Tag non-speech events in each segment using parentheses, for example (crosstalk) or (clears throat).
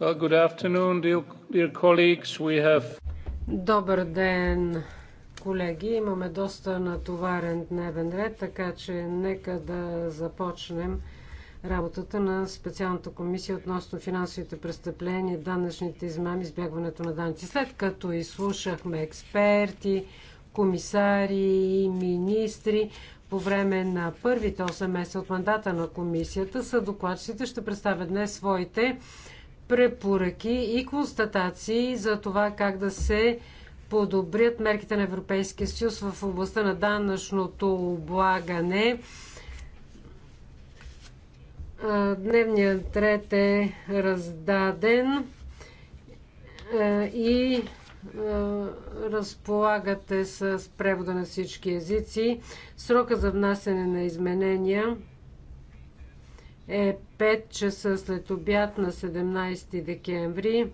dear, dear have... Добър ден, колеги. Имаме доста натоварен дневен ред, така че нека да започнем работата на специалната комисия относно финансовите престъпления, данъчните измами, избягването на данъци. След като изслушахме експерти, комисари, министри, по време на първите 8 месеца от мандата на комисията са докладчиците ще представят днес своите препоръки и констатации за това как да се подобрят мерките на Европейския съюз в областта на данъчното облагане. Дневният ред е раздаден и разполагате с превода на всички езици. Срока за внасене на изменения е 5 часа след обяд на 17 декември.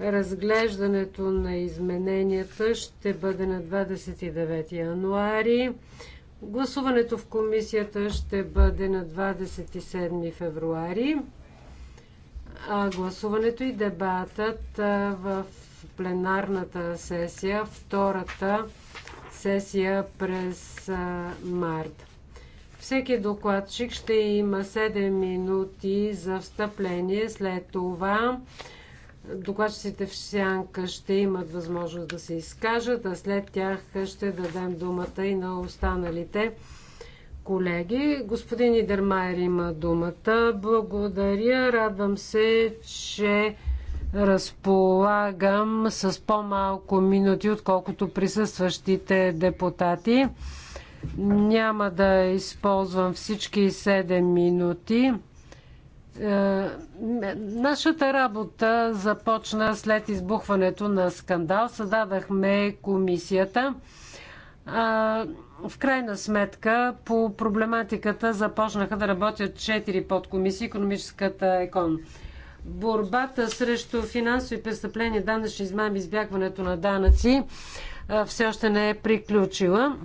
Разглеждането на измененията ще бъде на 29 януари. Гласуването в комисията ще бъде на 27 февруари. А гласуването и дебатът в пленарната сесия, втората сесия през март. Всеки докладчик ще има 7 минути за встъпление. След това докладчиците в сянка ще имат възможност да се изкажат, а след тях ще дадем думата и на останалите колеги. Господин Идермайер има думата. Благодаря. Радвам се, че разполагам с по-малко минути, отколкото присъстващите депутати. Няма да използвам всички 7 минути. Е, нашата работа започна след избухването на скандал. Създадахме комисията. В крайна сметка по проблематиката започнаха да работят 4 подкомисии, економическата екон. Борбата срещу финансови престъпления, данъчни измами, избягването на данъци все още не е приключила.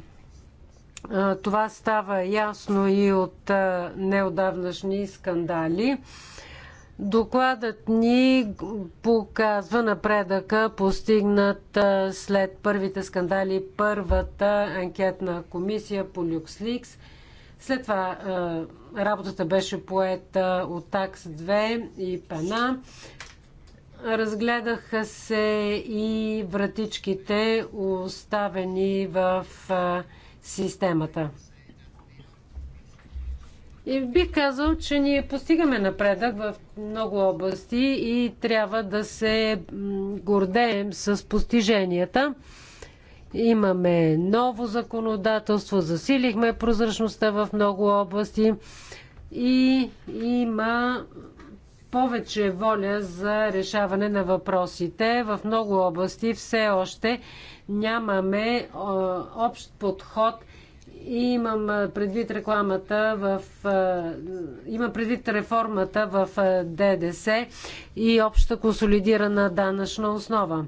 Това става ясно и от неодавнашни скандали. Докладът ни показва напредъка, постигнат след първите скандали, първата анкетна комисия по Люксликс. След това работата беше поета от такс 2 и Пана. Разгледаха се и вратичките, оставени в системата. И бих казал, че ние постигаме напредък в много области и трябва да се гордеем с постиженията. Имаме ново законодателство, засилихме прозрачността в много области и има повече воля за решаване на въпросите. В много области все още нямаме общ подход. Имам предвид рекламата в... Има предвид реформата в ДДС и обща консолидирана данъчна основа.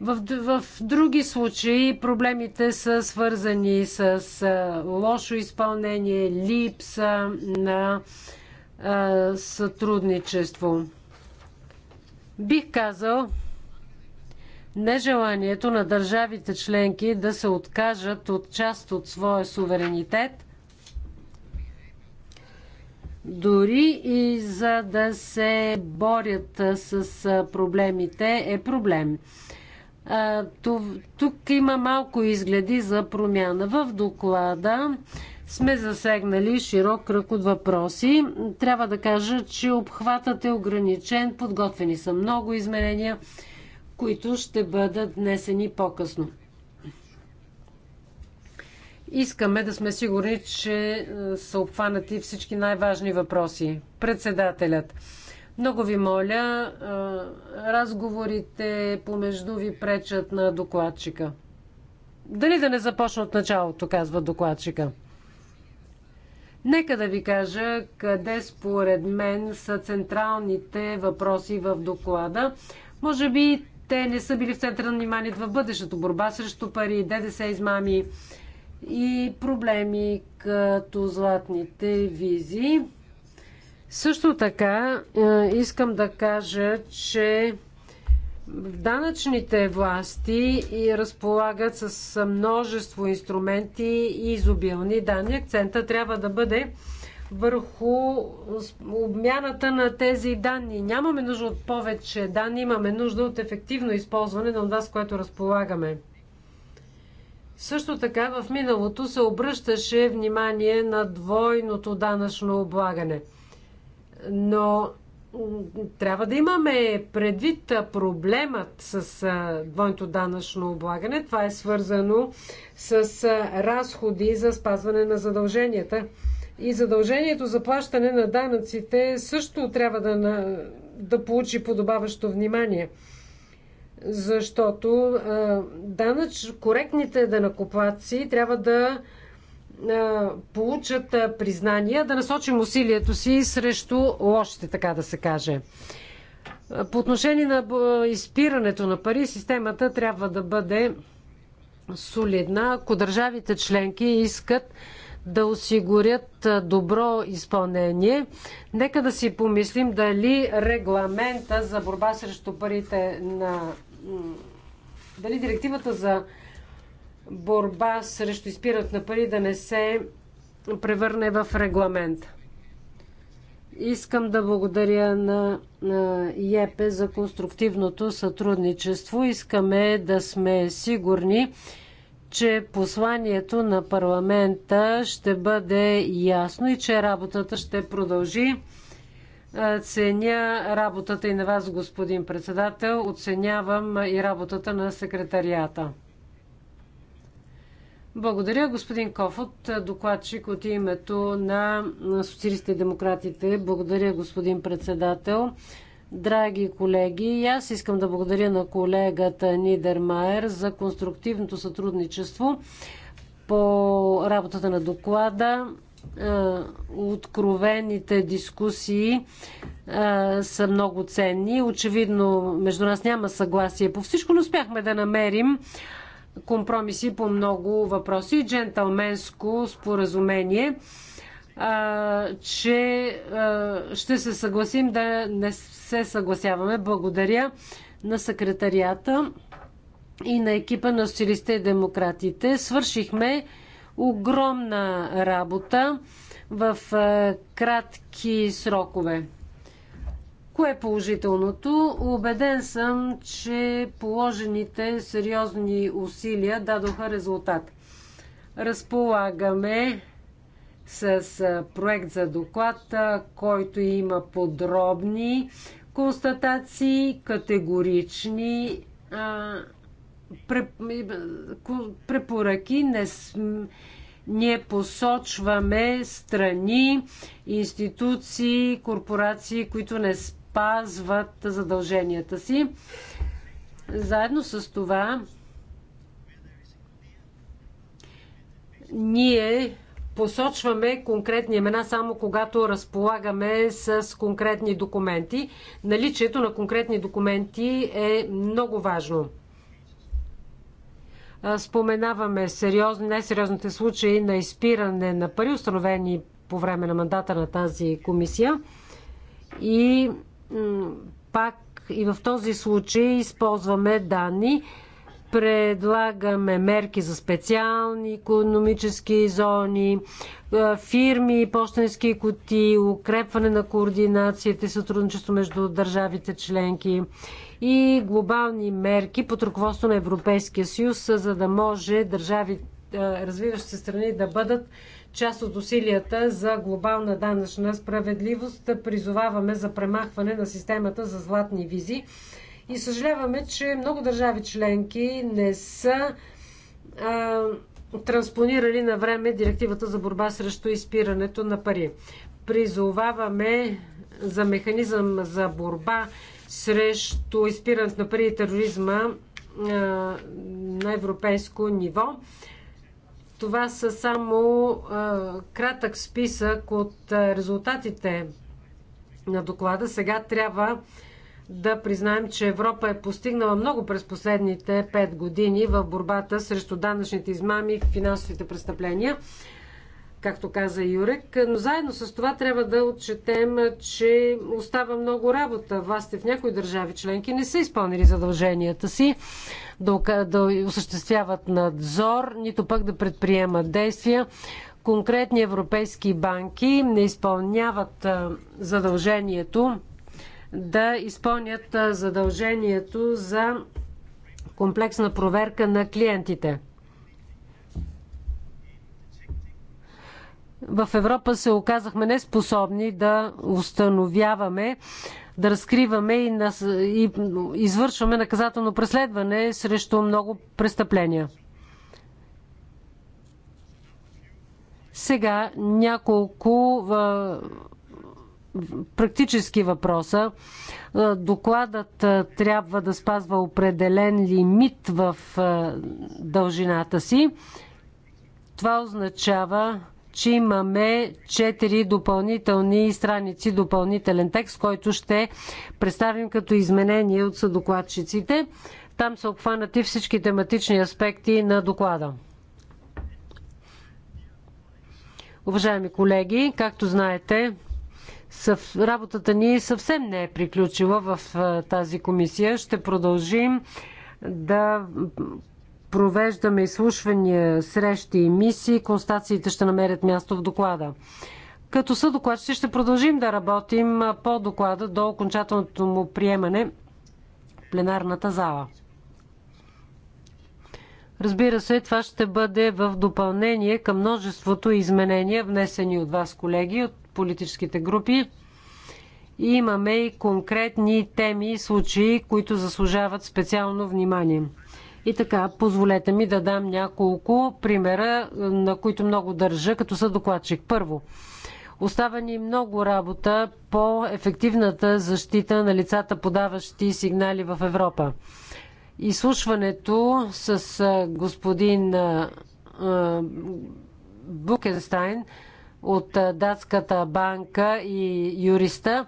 В, в други случаи проблемите са свързани с лошо изпълнение, липса на сътрудничество. Бих казал, нежеланието на държавите членки да се откажат от част от своя суверенитет, дори и за да се борят с проблемите, е проблем. Тук има малко изгледи за промяна. В доклада сме засегнали широк кръг от въпроси. Трябва да кажа, че обхватът е ограничен. Подготвени са много изменения които ще бъдат внесени по-късно. Искаме да сме сигурни, че е, са обхванати всички най-важни въпроси. Председателят. Много ви моля, е, разговорите помежду ви пречат на докладчика. Дали да не започна от началото, казва докладчика. Нека да ви кажа къде според мен са централните въпроси в доклада. Може би те не са били в центъра на вниманието в бъдещето. Борба срещу пари, ДДС измами и проблеми като златните визи. Също така е, искам да кажа, че данъчните власти разполагат с множество инструменти и изобилни данни. Акцента трябва да бъде върху обмяната на тези данни. Нямаме нужда от повече данни, имаме нужда от ефективно използване на това, с което разполагаме. Също така в миналото се обръщаше внимание на двойното данъчно облагане. Но трябва да имаме предвид проблемът с двойното данъчно облагане. Това е свързано с разходи за спазване на задълженията. И задължението за плащане на данъците също трябва да, да получи подобаващо внимание защото а, данъч, коректните данъкоплаци трябва да а, получат а, признания, да насочим усилието си срещу лошите, така да се каже. По отношение на изпирането на пари, системата трябва да бъде солидна. Ако държавите членки искат да осигурят добро изпълнение. Нека да си помислим дали регламента за борба срещу парите на. дали директивата за борба срещу изпирането на пари да не се превърне в регламент. Искам да благодаря на, на ЕПЕ за конструктивното сътрудничество. Искаме да сме сигурни, че посланието на парламента ще бъде ясно и че работата ще продължи. Ценя работата и на вас, господин председател. Оценявам и работата на секретарията. Благодаря, господин Кофот, докладчик от името на социалистите и демократите. Благодаря, господин председател. Драги колеги, аз искам да благодаря на колегата Нидермайер за конструктивното сътрудничество по работата на доклада. Откровените дискусии са много ценни. Очевидно, между нас няма съгласие по всичко, но успяхме да намерим компромиси по много въпроси. Джентълменско споразумение че ще се съгласим да не се съгласяваме. Благодаря на секретарията и на екипа на социалистите и демократите. Свършихме огромна работа в кратки срокове. Кое е положителното? Обеден съм, че положените сериозни усилия дадоха резултат. Разполагаме с проект за доклад, който има подробни констатации, категорични препоръки. Не ние посочваме страни, институции, корпорации, които не спазват задълженията си. Заедно с това, ние посочваме конкретни имена само когато разполагаме с конкретни документи. Наличието на конкретни документи е много важно. Споменаваме сериозни, най-сериозните случаи на изпиране на пари, установени по време на мандата на тази комисия. И пак и в този случай използваме данни, Предлагаме мерки за специални економически зони, е, фирми, почтенски коти, укрепване на координацията и сътрудничество между държавите членки и глобални мерки под ръководство на Европейския съюз, за да може държави, е, развиващи се страни да бъдат част от усилията за глобална данъчна справедливост. Призоваваме за премахване на системата за златни визи и съжаляваме, че много държави членки не са а, транспонирали на време директивата за борба срещу изпирането на пари. Призоваваме за механизъм за борба срещу изпирането на пари и тероризма а, на европейско ниво. Това са само а, кратък списък от резултатите на доклада. Сега трябва да признаем, че Европа е постигнала много през последните 5 години в борбата срещу данъчните измами и финансовите престъпления, както каза Юрек. Но заедно с това трябва да отчетем, че остава много работа. Властите в някои държави членки не са изпълнили задълженията си да, да осъществяват надзор, нито пък да предприемат действия конкретни европейски банки не изпълняват задължението да изпълнят задължението за комплексна проверка на клиентите. В Европа се оказахме неспособни да установяваме, да разкриваме и, нас, и извършваме наказателно преследване срещу много престъпления. Сега няколко практически въпроса. Е, докладът е, трябва да спазва определен лимит в е, дължината си. Това означава, че имаме 4 допълнителни страници, допълнителен текст, който ще представим като изменение от съдокладчиците. Там са обхванати всички тематични аспекти на доклада. Уважаеми колеги, както знаете, съв... работата ни съвсем не е приключила в тази комисия. Ще продължим да провеждаме изслушвания, срещи и мисии. Констациите ще намерят място в доклада. Като са съдокладчици ще продължим да работим по доклада до окончателното му приемане в пленарната зала. Разбира се, това ще бъде в допълнение към множеството изменения, внесени от вас, колеги, от политическите групи. И имаме и конкретни теми и случаи, които заслужават специално внимание. И така, позволете ми да дам няколко примера, на които много държа, като са докладчик. Първо, остава ни много работа по ефективната защита на лицата, подаващи сигнали в Европа. Изслушването с господин Букенстайн от датската банка и юриста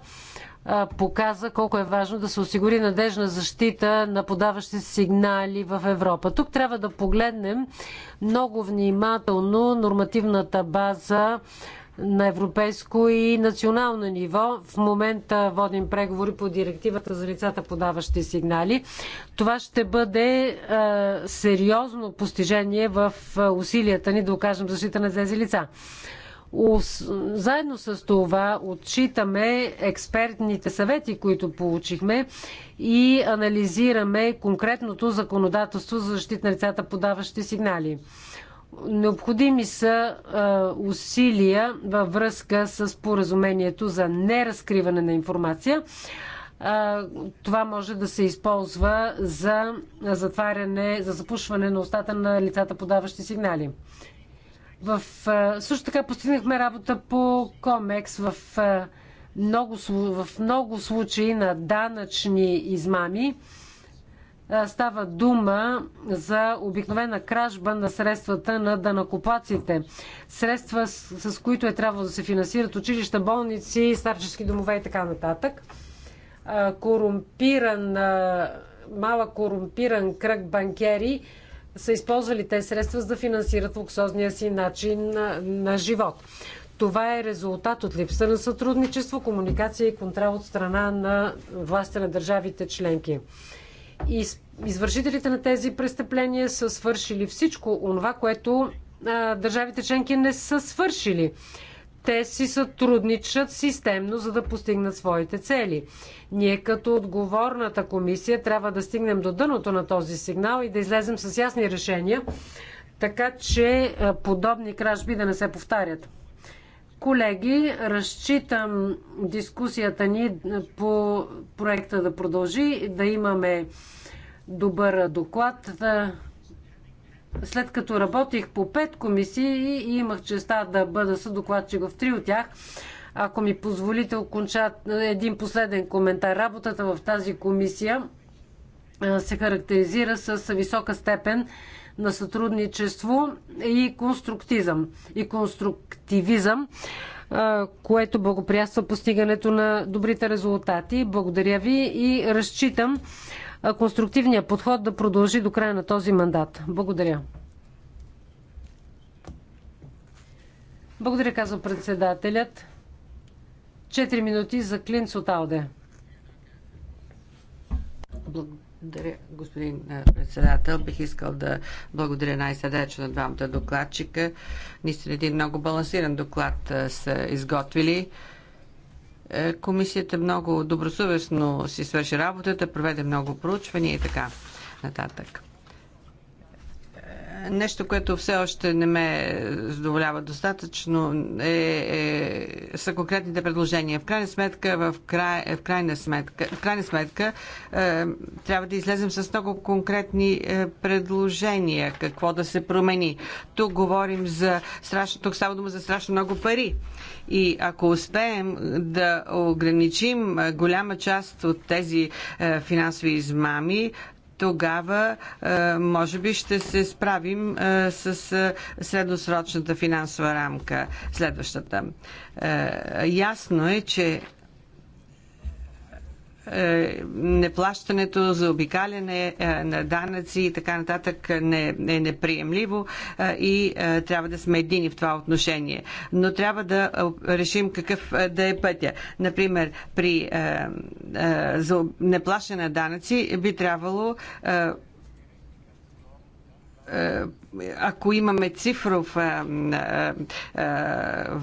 показа колко е важно да се осигури надежна защита на подаващи сигнали в Европа. Тук трябва да погледнем много внимателно нормативната база на европейско и национално ниво. В момента водим преговори по директивата за лицата подаващи сигнали. Това ще бъде е, сериозно постижение в усилията ни да окажем защита на тези лица. Заедно с това отчитаме експертните съвети, които получихме и анализираме конкретното законодателство за защита на лицата, подаващи сигнали. Необходими са усилия във връзка с поразумението за неразкриване на информация. това може да се използва за затваряне, за запушване на устата на лицата, подаващи сигнали. В, също така постигнахме работа по Комекс в много, в много случаи на данъчни измами. Става дума за обикновена кражба на средствата на данакоплаците. Средства, с, с които е трябвало да се финансират училища, болници, старчески домове и така нататък. Корумпиран, малък корумпиран кръг банкери – са използвали те средства за да финансират луксозния си начин на, на живот. Това е резултат от липса на сътрудничество, комуникация и контрол от страна на властта на държавите членки. И извършителите на тези престъпления са свършили всичко онова, което а, държавите членки не са свършили те си сътрудничат системно, за да постигнат своите цели. Ние като отговорната комисия трябва да стигнем до дъното на този сигнал и да излезем с ясни решения, така че подобни кражби да не се повтарят. Колеги, разчитам дискусията ни по проекта да продължи, да имаме добър доклад след като работих по пет комисии и имах честа да бъда съдокладчик в три от тях, ако ми позволите окончат един последен коментар. Работата в тази комисия се характеризира с висока степен на сътрудничество и конструктизъм и конструктивизъм, което благоприятства постигането на добрите резултати. Благодаря ви и разчитам конструктивния подход да продължи до края на този мандат. Благодаря. Благодаря, казва председателят. Четири минути за Клинц от Алде. Благодаря, господин председател. Бих искал да благодаря най-сърдечно на двамата докладчика. Наистина един много балансиран доклад са изготвили. Е, комисията много добросъвестно си свърши работата, проведе много проучвания и така нататък. Нещо, което все още не ме задоволява достатъчно е, е, са конкретните предложения. В крайна сметка, в, край, в крайна сметка, в крайна сметка е, трябва да излезем с много конкретни е, предложения, какво да се промени. Тук говорим за страшно, тук става дума за страшно много пари. И ако успеем да ограничим е, голяма част от тези е, финансови измами, тогава е, може би ще се справим е, с е, средносрочната финансова рамка, следващата. Ясно е, че е, неплащането за обикаляне е, на данъци и така нататък не, е неприемливо е, и трябва да сме едини в това отношение. Но трябва да решим какъв да е пътя. Например, при неплащане на данъци би трябвало е, ако имаме цифров а, а, е,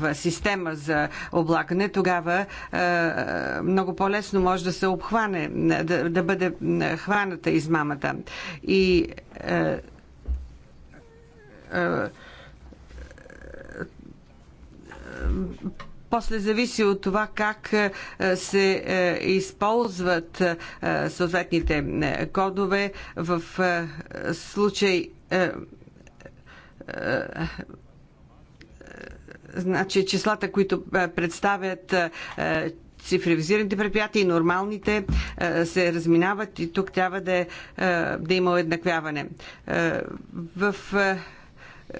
а, е, система за облакане, тогава а, много по-лесно може да се обхване, да, да бъде хваната измамата. И а, а, после зависи от това как се използват съответните кодове в случай е, е, е, значи числата, които представят цифровизираните предприятия и нормалните се разминават и тук трябва да, да има уеднаквяване. В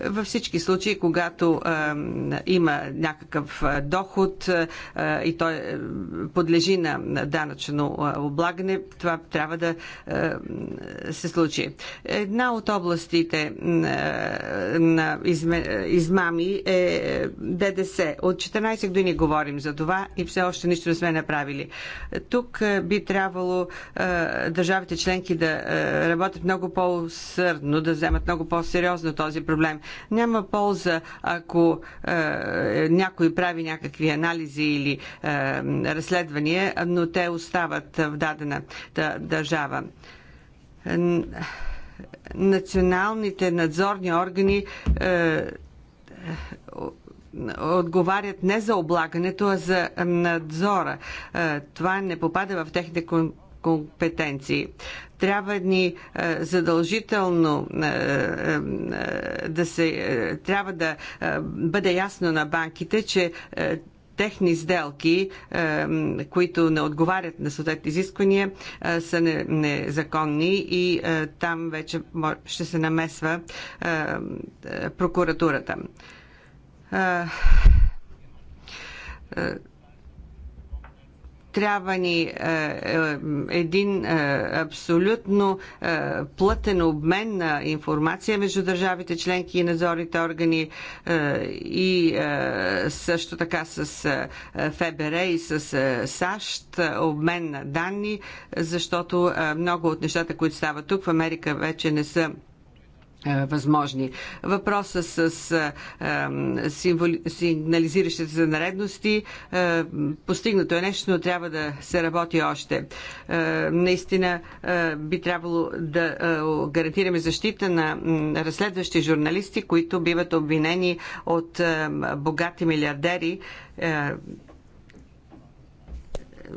във всички случаи, когато а, има някакъв доход а, и той подлежи на данъчно облагане, това трябва да а, се случи. Една от областите на, на изме, измами е ДДС. От 14 години говорим за това и все още нищо не сме направили. Тук би трябвало а, държавите членки да работят много по сърдно да вземат много по-сериозно този проблем. Няма полза, ако е, някой прави някакви анализи или е, разследвания, но те остават в дадена държава националните надзорни органи е, е, отговарят не за облагането, а за надзора. Е, това не попада в техните компетенции. Трябва ни е, задължително е, е, да се. Трябва да бъде ясно на банките, че техни сделки, които не отговарят на съответните изисквания, са незаконни и там вече ще се намесва прокуратурата трябва ни е, е, един е, абсолютно плътен обмен на информация между държавите членки и надзорните органи и също така с ФБР и с САЩ обмен на данни, защото много от нещата, които стават тук в Америка вече не са е, възможни. Въпроса с а, е, символи, сигнализиращите за наредности а, е, постигнато е нещо, но трябва да се работи още. А, наистина а, би трябвало да а, гарантираме защита на а, разследващи журналисти, които биват обвинени от а, богати милиардери. А,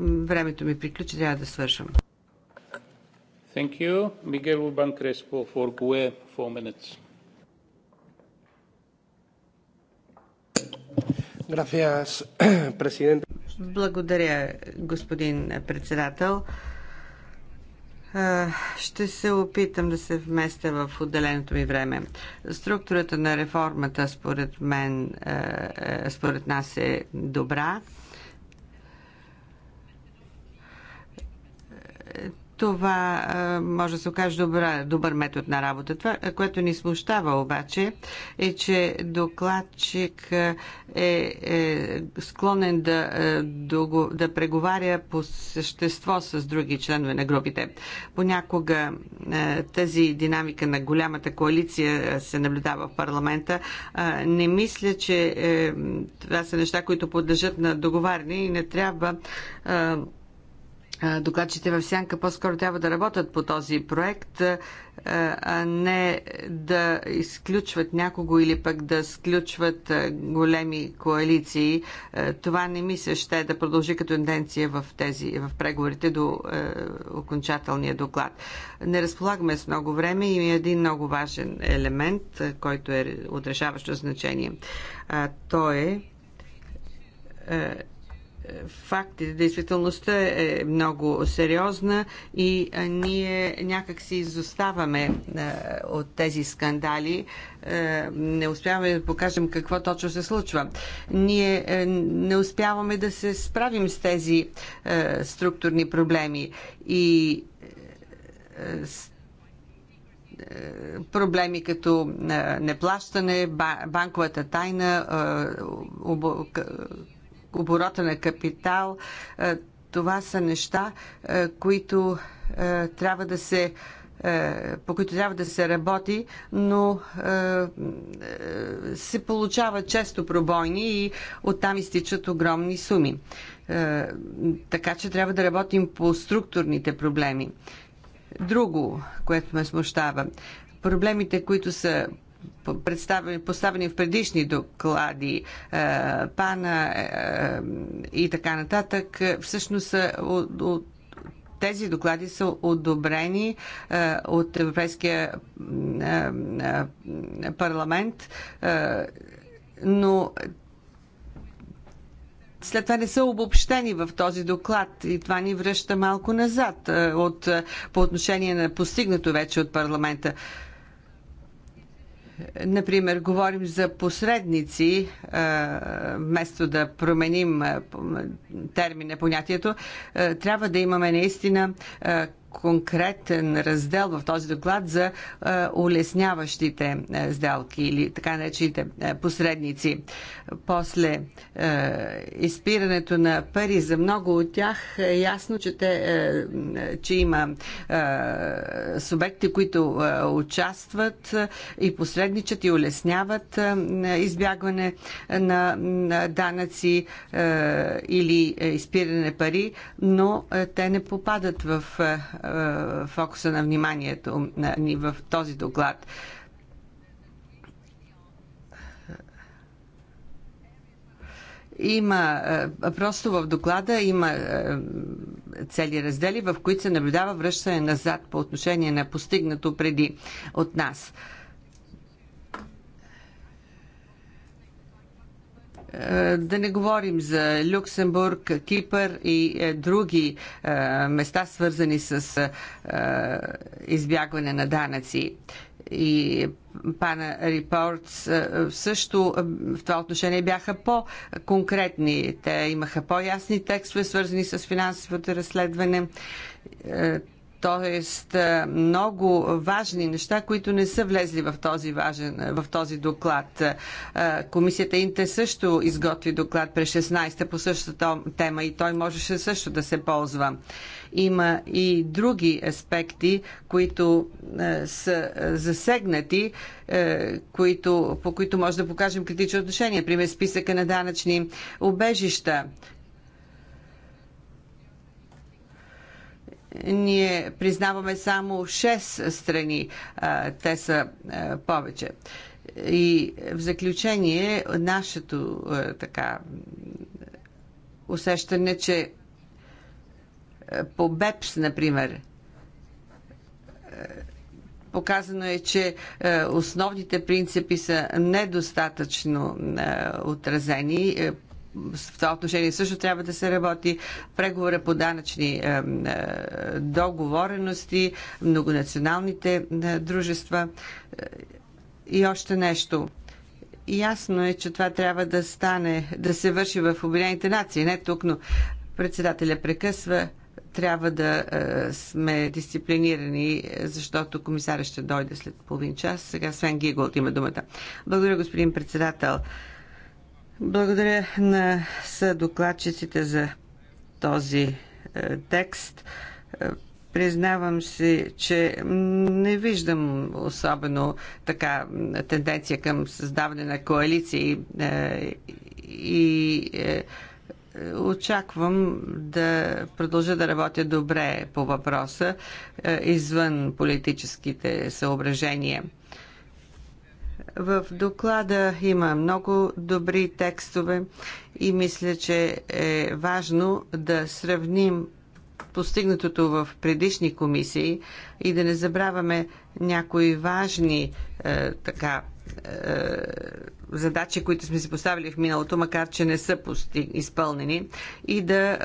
времето ми приключи, трябва да свършвам. Thank you. Miguel Urban Crespo for GUE, four minutes. Gracias, (clears throat) Благодаря, господин председател. Ще се опитам да се вместя в отделеното ми време. Структурата на реформата според мен, според нас е добра. Това а, може да се окаже добра, добър метод на работа. Това, което ни смущава обаче, е, че докладчик е, е склонен да, да, да преговаря по същество с други членове на групите. Понякога е, тази динамика на голямата коалиция се наблюдава в парламента. Е, не мисля, че е, това са неща, които подлежат на договаряне и не трябва. Е, докладчите в Сянка по-скоро трябва да работят по този проект, а не да изключват някого или пък да сключват големи коалиции. Това не ми се ще да продължи като тенденция в, тези, в преговорите до окончателния доклад. Не разполагаме с много време и един много важен елемент, който е отрешаващо значение. А, то е фактите, действителността е много сериозна и ние някак си изоставаме от тези скандали. Не успяваме да покажем какво точно се случва. Ние не успяваме да се справим с тези структурни проблеми и проблеми като неплащане, банковата тайна, оборота на капитал. Е, това са неща, е, които е, трябва да се по които трябва да се работи, но се получава често пробойни и оттам изтичат огромни суми. Така че трябва да работим по структурните проблеми. Друго, което ме смущава, проблемите, които са поставени в предишни доклади, е, пана е, и така нататък, всъщност са от, от тези доклади са одобрени е, от Европейския парламент, но след това не са обобщени в този доклад и това ни връща малко назад от, по отношение на постигнато вече от парламента. Например, говорим за посредници, вместо да променим термина, понятието, трябва да имаме наистина конкретен раздел в този доклад за улесняващите сделки или така наречените посредници. После изпирането на пари за много от тях е ясно, че, те, че има субекти, които участват и посредничат и улесняват избягване на данъци или изпиране на пари, но те не попадат в е, фокуса на вниманието ни в този доклад. Има, е, просто в доклада има е, цели раздели, в които се наблюдава връщане назад по отношение на постигнато преди от нас. Е, да не говорим за Люксембург, Кипър и е, други е, места, свързани с избягване на данъци и Пана Репортс също в това отношение бяха по-конкретни. Те имаха по-ясни текстове, свързани с финансовото разследване. Тоест е, много важни неща, които не са влезли в този, важен, е, в този доклад. Е, комисията Инте също изготви доклад през 16-та по същата тема и той можеше също да се ползва. Има и други аспекти, които са засегнати, които, по които може да покажем критично отношение. Пример списъка на данъчни обежища, ние признаваме само 6 страни. Те са повече. И в заключение, нашето така усещане, че по БЕПС, например, показано е, че основните принципи са недостатъчно отразени в това отношение също трябва да се работи. Преговора по данъчни е, договорености, многонационалните е, дружества е, и още нещо. Ясно е, че това трябва да стане, да се върши в Обединените нации, не тук, но председателя прекъсва. Трябва да е, сме дисциплинирани, защото комисаря ще дойде след половин час. Сега Свен Гигол има думата. Благодаря, господин председател. Благодаря на съдокладчиците за този е, текст. Е, признавам си, че не виждам особено така тенденция към създаване на коалиции е, и очаквам да продължа да работя добре по въпроса извън политическите съображения. В доклада има много добри текстове и мисля, че е важно да сравним постигнатото в предишни комисии и да не забравяме някои важни е, така е, задачи, които сме си поставили в миналото, макар че не са изпълнени, и да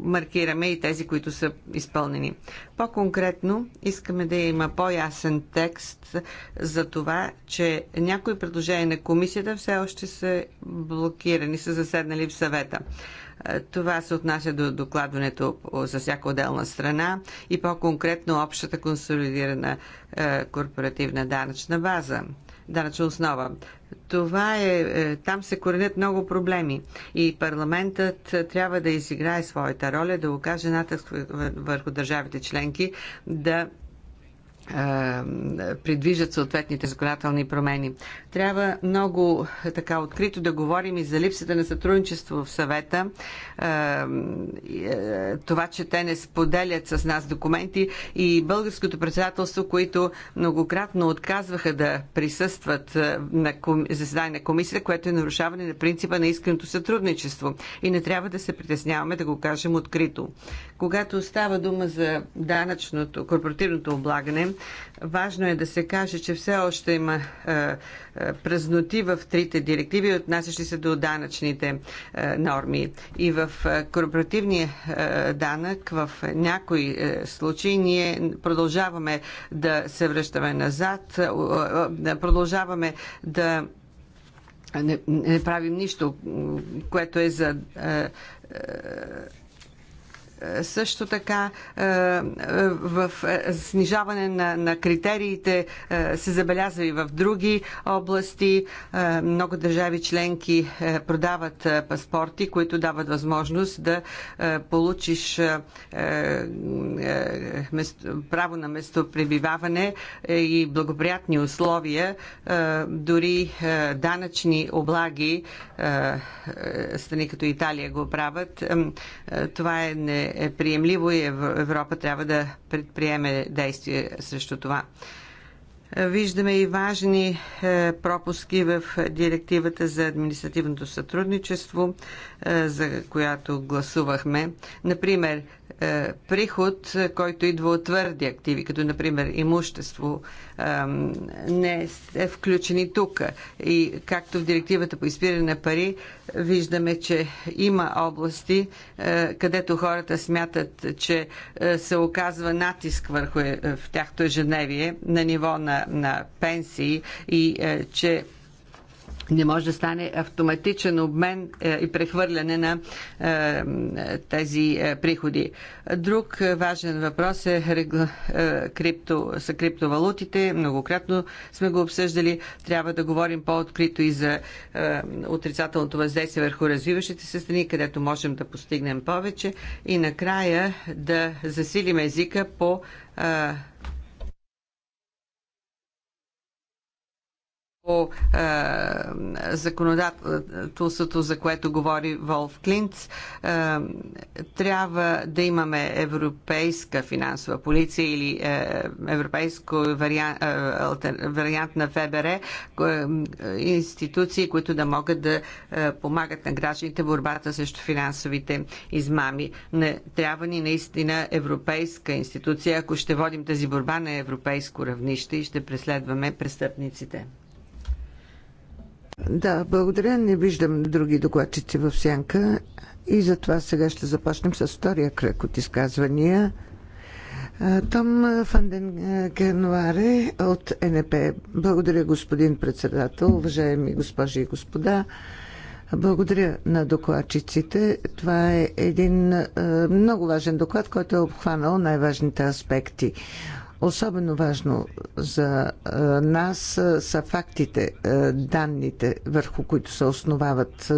маркираме и тези, които са изпълнени. По-конкретно, искаме да има по-ясен текст за това, че някои предложения на комисията все още са блокирани, са заседнали в съвета. Това се отнася до докладването за всяка отделна страна и по-конкретно общата консолидирана корпоративна данъчна база данъчна основа. Това е, е, там се коренят много проблеми и парламентът е, трябва да изиграе своята роля, да окаже натиск върху държавите членки, да е, предвиждат съответните законодателни промени. Трябва много така открито да говорим и за липсата на сътрудничество в съвета, е, е, това, че те не споделят с нас документи и българското председателство, които многократно отказваха да присъстват на заседание на комисията, което е нарушаване на принципа на искреното сътрудничество. И не трябва да се притесняваме да го кажем открито. Когато става дума за данъчното, корпоративното облагане, Важно е да се каже, че все още има е, е, празноти в трите директиви, отнасящи се до данъчните е, норми. И в е, корпоративния е, данък в някои е, случаи ние продължаваме да се връщаме назад, е, е, е продължаваме да не, не правим нищо, което е за. Е, е, също така е, е, в е, снижаване на, на критериите се забелязва и в други области. Много държави членки продават паспорти, които дават възможност да получиш право на местопребиваване и благоприятни условия, дори данъчни облаги, страни като Италия го правят. Това е не е приемливо и Европа трябва да предприеме действие срещу това. Виждаме и важни е, пропуски в директивата за административното сътрудничество, е, за която гласувахме. Например, е, приход, който идва от твърди активи, като например имущество, не е включени тук. И както в директивата по изпиране на пари, виждаме, че има области, е, където хората смятат, че е, се оказва натиск върху в тяхто ежедневие на ниво на, на пенсии и че не може да стане автоматичен обмен е, и прехвърляне на е, тези е, приходи. Друг важен въпрос е крипто... са криптовалутите. Многократно сме го обсъждали. Трябва да говорим по-открито и за отрицателното въздействие върху развиващите се страни, където можем да постигнем повече. И накрая да засилим езика по по е, законодателството, за което говори Волф Клинц, е, трябва да имаме европейска финансова полиция или е, европейско вариант, вариант на ФБР, институции, които да могат да помагат на гражданите в борбата срещу финансовите измами. Не, трябва ни наистина европейска институция, ако ще водим тази борба на европейско равнище и ще преследваме престъпниците. Да, благодаря. Не виждам други докладчици в сянка и затова сега ще започнем с втория кръг от изказвания. Том Фанден Кенуаре от НП. Благодаря, господин председател, уважаеми госпожи и господа. Благодаря на докладчиците. Това е един много важен доклад, който е обхванал най-важните аспекти Особено важно за нас са фактите, данните, върху които се основават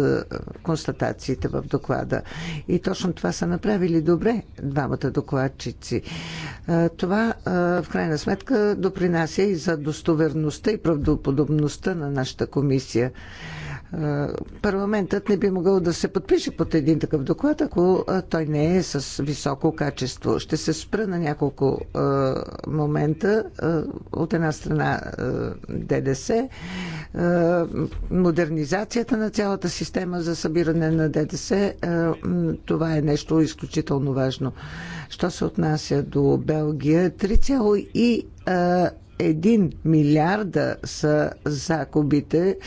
констатациите в доклада. И точно това са направили добре двамата докладчици. Това в крайна сметка допринася и за достоверността и правдоподобността на нашата комисия. Е, парламентът не би могъл да се подпише под един такъв доклад, ако е, той не е с високо качество. Ще се спра на няколко е, момента. От една страна ДДС, модернизацията на цялата система за събиране на ДДС, това е нещо изключително важно. Що се отнася до Белгия, 3,1 милиарда са закубите.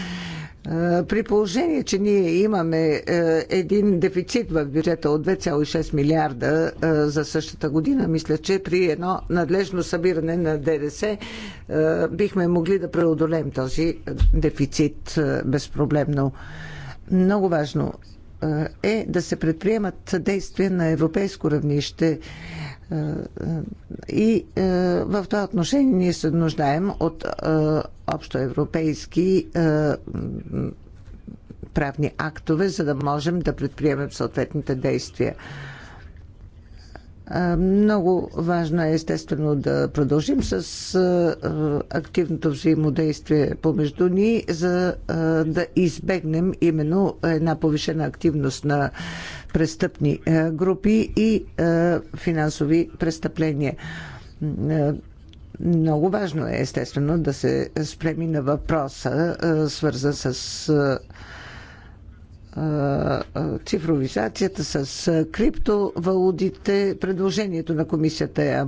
При положение, че ние имаме един дефицит в бюджета от 2,6 милиарда за същата година, мисля, че при едно надлежно събиране на ДДС бихме могли да преодолеем този дефицит безпроблемно. Много важно е да се предприемат действия на европейско равнище и е, в това отношение ние се нуждаем от е, общоевропейски е, правни актове, за да можем да предприемем съответните действия. Много важно е естествено да продължим с активното взаимодействие помежду ни, за да избегнем именно една повишена активност на престъпни групи и финансови престъпления. Много важно е естествено да се спреми на въпроса, свързан с цифровизацията, с криптовалутите. Предложението на комисията е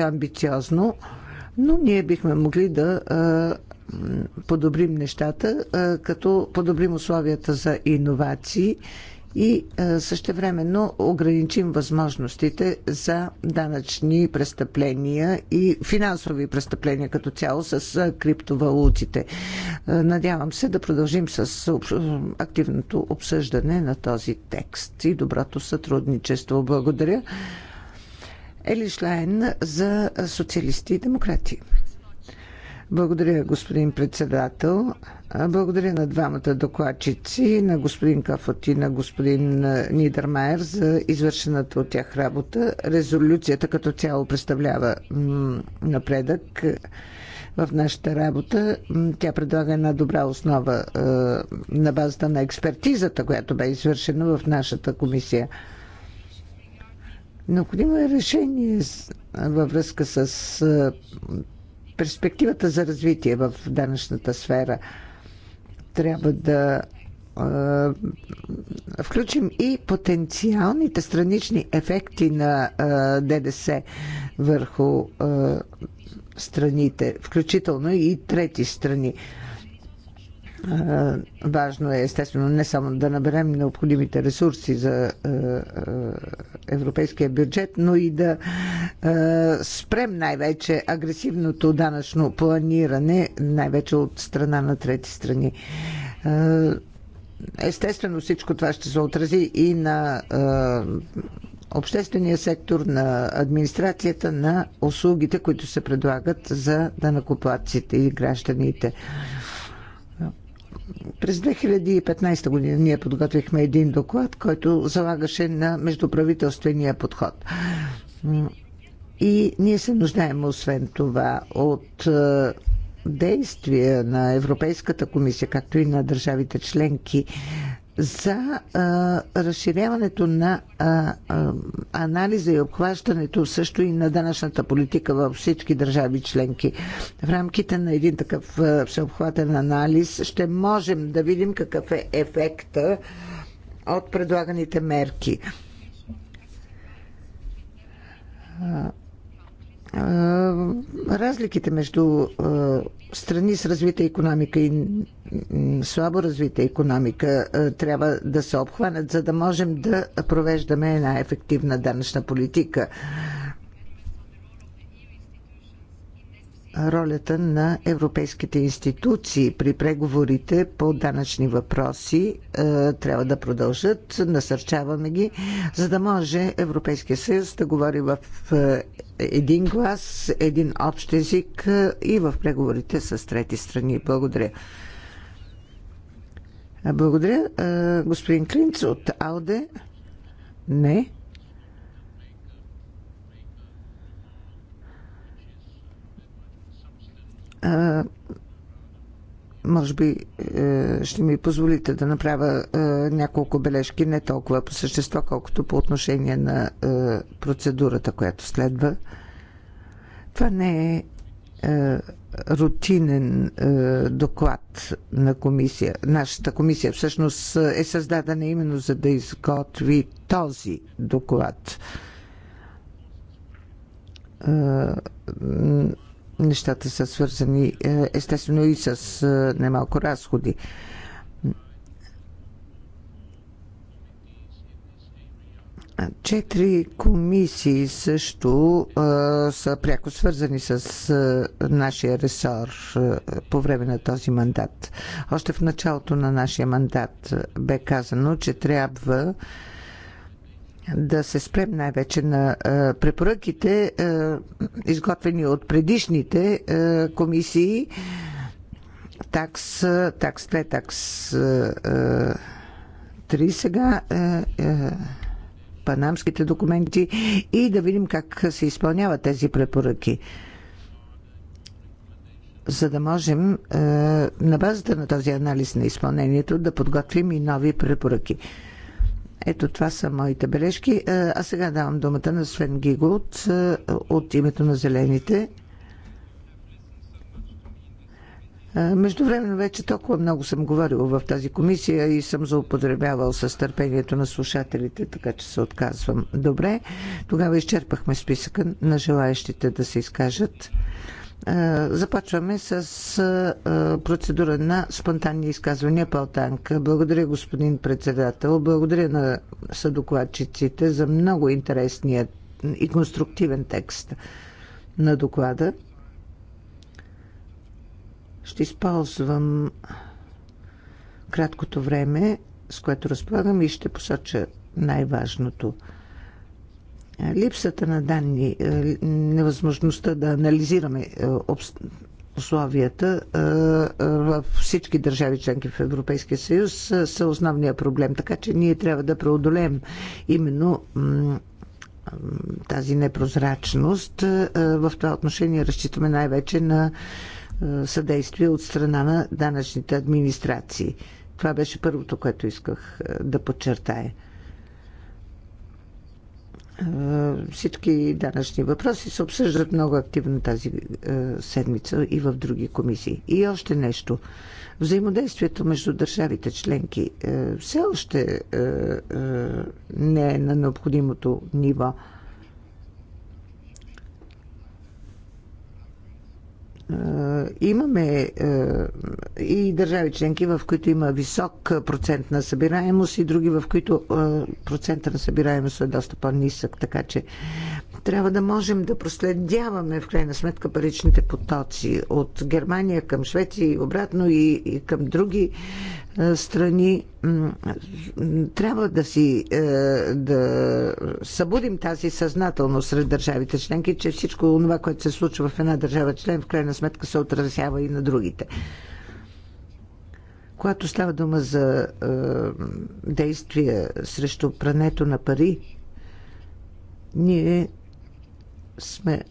амбициозно, но ние бихме могли да подобрим нещата, като подобрим условията за иновации и същевременно ограничим възможностите за данъчни престъпления и финансови престъпления като цяло с криптовалутите. Надявам се да продължим с активното обсъждане на този текст и доброто сътрудничество. Благодаря. Ели Шлайн за социалисти и демократи. Благодаря, господин председател. Благодаря на двамата докладчици, на господин Кафот и на господин Нидермайер за извършената от тях работа. Резолюцията като цяло представлява напредък в нашата работа. Тя предлага една добра основа на базата на експертизата, която бе извършена в нашата комисия. Необходимо е решение във връзка с перспективата за развитие в данъчната сфера – трябва да включим и потенциалните странични ефекти на ДДС върху страните, включително и трети страни. Важно е, естествено, не само да наберем необходимите ресурси за европейския бюджет, но и да спрем най-вече агресивното данъчно планиране, най-вече от страна на трети страни. Естествено, всичко това ще се отрази и на обществения сектор, на администрацията, на услугите, които се предлагат за данакоплатците и гражданите. През 2015 година ние подготвихме един доклад, който залагаше на междуправителствения подход. И ние се нуждаем, освен това, от е, действия на Европейската комисия, както и на държавите членки за а, разширяването на а, а, анализа и обхващането също и на данъчната политика във всички държави членки. В рамките на един такъв а, всеобхватен анализ ще можем да видим какъв е ефекта от предлаганите мерки разликите между страни с развита економика и слабо развита економика трябва да се обхванат, за да можем да провеждаме една ефективна данъчна политика. Ролята на европейските институции при преговорите по данъчни въпроси трябва да продължат. Насърчаваме ги, за да може Европейския съюз да говори в един глас, един общ език и в преговорите с трети страни. Благодаря. Благодаря. Господин Клинц от Алде? Не може би е, ще ми позволите да направя е, няколко бележки, не толкова по същество, колкото по отношение на е, процедурата, която следва. Това не е рутинен доклад на комисия. Нашата комисия всъщност е създадена именно за да изготви този доклад Нещата са свързани е, естествено и с е, немалко разходи. Четири комисии също а, е, са пряко свързани с а, нашия ресор а, по време на този мандат. Още в началото на нашия мандат бе казано, че трябва да се спрем най-вече на препоръките, изготвени от предишните комисии, такс, такс 2, такс 3 сега, панамските документи и да видим как се изпълняват тези препоръки за да можем на базата на този анализ на изпълнението да подготвим и нови препоръки. Ето това са моите бележки. Е, а сега давам думата на Свен Гигулт е, от името на Зелените. Е, Между време вече толкова много съм говорил в тази комисия и съм заупотребявал с търпението на слушателите, така че се отказвам. Добре, тогава изчерпахме списъка на желаящите да се изкажат. Е, започваме с е, процедура на спонтанни изказвания по танка. Благодаря, господин председател. Благодаря на съдокладчиците за много интересния и конструктивен текст на доклада. Ще използвам краткото време, с което разполагам и ще посоча най-важното – е, липсата на данни, е, невъзможността да анализираме е, условията във всички държави членки в Европейския съюз са основния проблем. Така че ние трябва да преодолеем именно тази непрозрачност. В това отношение разчитаме най-вече на съдействие от страна на данъчните администрации. Това беше първото, което исках да подчертая. Е, всички данъчни въпроси се обсъждат много активно тази е, седмица и в други комисии. И още нещо. Взаимодействието между държавите членки е, все още не е на необходимото ниво. Е, имаме е, и държави членки, в които има висок процент на събираемост и други, в които е, процента на събираемост е доста по-нисък, така че трябва да можем да проследяваме в крайна сметка паричните потоци от Германия към Швеция и обратно и, и към други страни трябва да си е, да събудим тази съзнателност сред държавите членки, че всичко това, което се случва в една държава член, в крайна сметка се отразява и на другите. Когато става дума за е, действия срещу прането на пари, ние сме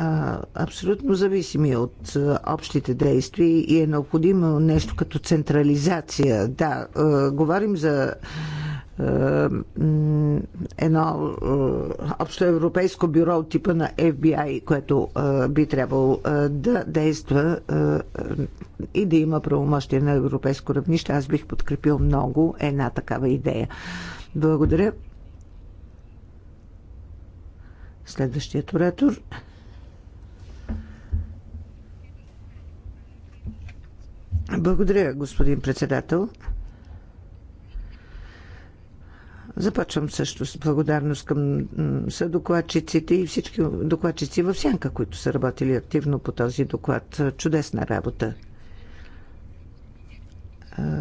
а, абсолютно зависими от а, общите действия и е необходимо нещо като централизация. Да, а, говорим за едно общо европейско бюро от типа на FBI, което би трябвало да действа и да има правомощие на европейско равнище. Аз бих подкрепил много една такава идея. Благодаря. Следващият оратор. Благодаря, господин председател. Започвам също с благодарност към съдокладчиците и всички докладчици в Сянка, които са работили активно по този доклад. Чудесна работа.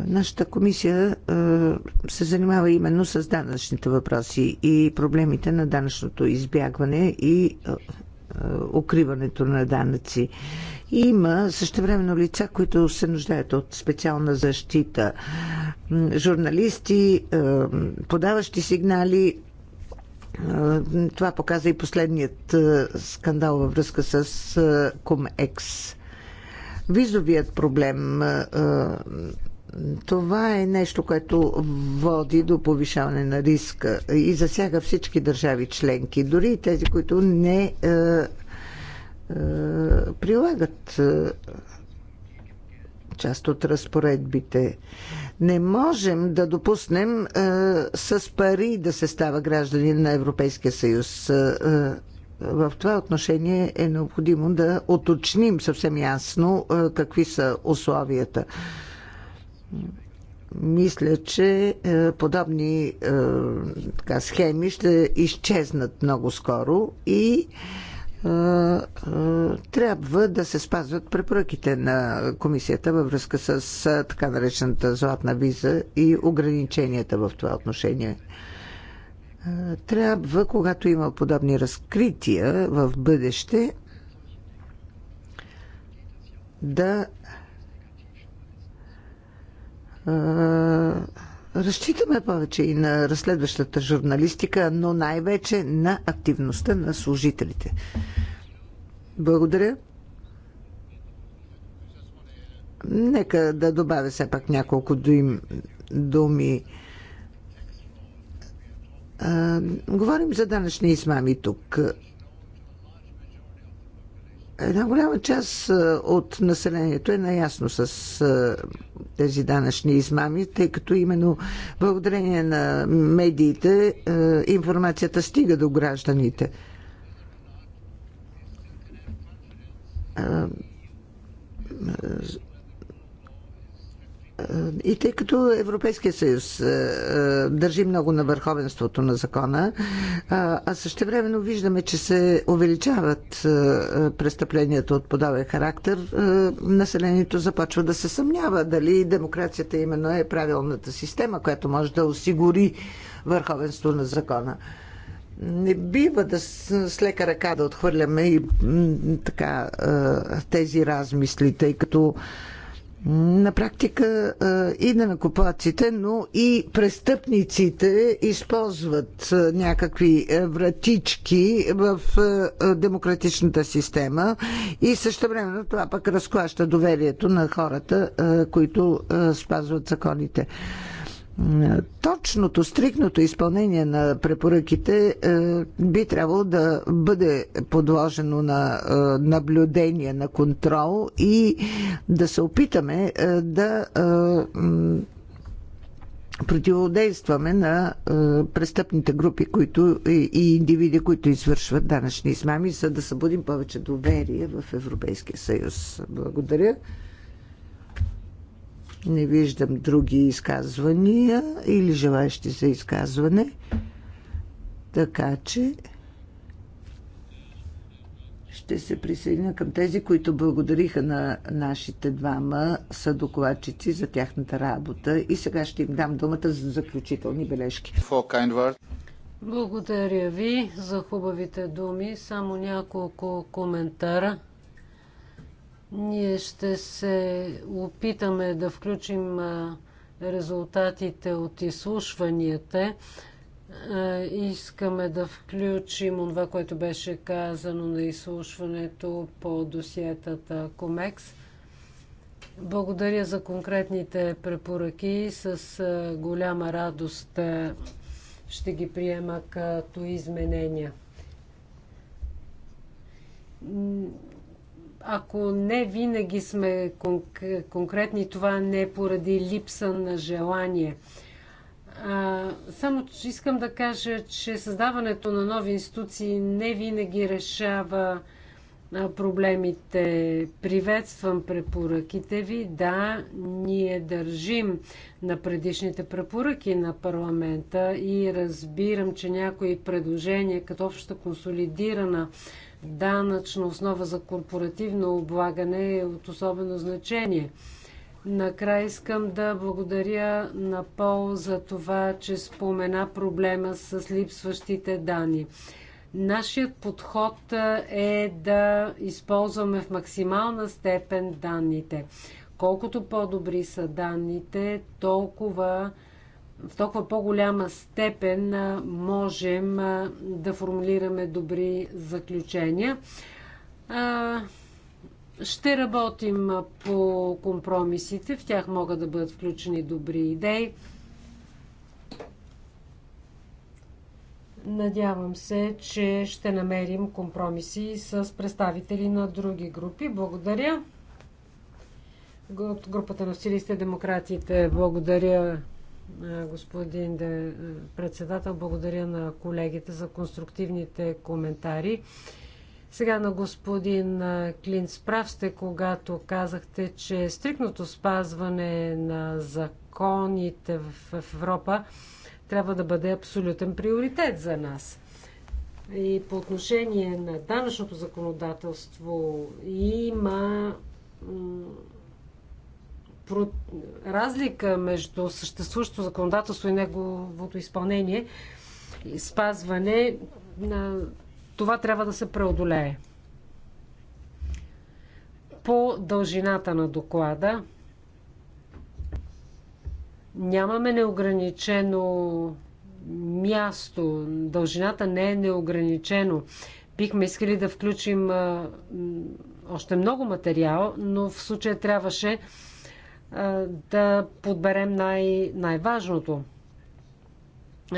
Нашата комисия се занимава именно с данъчните въпроси и проблемите на данъчното избягване и укриването на данъци. Има същевременно лица, които се нуждаят от специална защита. Журналисти, подаващи сигнали, това показа и последният скандал във връзка с Комекс. Визовият проблем. Това е нещо, което води до повишаване на риска и засяга всички държави членки, дори и тези, които не е, прилагат е, част от разпоредбите. Не можем да допуснем е, с пари да се става гражданин на Европейския съюз. Е, е, в това отношение е необходимо да оточним съвсем ясно е, какви са условията. Мисля, че е, подобни е, така, схеми ще изчезнат много скоро и е, трябва да се спазват препоръките на комисията във връзка с така наречената златна виза и ограниченията в това отношение. Трябва, когато има подобни разкрития в бъдеще, да Разчитаме повече и на разследващата журналистика, но най-вече на активността на служителите. Благодаря. Нека да добавя все пак няколко думи. говорим за данъчни измами тук. Една голяма част е, от населението е наясно с е, тези данъчни измами, тъй като именно благодарение на медиите е, информацията стига до гражданите. И тъй като Европейския съюз е, е, държи много на върховенството на закона, е, а също времено виждаме, че се увеличават престъпленията от подобен характер, населението започва да се съмнява дали демокрацията именно е правилната система, която може да осигури върховенство на закона не бива да с лека ръка да отхвърляме и така тези размисли, тъй като на практика и на накупаците, но и престъпниците използват някакви вратички в демократичната система и също времено това пък разклаща доверието на хората, които спазват законите. Точното, стрикното изпълнение на препоръките е, би трябвало да бъде подложено на е, наблюдение, на контрол и да се опитаме е, да противодействаме на престъпните групи които, и индивиди, които извършват данъчни измами, за да събудим повече доверие в Европейския съюз. Благодаря. Не виждам други изказвания или желаещи за изказване. Така че ще се присъединя към тези, които благодариха на нашите двама съдокладчици за тяхната работа и сега ще им дам думата за заключителни бележки. Благодаря ви за хубавите думи. Само няколко коментара. Ние ще се опитаме да включим резултатите от изслушванията. Искаме да включим това, което беше казано на изслушването по досиетата Комекс. Благодаря за конкретните препоръки. С голяма радост ще ги приема като изменения ако не винаги сме конкретни, това не е поради липса на желание. А, само искам да кажа, че създаването на нови институции не винаги решава проблемите. Приветствам препоръките ви. Да, ние държим на предишните препоръки на парламента и разбирам, че някои предложения, като обща консолидирана данъчна основа за корпоративно облагане е от особено значение. Накрая искам да благодаря на Пол за това, че спомена проблема с липсващите данни. Нашият подход е да използваме в максимална степен данните. Колкото по-добри са данните, толкова в толкова по-голяма степен можем да формулираме добри заключения. Ще работим по компромисите. В тях могат да бъдат включени добри идеи. Надявам се, че ще намерим компромиси с представители на други групи. Благодаря. От групата на сирийските демократите благодаря господин председател. Благодаря на колегите за конструктивните коментари. Сега на господин Клинц прав сте, когато казахте, че стрикното спазване на законите в Европа трябва да бъде абсолютен приоритет за нас. И по отношение на данъчното законодателство има разлика между съществуващото законодателство и неговото изпълнение и спазване, това трябва да се преодолее. По дължината на доклада нямаме неограничено място. Дължината не е неограничено. Бихме искали да включим още много материал, но в случая трябваше да подберем най- най-важното.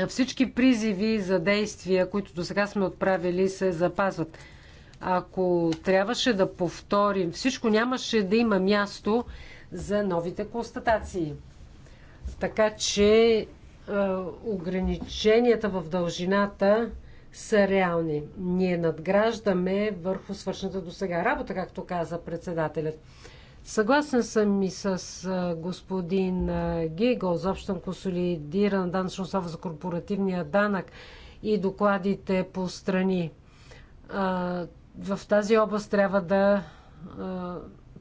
Всички призиви за действия, които до сега сме отправили, се запазват. Ако трябваше да повторим всичко, нямаше да има място за новите констатации. Така че ограниченията в дължината са реални. Ние надграждаме върху свършната до сега работа, както каза председателят. Съгласен съм и с господин Гигъл за общо консолидиран данъчно слава за корпоративния данък и докладите по страни. В тази област трябва да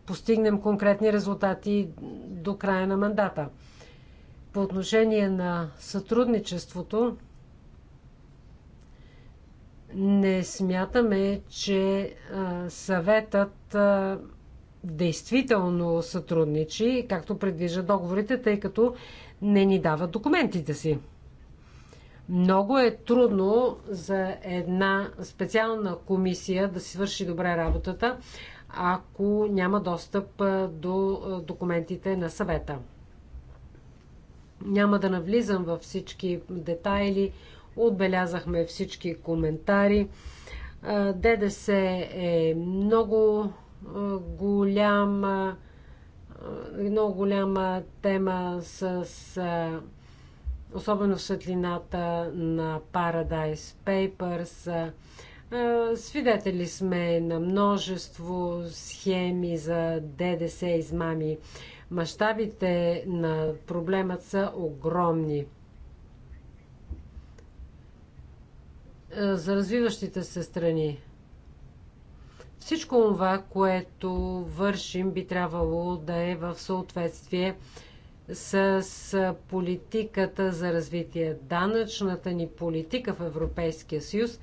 постигнем конкретни резултати до края на мандата. По отношение на сътрудничеството, не смятаме, че съветът действително сътрудничи, както предвижда договорите, тъй като не ни дават документите си. Много е трудно за една специална комисия да си свърши добре работата, ако няма достъп до документите на съвета. Няма да навлизам във всички детайли. Отбелязахме всички коментари. ДДС е много голяма, много голяма тема с особено в светлината на Paradise Papers. Свидетели сме на множество схеми за ДДС измами. Мащабите на проблемът са огромни. За развиващите се страни всичко това, което вършим, би трябвало да е в съответствие с политиката за развитие. Данъчната ни политика в Европейския съюз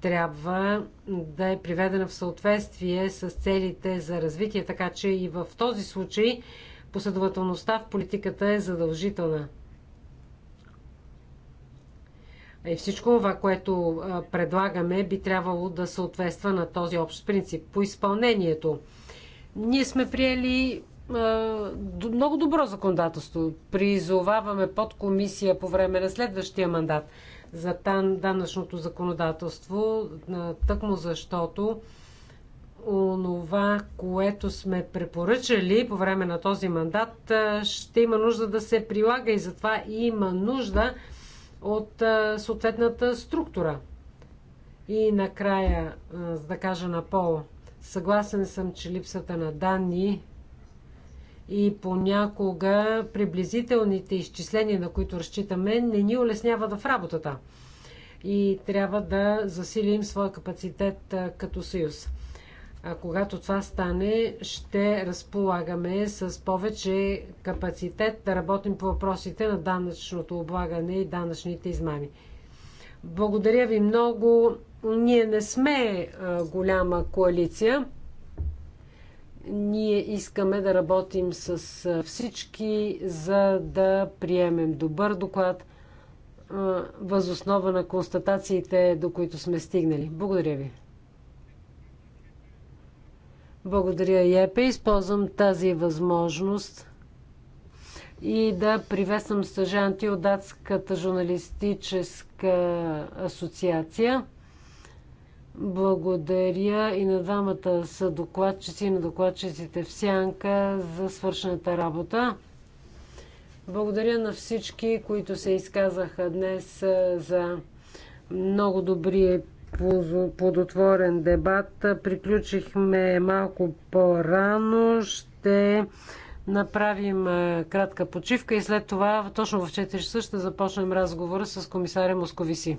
трябва да е приведена в съответствие с целите за развитие, така че и в този случай последователността в политиката е задължителна. И е, всичко това, което предлагаме, би трябвало да съответства на този общ принцип. По изпълнението, ние сме приели много добро законодателство. Призоваваме под комисия по време на следващия мандат за данъчното законодателство, тъкмо защото онова, което сме препоръчали по време на този мандат, ще има нужда да се прилага и затова има нужда от съответната структура. И накрая, за да кажа на Пол, съгласен съм, че липсата на данни и понякога приблизителните изчисления, на които разчитаме, не ни улесняват в работата. И трябва да засилим своя капацитет като съюз. А когато това стане, ще разполагаме с повече капацитет да работим по въпросите на данъчното облагане и данъчните измами. Благодаря ви много. Ние не сме голяма коалиция. Ние искаме да работим с всички, за да приемем добър доклад възоснова на констатациите, до които сме стигнали. Благодаря ви. Благодаря, Епе. Използвам тази възможност и да приветствам стъжанти от Датската журналистическа асоциация. Благодаря и на двамата са докладчици и на докладчиците в Сянка за свършената работа. Благодаря на всички, които се изказаха днес за много добрия плодотворен дебат. Приключихме малко по-рано. Ще направим кратка почивка и след това, точно в 4 часа, ще започнем разговора с комисаря Московиси.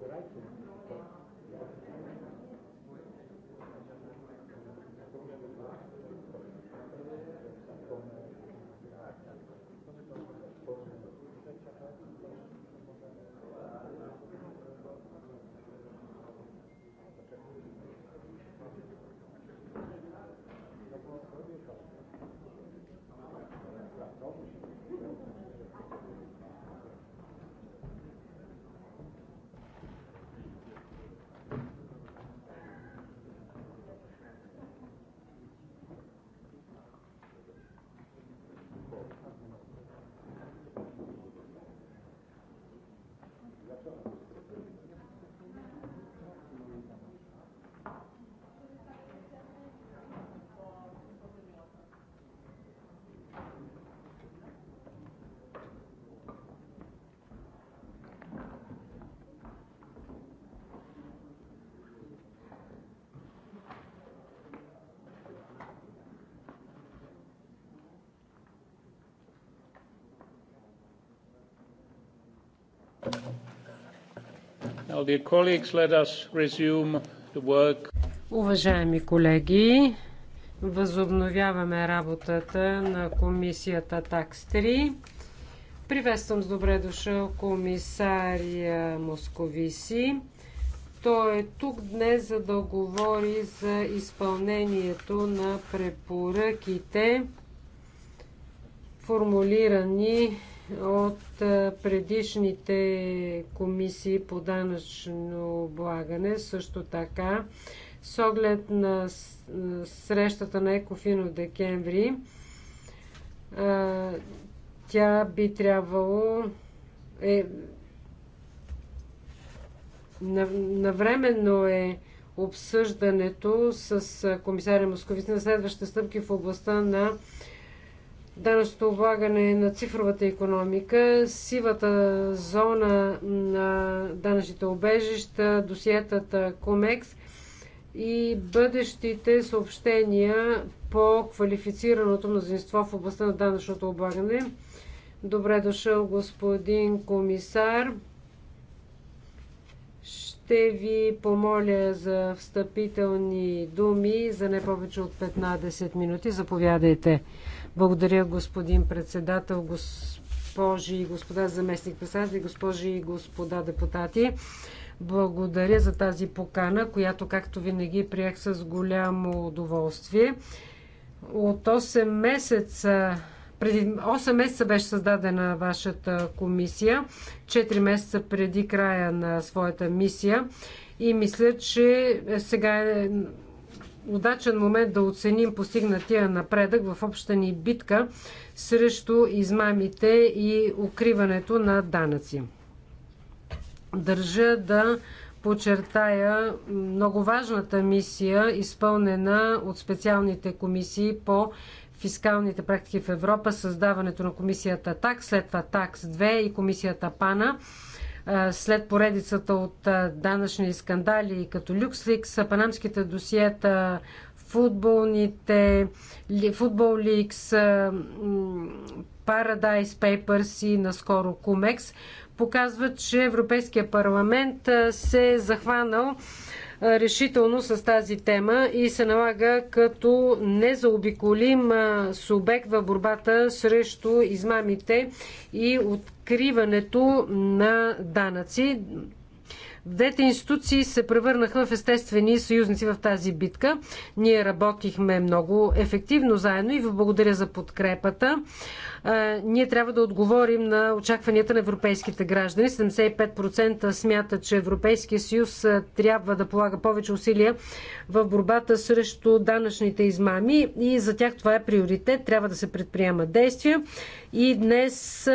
Gracias. Уважаеми колеги, възобновяваме работата на комисията ТАКС-3. Приветствам с добре дошъл комисария Московиси. Той е тук днес, за да говори за изпълнението на препоръките, формулирани от предишните комисии по данъчно облагане. Също така, с оглед на срещата на Екофин от декември, тя би трябвало е, навременно е обсъждането с комисаря Московица на следващите стъпки в областта на данъчното облагане на цифровата економика, сивата зона на данъчните обежища, досиетата Комекс и бъдещите съобщения по квалифицираното мнозинство в областта на данъчното облагане. Добре дошъл, господин комисар. Ще ви помоля за встъпителни думи за не повече от 15 минути. Заповядайте. Благодаря, господин председател, госпожи и господа заместник председатели, госпожи и господа депутати. Благодаря за тази покана, която, както винаги, приех с голямо удоволствие. От 8 месеца преди 8 месеца беше създадена вашата комисия, 4 месеца преди края на своята мисия и мисля, че сега е удачен момент да оценим постигнатия напредък в обща ни битка срещу измамите и укриването на данъци. Държа да подчертая много важната мисия, изпълнена от специалните комисии по фискалните практики в Европа, създаването на комисията ТАКС, след това ТАКС 2 и комисията ПАНА след поредицата от данъчни скандали, като Люксликс, панамските досиета, футболните, футбол ликс, Paradise Papers и наскоро Кумекс, показват, че Европейския парламент се е захванал решително с тази тема и се налага като незаобиколим субект в борбата срещу измамите и откриването на данъци. Двете институции се превърнаха в естествени съюзници в тази битка. Ние работихме много ефективно заедно и ви благодаря за подкрепата ние трябва да отговорим на очакванията на европейските граждани. 75% смятат, че Европейския съюз трябва да полага повече усилия в борбата срещу данъчните измами и за тях това е приоритет. Трябва да се предприема действия. И днес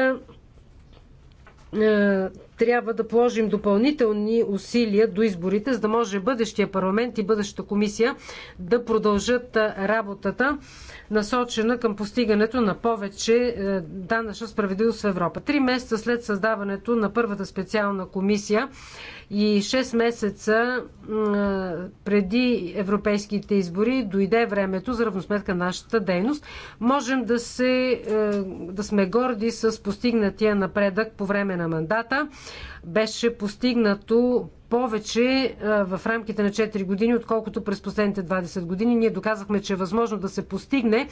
трябва да положим допълнителни усилия до изборите, за да може бъдещия парламент и бъдещата комисия да продължат работата, насочена към постигането на повече е, данъчна справедливост в Европа. Три месеца след създаването на първата специална комисия и 6 месеца е, преди европейските избори дойде времето за равносметка на нашата дейност. Можем да, се, е, да сме горди с постигнатия напредък по време на мандата беше постигнато повече в рамките на 4 години, отколкото през последните 20 години. Ние доказахме, че е възможно да се постигне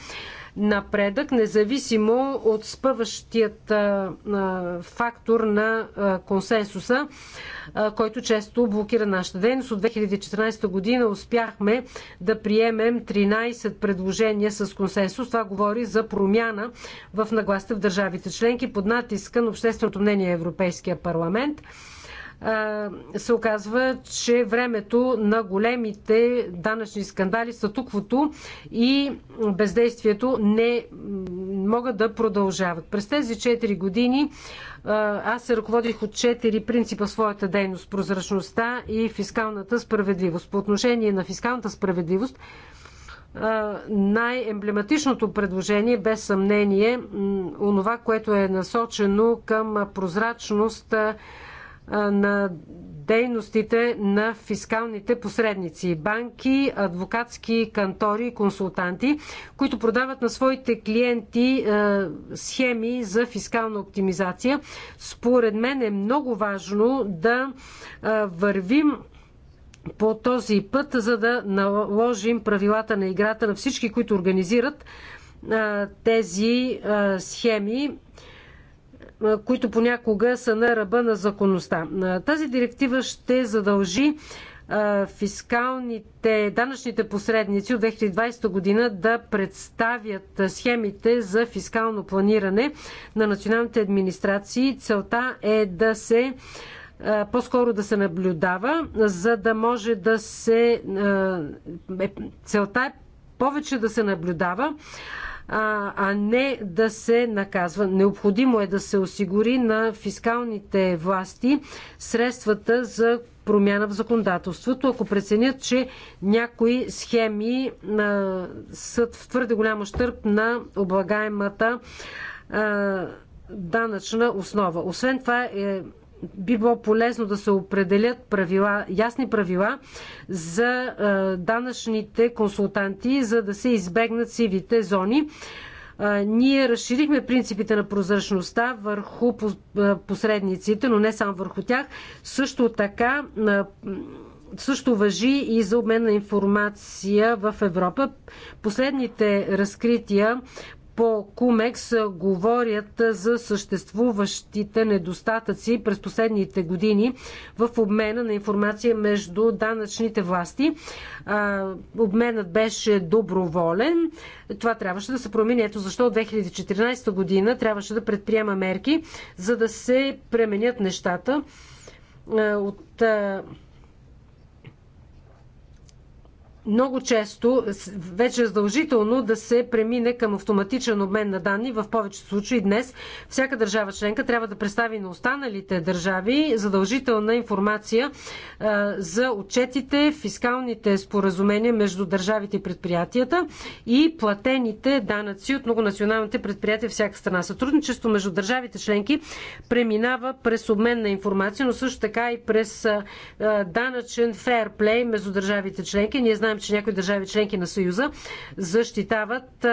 напредък, независимо от спъващият фактор на консенсуса, който често блокира нашата дейност. От 2014 година успяхме да приемем 13 предложения с консенсус. Това говори за промяна в нагласите в държавите членки под натиска на общественото мнение Европейския парламент се оказва, че времето на големите данъчни скандали, са туквото и бездействието не могат да продължават. През тези 4 години аз се ръководих от четири принципа в своята дейност прозрачността и фискалната справедливост. По отношение на фискалната справедливост, най-емблематичното предложение, без съмнение, онова, което е насочено към прозрачност на дейностите на фискалните посредници, банки, адвокатски кантори и консултанти, които продават на своите клиенти схеми за фискална оптимизация. Според мен е много важно да вървим по този път, за да наложим правилата на играта на всички, които организират тези схеми които понякога са на ръба на законността. Тази директива ще задължи фискалните, данъчните посредници от 2020 година да представят схемите за фискално планиране на националните администрации. Целта е да се по-скоро да се наблюдава, за да може да се. Е, целта е повече да се наблюдава, а, а не да се наказва. Необходимо е да се осигури на фискалните власти средствата за промяна в законодателството, ако преценят, че някои схеми а, са в твърде голям ощърп на облагаемата а, данъчна основа. Освен това е би било полезно да се определят правила, ясни правила за данъчните консултанти, за да се избегнат сивите зони. Ние разширихме принципите на прозрачността върху посредниците, но не само върху тях. Също така също въжи и за обмен на информация в Европа. Последните разкрития по Кумекс говорят за съществуващите недостатъци през последните години в обмена на информация между данъчните власти. Обменът беше доброволен. Това трябваше да се промени. Ето защо от 2014 година трябваше да предприема мерки, за да се пременят нещата. От много често вече е задължително да се премине към автоматичен обмен на данни. В повечето случаи днес всяка държава членка трябва да представи на останалите държави задължителна информация за отчетите, фискалните споразумения между държавите и предприятията и платените данъци от многонационалните предприятия всяка страна. Сътрудничество между държавите членки преминава през обмен на информация, но също така и през данъчен фейерплей между държавите членки. Ние знаем, Знаем, че някои държави членки на Съюза защитават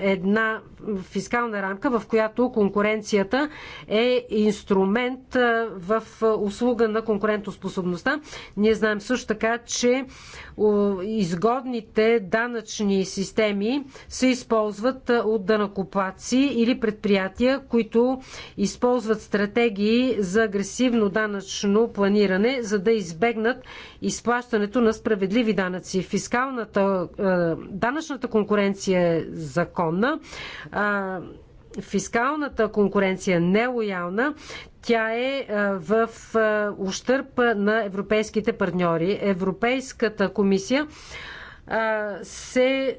една фискална рамка, в която конкуренцията е инструмент в услуга на конкурентоспособността. Ние знаем също така, че изгодните данъчни системи се използват от данакоплаци или предприятия, които използват стратегии за агресивно данъчно планиране, за да избегнат изплащането на справедливи данъци. Фискалната, данъчната конкуренция е законна фискалната конкуренция е нелоялна, тя е, е в е, ущърп на европейските партньори. Европейската комисия е, се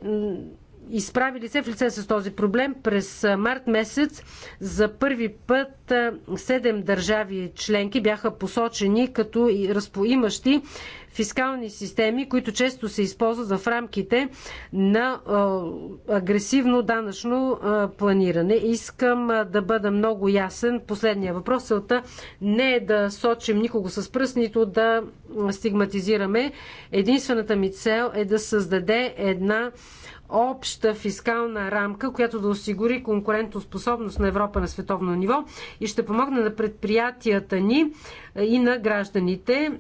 изправи лице в лице с този проблем. През март месец за първи път седем държави членки бяха посочени като имащи фискални системи, които често се използват в рамките на агресивно данъчно планиране. Искам да бъда много ясен. Последния въпрос. Целта не е да сочим никого с пръст, нито да стигматизираме. Единствената ми цел е да създаде една обща фискална рамка, която да осигури конкурентоспособност на Европа на световно ниво и ще помогне на предприятията ни и на гражданите. Е,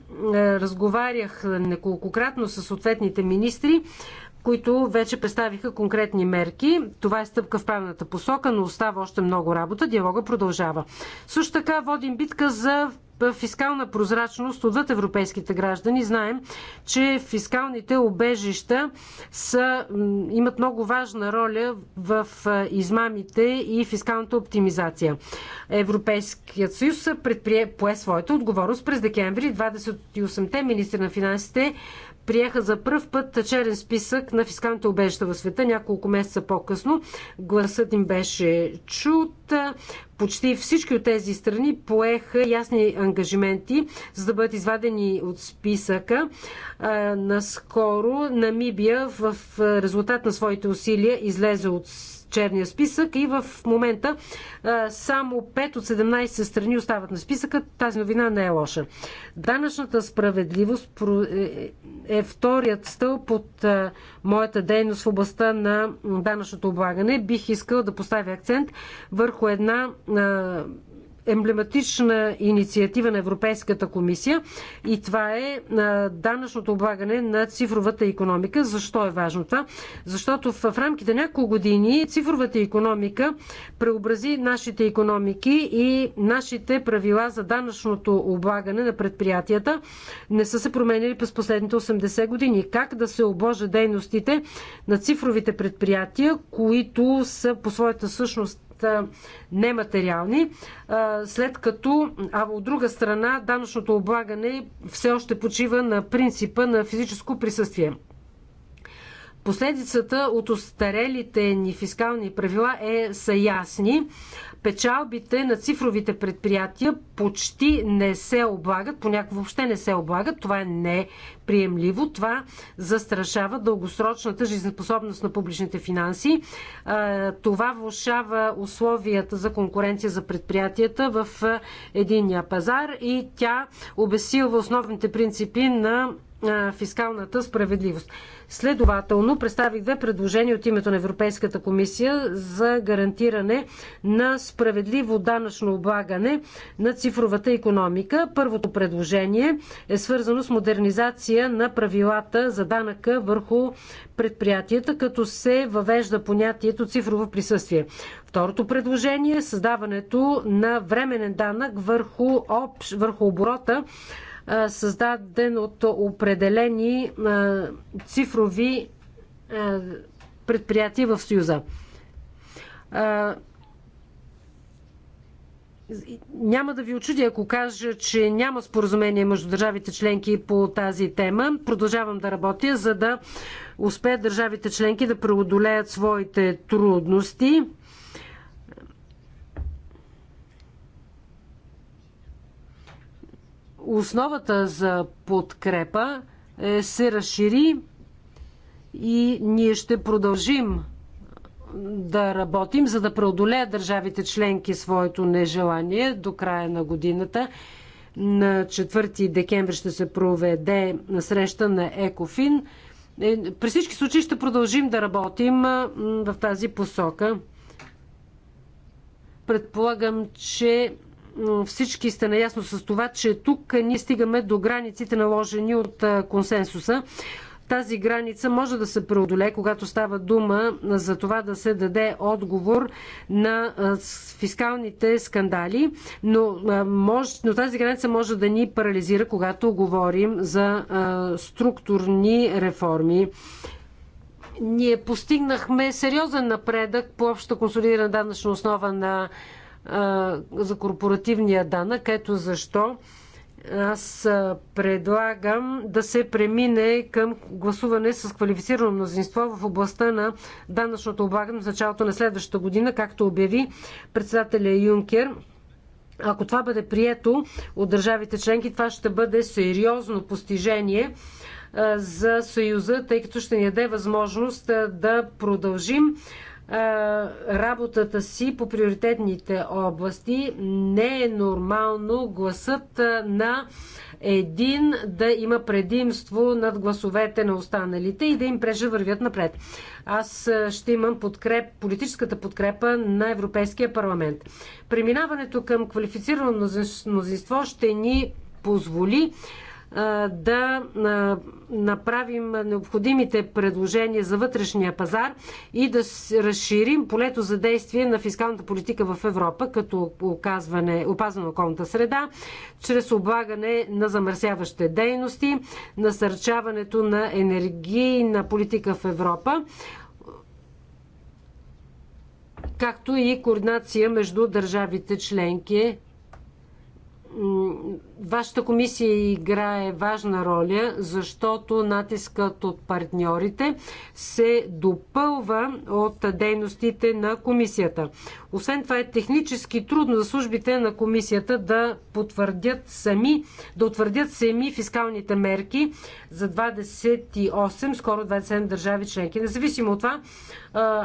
разговарях неколкократно с съответните министри които вече представиха конкретни мерки. Това е стъпка в правилната посока, но остава още много работа. Диалога продължава. Също така водим битка за фискална прозрачност отвъд европейските граждани. Знаем, че фискалните обежища са, имат много важна роля в измамите и фискалната оптимизация. Европейският съюз предприе пое своята отговорност през декември. 28-те министри на финансите приеха за пръв път черен списък на фискалните убежища в света няколко месеца по-късно. Гласът им беше чут. Почти всички от тези страни поеха ясни ангажименти, за да бъдат извадени от списъка. наскоро Намибия в резултат на своите усилия излезе от черния списък и в момента само 5 от 17 страни остават на списъка. Тази новина не е лоша. Данъчната справедливост е, е вторият стълб от моята дейност в областта на данъчното облагане. Бих искал да поставя акцент върху една емблематична инициатива на Европейската комисия и това е данъчното облагане на цифровата економика. Защо е важно това? Защото в рамките на няколко години цифровата економика преобрази нашите економики и нашите правила за данъчното облагане на предприятията не са се променили през последните 80 години. Как да се обложат дейностите на цифровите предприятия, които са по своята същност нематериални, след като, а от друга страна, данъчното облагане все още почива на принципа на физическо присъствие. Последицата от остарелите ни фискални правила е, са ясни. Печалбите на цифровите предприятия почти не се облагат, понякога въобще не се облагат. Това е неприемливо. Това застрашава дългосрочната жизнеспособност на публичните финанси. Е, това влушава условията за конкуренция за предприятията в е, единния пазар и тя обесилва основните принципи на фискалната справедливост. Следователно, представих две предложения от името на Европейската комисия за гарантиране на справедливо данъчно облагане на цифровата економика. Първото предложение е свързано с модернизация на правилата за данъка върху предприятията, като се въвежда понятието цифрово присъствие. Второто предложение е създаването на временен данък върху, общ, върху оборота създаден от определени цифрови предприятия в Съюза. Няма да ви очудя, ако кажа, че няма споразумение между държавите членки по тази тема. Продължавам да работя, за да успеят държавите членки да преодолеят своите трудности основата за подкрепа е, се разшири и ние ще продължим да работим, за да преодолеят държавите членки своето нежелание до края на годината. На 4 декември ще се проведе среща на Екофин. Е, при всички случаи ще продължим да работим в тази посока. Предполагам, че всички сте наясно с това, че тук ние стигаме до границите наложени от консенсуса. Тази граница може да се преодолее, когато става дума за това да се даде отговор на фискалните скандали, но, може, но тази граница може да ни парализира, когато говорим за структурни реформи ние постигнахме сериозен напредък по общата консолидирана данъчна основа на за корпоративния данък. Ето защо аз предлагам да се премине към гласуване с квалифицирано мнозинство в областта на данъчното облагане в началото на следващата година, както обяви председателя Юнкер. Ако това бъде прието от държавите членки, това ще бъде сериозно постижение за Съюза, тъй като ще ни даде възможност да продължим работата си по приоритетните области, не е нормално гласът на един да има предимство над гласовете на останалите и да им вървят напред. Аз ще имам подкреп, политическата подкрепа на Европейския парламент. Преминаването към квалифицирано мнозинство ще ни позволи да направим необходимите предложения за вътрешния пазар и да разширим полето за действие на фискалната политика в Европа, като оказване, опазване на околната среда, чрез облагане на замърсяващите дейности, насърчаването на енергийна политика в Европа, както и координация между държавите членки вашата комисия играе важна роля, защото натискът от партньорите се допълва от дейностите на комисията. Освен това е технически трудно за службите на комисията да потвърдят сами, да утвърдят сами фискалните мерки, за 28, скоро 27 държави членки. Независимо от това,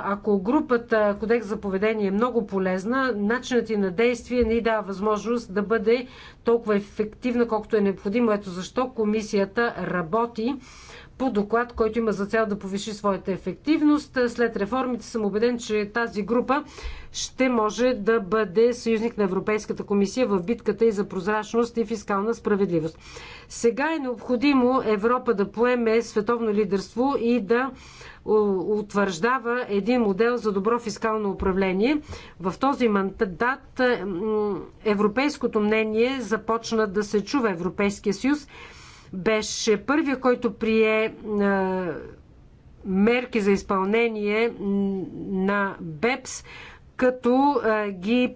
ако групата Кодекс за поведение е много полезна, начинът и на действие ни дава възможност да бъде толкова ефективна, колкото е необходимо. Ето защо комисията работи по доклад, който има за цел да повиши своята ефективност. След реформите съм убеден, че тази група ще може да бъде съюзник на Европейската комисия в битката и за прозрачност и фискална справедливост. Сега е необходимо Европа да поеме световно лидерство и да утвърждава един модел за добро фискално управление. В този мандат европейското мнение започна да се чува. Европейския съюз беше първият, който прие мерки за изпълнение на БЕПС, като ги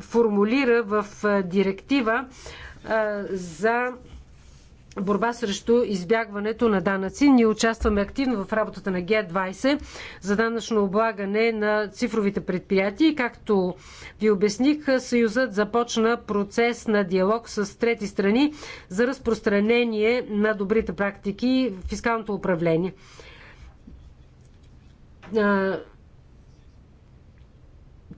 формулира в директива за борба срещу избягването на данъци. Ние участваме активно в работата на Г20 за данъчно облагане на цифровите предприятия. Както ви обясних, Съюзът започна процес на диалог с трети страни за разпространение на добрите практики в фискалното управление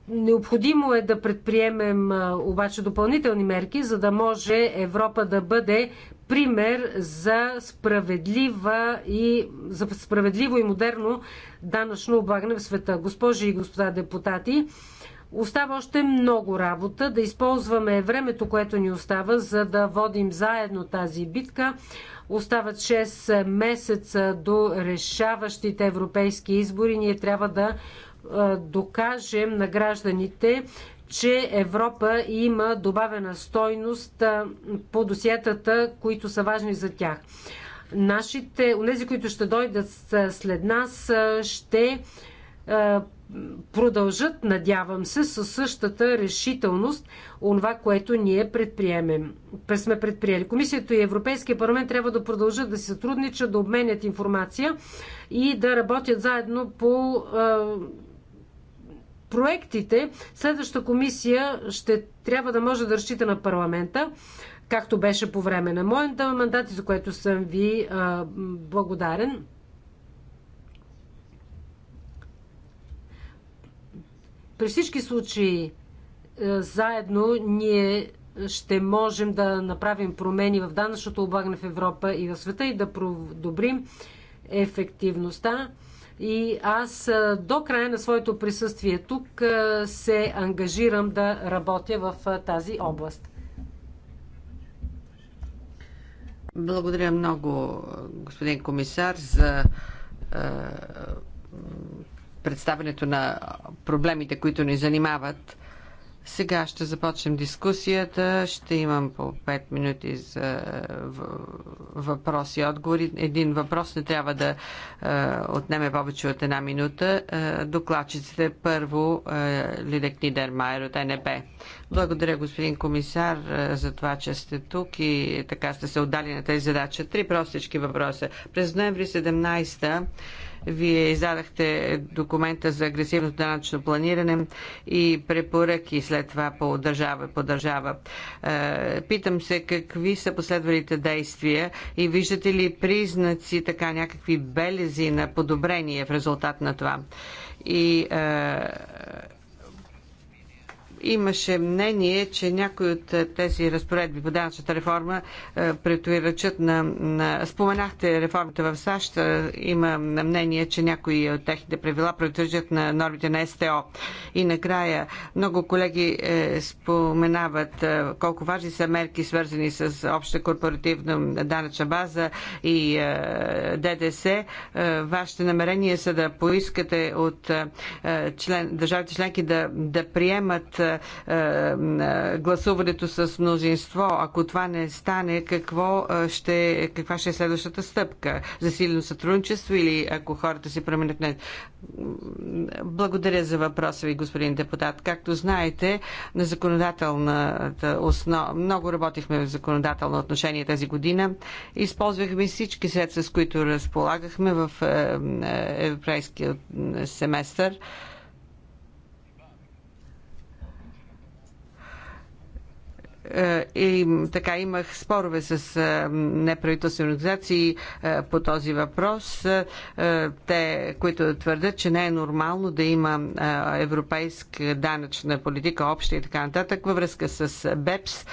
Необходимо е да предприемем обаче допълнителни мерки, за да може Европа да бъде пример за, справедлива и, за справедливо и модерно данъчно облагане в света. Госпожи и господа депутати, Остава още много работа, да използваме времето, което ни остава, за да водим заедно тази битка. Остават 6 месеца до решаващите европейски избори. Ние трябва да докажем на гражданите, че Европа има добавена стойност по досиетата, които са важни за тях. Нашите, тези, които ще дойдат след нас, ще продължат, надявам се, със същата решителност онова, което ние предприемем. Сме предприели. Комисията и Европейския парламент трябва да продължат да се сътрудничат, да обменят информация и да работят заедно по проектите, следващата комисия ще трябва да може да разчита на парламента, както беше по време на моята мандат, за което съм ви а, благодарен. При всички случаи, заедно ние ще можем да направим промени в данъчното облагане в Европа и в света и да подобрим ефективността. И аз до края на своето присъствие тук се ангажирам да работя в тази област. Благодаря много, господин комисар, за представенето на проблемите, които ни занимават. Сега ще започнем дискусията. Ще имам по 5 минути за въпроси и отговори. Един въпрос не трябва да е, отнеме повече от една минута. Е, докладчиците първо е, Лидек Нидермайер от НП. Благодаря, господин комисар, е, за това, че сте тук и така сте се отдали на тези задача. Три простички въпроса. През ноември 17-та вие издадахте документа за агресивното данъчно планиране и препоръки след това по държава по държава. Е, питам се какви са последвалите действия и виждате ли признаци, така някакви белези на подобрение в резултат на това. И е, Имаше мнение, че някои от е, тези разпоредби по данъчната реформа е, претоирачат на, на... Споменахте реформата в САЩ. Е, има мнение, че някои от техните правила претоирачат на нормите на СТО. И накрая много колеги споменават колко важни са мерки, свързани с обща корпоративна данъчна база и ДДС. вашите намерения са да поискате от член, държавите членки да, да приемат е, е, гласуването с мнозинство. Ако това не стане, какво е, ще, каква ще е следващата стъпка? Засилено сътрудничество или ако хората си променят не? Благодаря за въпроса ви, господин депутат. Както знаете, на законодателната основа, много работихме в законодателно отношение тази година. Използвахме всички средства, с които разполагахме в европейския семестър. Е, и така имах спорове с е, неправителствени организации е, по този въпрос. Те, които твърдят, че не е нормално да има европейска данъчна политика, обща и така нататък, във връзка с БЕПС,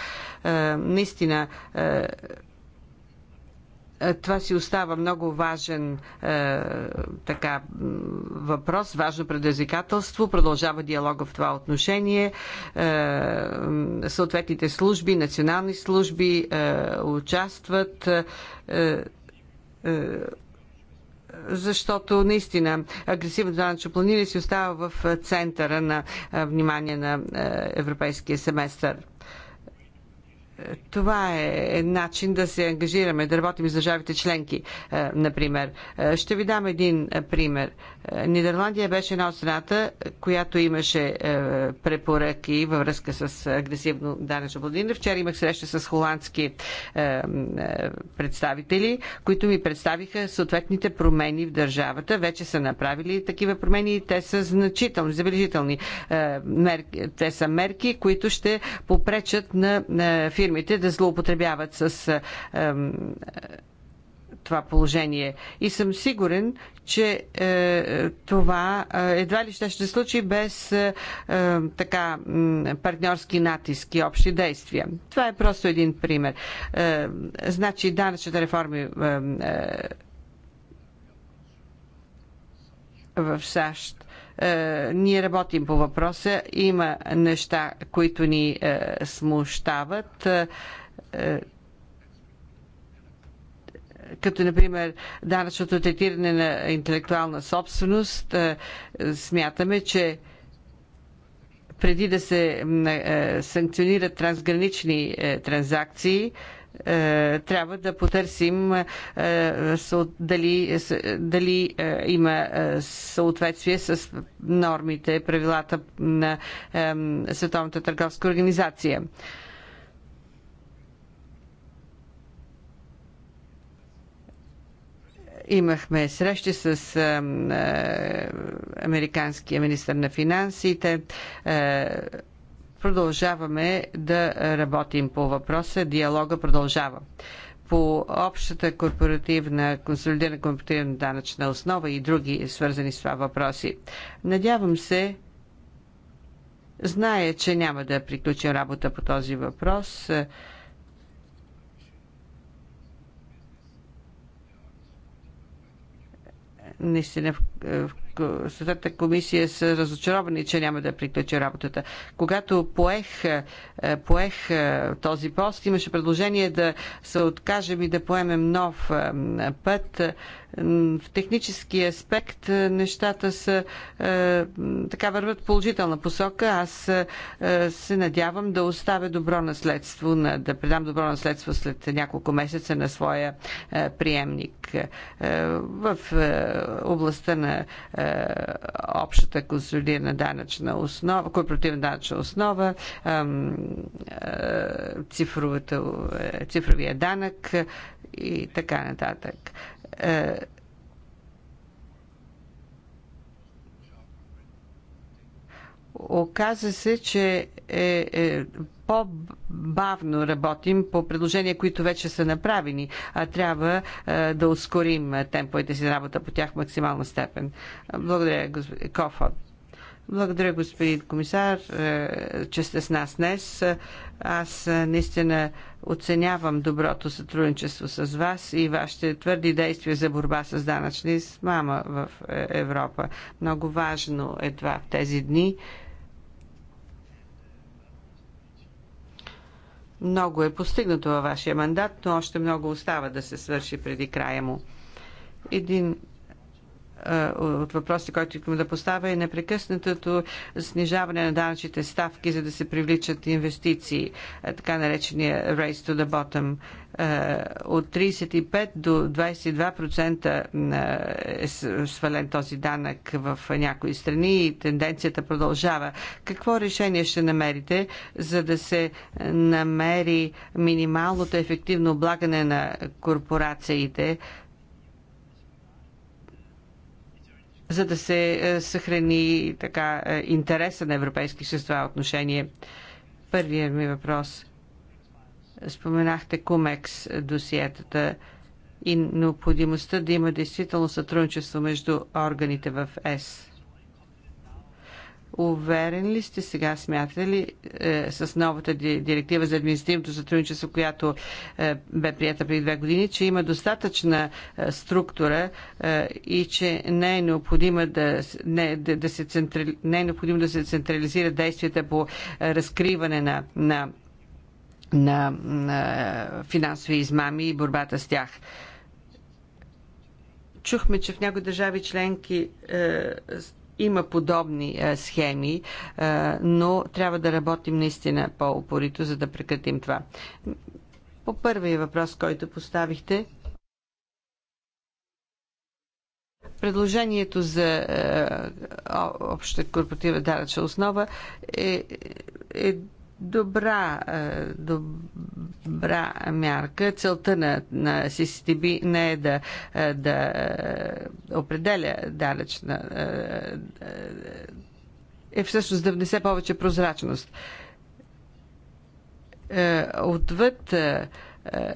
наистина е, това си остава много важен е, така, въпрос, важно предизвикателство. Продължава диалога в това отношение. Е, съответните служби, национални служби е, участват. Е, е, е защото наистина агресивното данъчно планиране си остава в центъра на е, внимание на европейския семестър. Това е начин да се ангажираме, да работим с държавите членки, е, например. Е, ще ви дам един е, пример. Е, Нидерландия беше една от страната, която имаше е, препоръки във връзка с агресивно данъчно владение. Вчера имах среща с холандски е, представители, които ми представиха съответните промени в държавата. Вече са направили такива промени и те са значителни, забележителни. Те са мерки, които ще попречат на фирмите да злоупотребяват с това положение. И съм сигурен, че е, това е, едва ли ще се случи без е, е така партньорски натиски, общи действия. Това е просто един пример. Е, значи данъчната реформи е, е, в САЩ е, ние работим по въпроса. Има неща, които ни е, смущават като например данъчното третиране на интелектуална собственост, е, смятаме, че преди да се е, е, санкционират трансгранични транзакции, трябва да потърсим дали, дали има съответствие с нормите, правилата на Световната търговска организация. Имахме срещи с а, а, е, американския министр на финансите. А, е, продължаваме да работим по въпроса. Диалога продължава. По общата корпоративна, консолидирана корпоративна данъчна основа и други свързани с това въпроси. Надявам се, зная, че няма да приключим работа по този въпрос. наистина в, Съдата комисия са разочаровани, че няма да приключи работата. Когато поех, е, поех е, този пост, имаше предложение да се откажем и да поемем нов е, път в технически аспект е, нещата са е, така върват положителна посока. Аз е, се надявам да оставя добро наследство, да предам добро наследство след няколко месеца на своя приемник в областта на общата консолидирана данъчна основа, корпоративна данъчна основа, цифровия данък и така нататък. Е, оказа се, че е, е, по-бавно работим по предложения, които вече са направени, а трябва е, да ускорим темповете си работа по тях в максимална степен. Благодаря, господин Кофот. Благодаря, господин комисар, е, че сте с нас днес. Аз е, наистина оценявам доброто сътрудничество с вас и вашите твърди действия за борба с данъчна мама в е, Европа. Много важно е това в тези дни. Много е постигнато във вашия мандат, но още много остава да се свърши преди края му. Един от въпросите, който искам да поставя, е непрекъснатото снижаване на данъчните ставки, за да се привличат инвестиции, така наречения race to the bottom. От 35 до 22% е свален този данък в някои страни и тенденцията продължава. Какво решение ще намерите, за да се намери минималното ефективно облагане на корпорациите, за да се е, съхрани така е, интереса на Европейски съюз това отношение. Първият ми въпрос. Споменахте Кумекс досиетата и необходимостта да има действително сътрудничество между органите в ЕС. Уверен ли сте сега, смятате ли, е, с новата директива за административното сътрудничество, която е, бе прията преди две години, че има достатъчна е, структура е, и че не е необходимо да, не, да, да, се, централи, не е необходимо да се централизира действията по е, разкриване на, на, на, на финансови измами и борбата с тях? Чухме, че в някои държави членки е, има подобни а, е, схеми, а, е, но трябва да работим наистина по-упорито, за да прекратим това. По първия въпрос, който поставихте, предложението за е, обща корпоративна данъчна основа е, е добра, е, добра мярка. Целта на, на CCTB не е да, е, да е, определя далечна. е всъщност да внесе повече прозрачност. Отвъд е,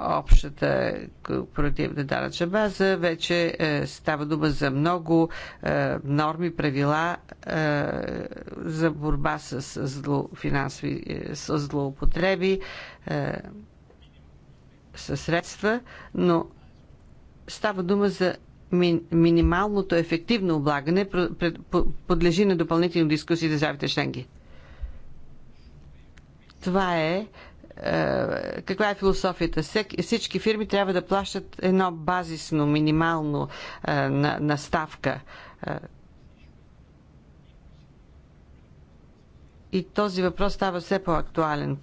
общата корпоративна данъчна база, вече е, става дума за много е, норми, правила за борба с, зло, финансови, с злоупотреби, със средства, но става дума за минималното ефективно облагане, подлежи на допълнителни дискусии държавите членки. Това е е, каква е философията? Всички фирми трябва да плащат едно базисно, минимално е, наставка. Е, и този въпрос става все по-актуален,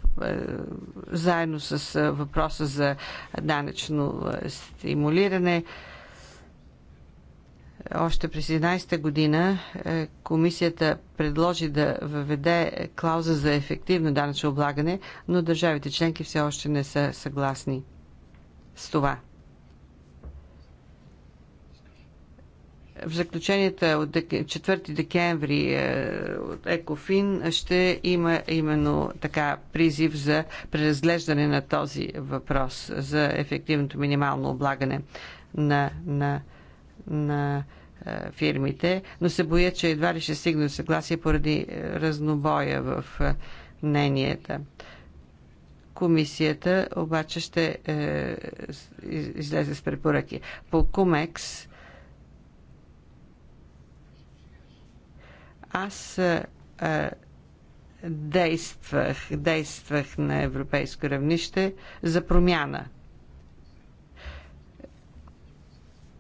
заедно с въпроса за данъчно стимулиране. Още през 11-та година е, комисията предложи да въведе клауза за ефективно данъчно облагане, но държавите членки все още не са съгласни с това. В заключенията от 4 декември е, от Екофин ще има именно така призив за преразглеждане на този въпрос за ефективното минимално облагане на, на на е, фирмите, но се боя, че едва ли ще стигнат съгласие поради е, разнобоя в е, мненията. Комисията обаче ще е, излезе с препоръки. По Кумекс аз е, действах, действах на европейско равнище за промяна –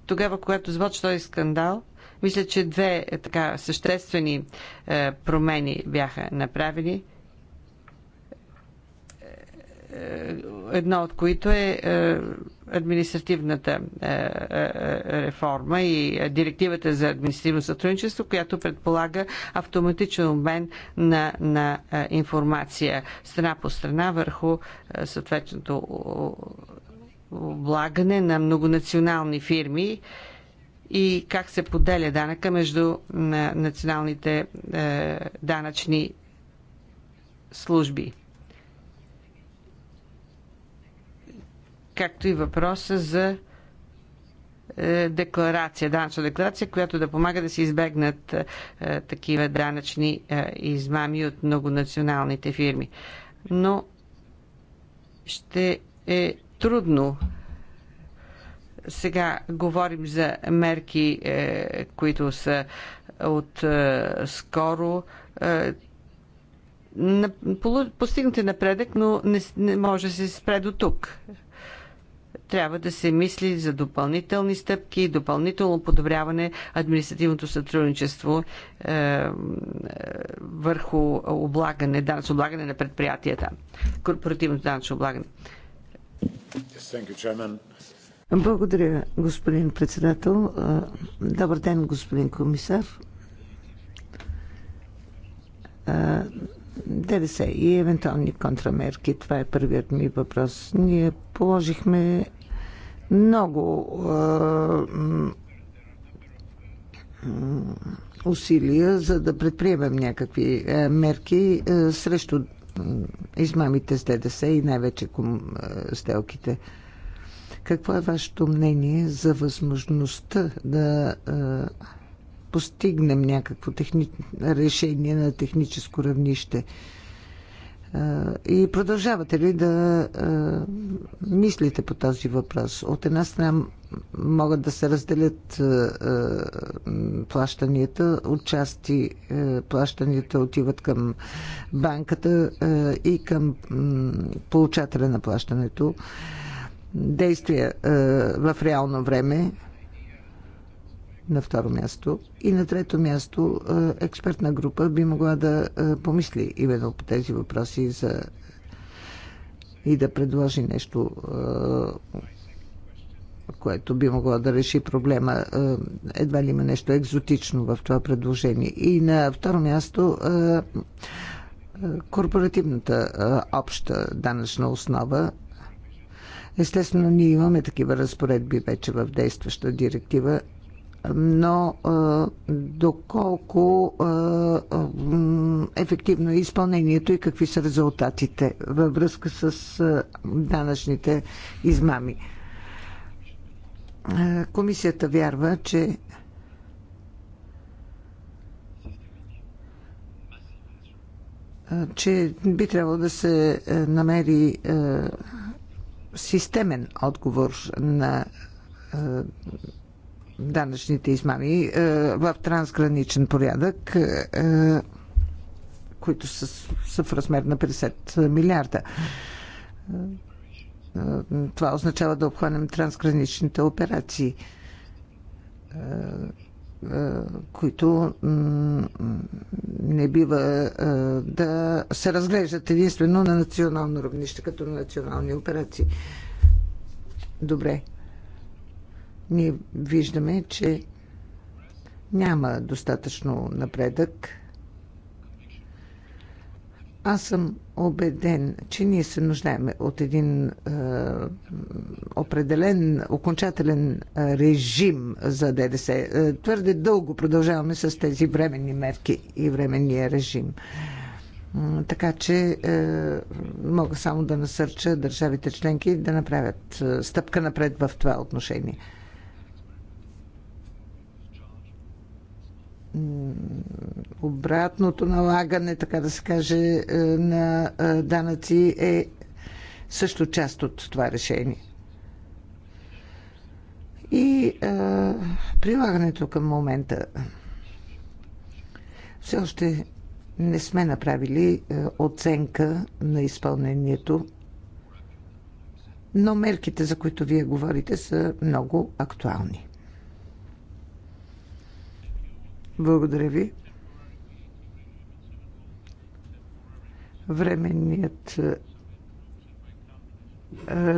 тогава, когато звучи този скандал, мисля, че две е, така съществени е, промени бяха направени. Е, е, едно от които е, е административната е, е, реформа и директивата за административно сътрудничество, която предполага автоматичен обмен на, на информация страна по страна върху съответното влагане на многонационални фирми и как се поделя данъка между националните е, данъчни служби. Както и въпроса за е, декларация, данъчна декларация, която да помага да се избегнат е, такива данъчни измами от многонационалните фирми. Но ще е трудно. Сега говорим за мерки, е, които са от е, скоро е, постигнате напредък, но не, не може да се спре до тук. Трябва да се мисли за допълнителни стъпки, допълнително подобряване административното сътрудничество е, е, върху облагане, данъчно облагане на предприятията, корпоративното данъчно облагане. Е, благодаря, господин председател. Добър ден, господин комисар. ДДС и евентуални контрамерки. Това е първият ми въпрос. Ние положихме много усилия, за да предприемем някакви мерки срещу измамите с ДДС и най-вече сделките. Какво е вашето мнение за възможността да постигнем някакво техни... решение на техническо равнище? Е, и продължавате ли да е, мислите по този въпрос? От една страна могат да се разделят е, плащанията. От части плащанията отиват към банката и към получателя на плащането. Действия в реално време на второ място. И на трето място, е, експертна група би могла да е, помисли именно по тези въпроси за и да предложи нещо, е, което би могло да реши проблема. Едва ли има нещо екзотично в това предложение. И на второ място, корпоративната обща данъчна основа Естествено, ние имаме такива разпоредби вече в действаща директива но доколко ефективно е изпълнението и какви са резултатите във връзка с данъчните измами. Комисията вярва, че че би трябвало да се намери системен отговор на данъчните измами е, в трансграничен порядък, е, е, които са, са в размер на 50 милиарда. Това означава да обхванем трансграничните операции, които не бива да се разглеждат единствено на национално равнище, като национални операции. Добре ние виждаме, че няма достатъчно напредък. Аз съм убеден, че ние се нуждаем от един е, определен, окончателен е, режим за ДДС. Е, твърде дълго продължаваме с тези временни мерки и временния режим. Така че е, мога само да насърча държавите членки да направят е, стъпка напред в това отношение. обратното налагане, така да се каже, е, на е, данъци е също част от това решение. И а, е, прилагането към момента. Все още не сме направили оценка на изпълнението, но мерките, за които вие говорите, са много актуални. Благодаря ви. Временният е,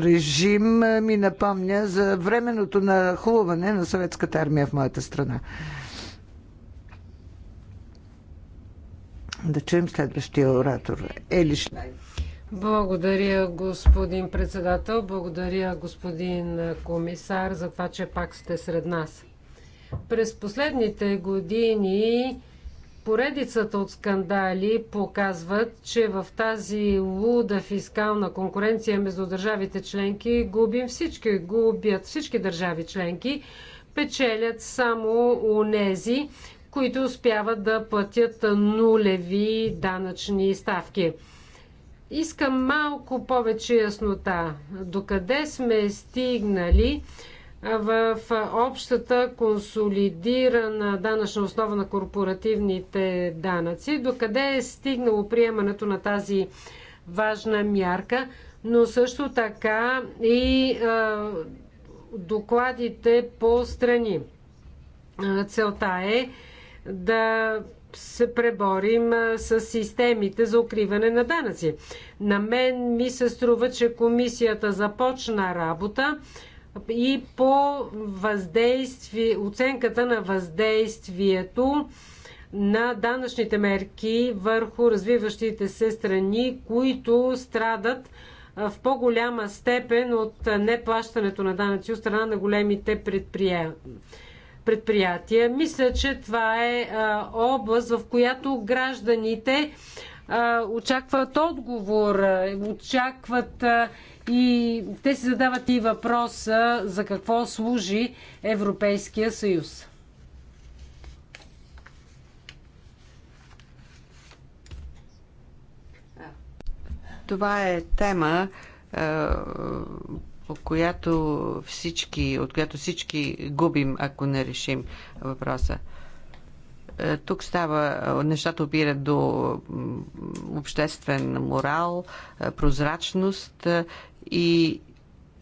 режим е, ми напомня за временното нахлуване на съветската армия в моята страна. Да чуем следващия оратор. Ели Благодаря, господин председател. Благодаря, господин комисар, за това, че пак сте сред нас. През последните години поредицата от скандали показват, че в тази луда фискална конкуренция между държавите членки губим всички, губят всички държави членки, печелят само нези, които успяват да платят нулеви данъчни ставки. Искам малко повече яснота. Докъде сме стигнали в общата консолидирана данъчна основа на корпоративните данъци. Докъде е стигнало приемането на тази важна мярка, но също така и докладите по страни. Целта е да се преборим с системите за укриване на данъци. На мен ми се струва, че комисията започна работа и по въздействие, оценката на въздействието на данъчните мерки върху развиващите се страни, които страдат в по-голяма степен от неплащането на данъци от страна на големите предприятия предприятия. Мисля, че това е а, област, в която гражданите а, очакват отговор, очакват а, и те си задават и въпроса за какво служи Европейския съюз. Това е тема, е, по която всички, от която всички губим, ако не решим въпроса. Е, тук става, нещата опират до обществен морал, е, прозрачност и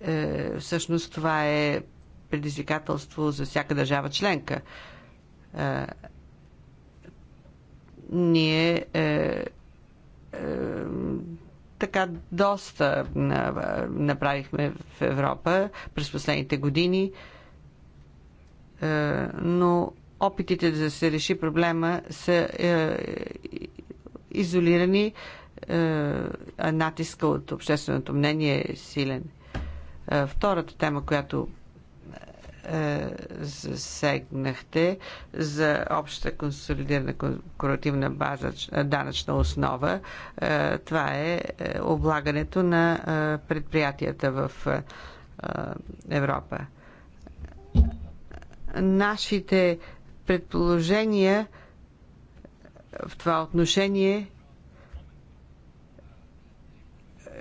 е, всъщност това е предизвикателство за всяка държава членка. Е, ние е, е, така доста направихме в Европа през последните години, е, но опитите да се реши проблема са е, изолирани а е, е, натиска от общественото мнение е силен. Е, втората тема, която засегнахте за общата консолидирана корпоративна база, данъчна основа. Това е облагането на предприятията в Европа. Нашите предположения в това отношение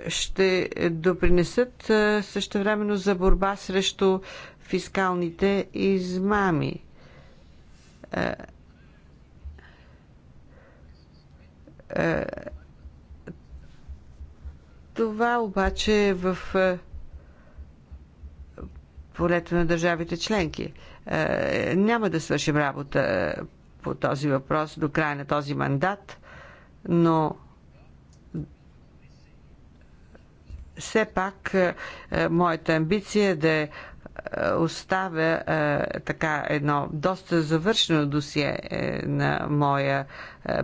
ще допринесат също времено за борба срещу фискалните измами. Това обаче е в полето на държавите членки. Няма да свършим работа по този въпрос до края на този мандат, но все пак е, е, моята амбиция е да е, оставя така едно доста завършено досие е, на моя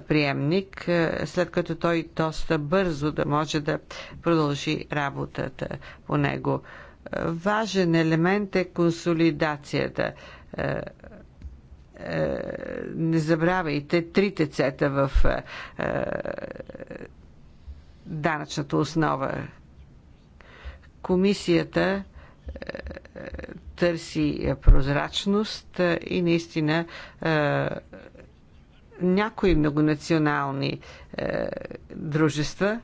приемник, след като той доста бързо да може да продължи работата по него. Важен елемент е консолидацията. не забравяйте трите цета в данъчната основа Комисията е, търси прозрачност е, и наистина е, някои многонационални дружества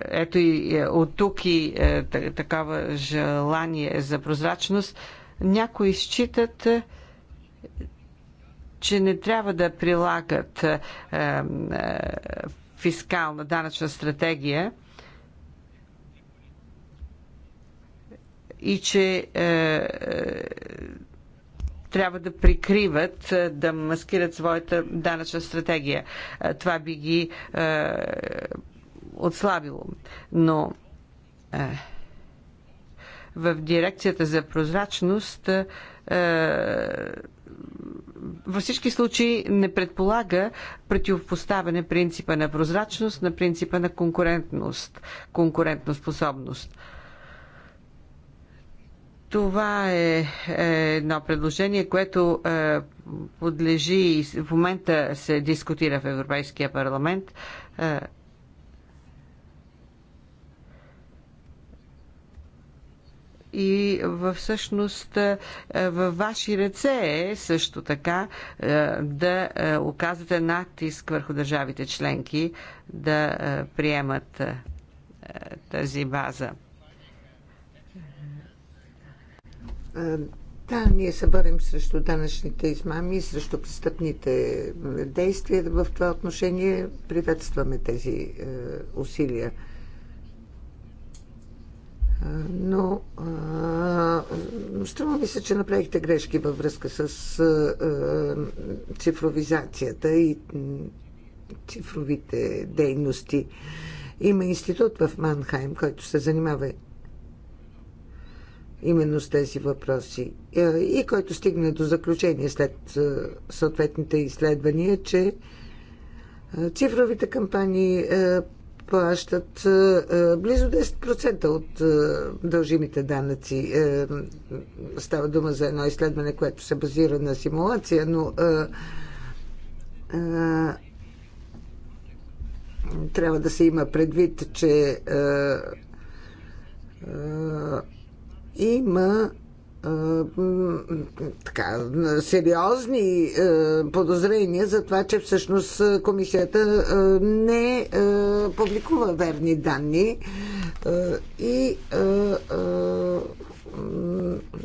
ето и от тук и такава желание за прозрачност, някои считат, че не трябва да прилагат фискална данъчна стратегия, и че е, е, трябва да прикриват, е, да маскират своята данъчна стратегия. Е, това би ги е, отслабило. Но е, в дирекцията за прозрачност е, във всички случаи не предполага противопоставяне принципа на прозрачност на принципа на конкурентност, конкурентоспособност. способност. Това е, е едно предложение, което е, подлежи и в момента се дискутира в Европейския парламент. Е, и всъщност във ваши ръце е също така да оказвате натиск върху държавите членки да приемат тази база. Да, ние се борим срещу данъчните измами, срещу престъпните действия. В това отношение приветстваме тези е, усилия. Но струва ми се, че направихте грешки във връзка с цифровизацията и цифровите дейности. Има институт в Манхайм, който се занимава именно с тези въпроси е, и който стигна до заключение след е, съответните изследвания, че е, цифровите кампании плащат близо 10% от дължимите данъци. Става дума за едно изследване, което се базира на симулация, но трябва да се има предвид, че има така, сериозни подозрения за това, че всъщност комисията не публикува верни данни и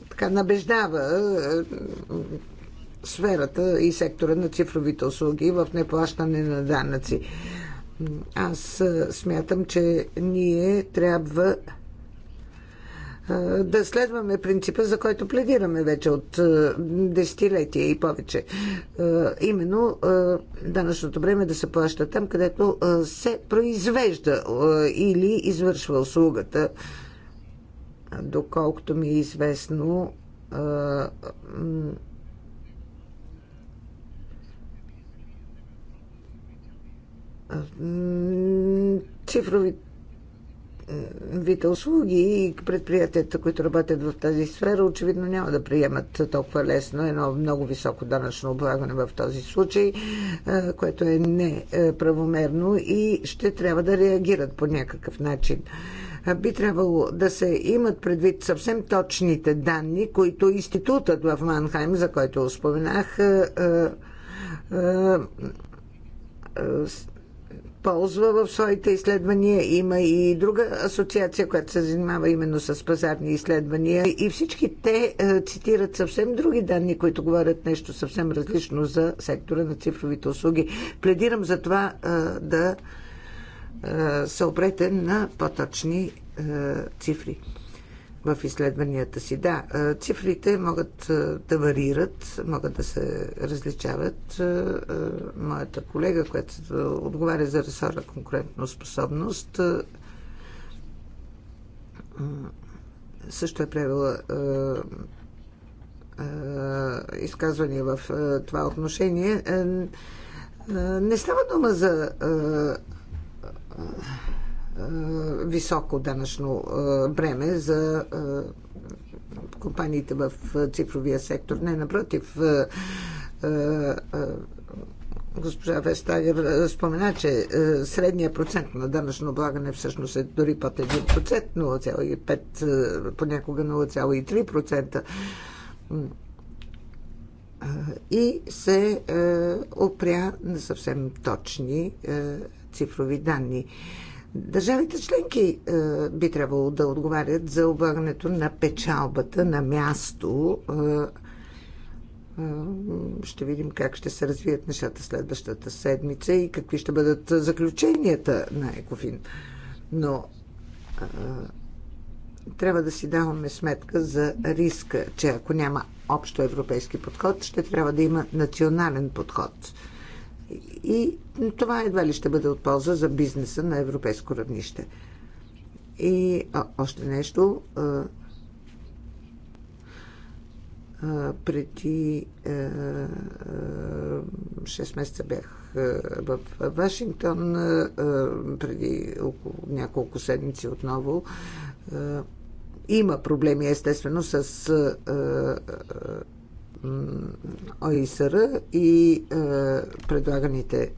така набеждава сферата и сектора на цифровите услуги в неплащане на данъци. Аз смятам, че ние трябва да следваме принципа, за който пледираме вече от десетилетия и повече. Именно данъчното време да се плаща там, където се произвежда или извършва услугата. Доколкото ми е известно, цифровите вид услуги и предприятията, които работят в тази сфера, очевидно няма да приемат толкова лесно едно много високо данъчно облагане в този случай, което е неправомерно и ще трябва да реагират по някакъв начин. Би трябвало да се имат предвид съвсем точните данни, които институтът в Манхайм, за който споменах, ползва в своите изследвания. Има и друга асоциация, която се занимава именно с пазарни изследвания. И всички те е, цитират съвсем други данни, които говорят нещо съвсем различно за сектора на цифровите услуги. Пледирам за това е, да се опрете на по-точни е, цифри в изследванията си. Да, цифрите могат да варират, могат да се различават. Моята колега, която отговаря за ресора конкурентно способност, също е правила изказвания в това отношение. Не става дума за е, високо данъчно е, бреме за е, компаниите в цифровия сектор. Не, напротив, госпожа Вестагер спомена, че средният процент на данъчно облагане всъщност е дори под 1%, 0,5%, понякога 0,3% и се опря на съвсем точни цифрови данни. Държавите членки е, би трябвало да отговарят за облагането на печалбата на място. Е, е, ще видим как ще се развият нещата следващата седмица и какви ще бъдат заключенията на Екофин. Но трябва да си даваме сметка за риска, че ако няма общо европейски подход, ще трябва да има национален подход – и това едва ли ще бъде от полза за бизнеса на европейско равнище. И а, още нещо. А, а, преди а, а, 6 месеца бях в Вашингтон, а, преди около няколко седмици отново. А, има проблеми, естествено, с а, а, ОИСР и е, предлаганите е,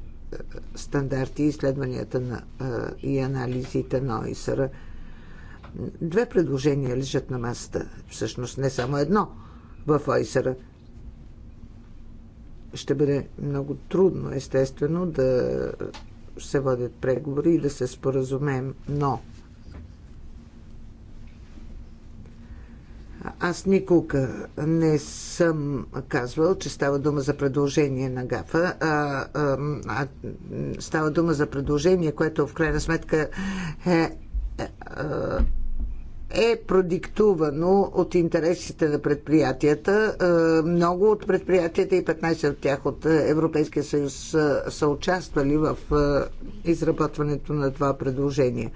стандарти, изследванията на, е, и анализите на ОИСР. Две предложения лежат на масата. Всъщност не само едно в ОИСР. Ще бъде много трудно, естествено, да се водят преговори и да се споразумеем, но Аз никога не съм казвал, че става дума за предложение на ГАФА, а, а, а става дума за предложение, което в крайна сметка е, е, е продиктувано от интересите на предприятията. Много от предприятията и 15 от тях от Европейския съюз са участвали в изработването на това предложение.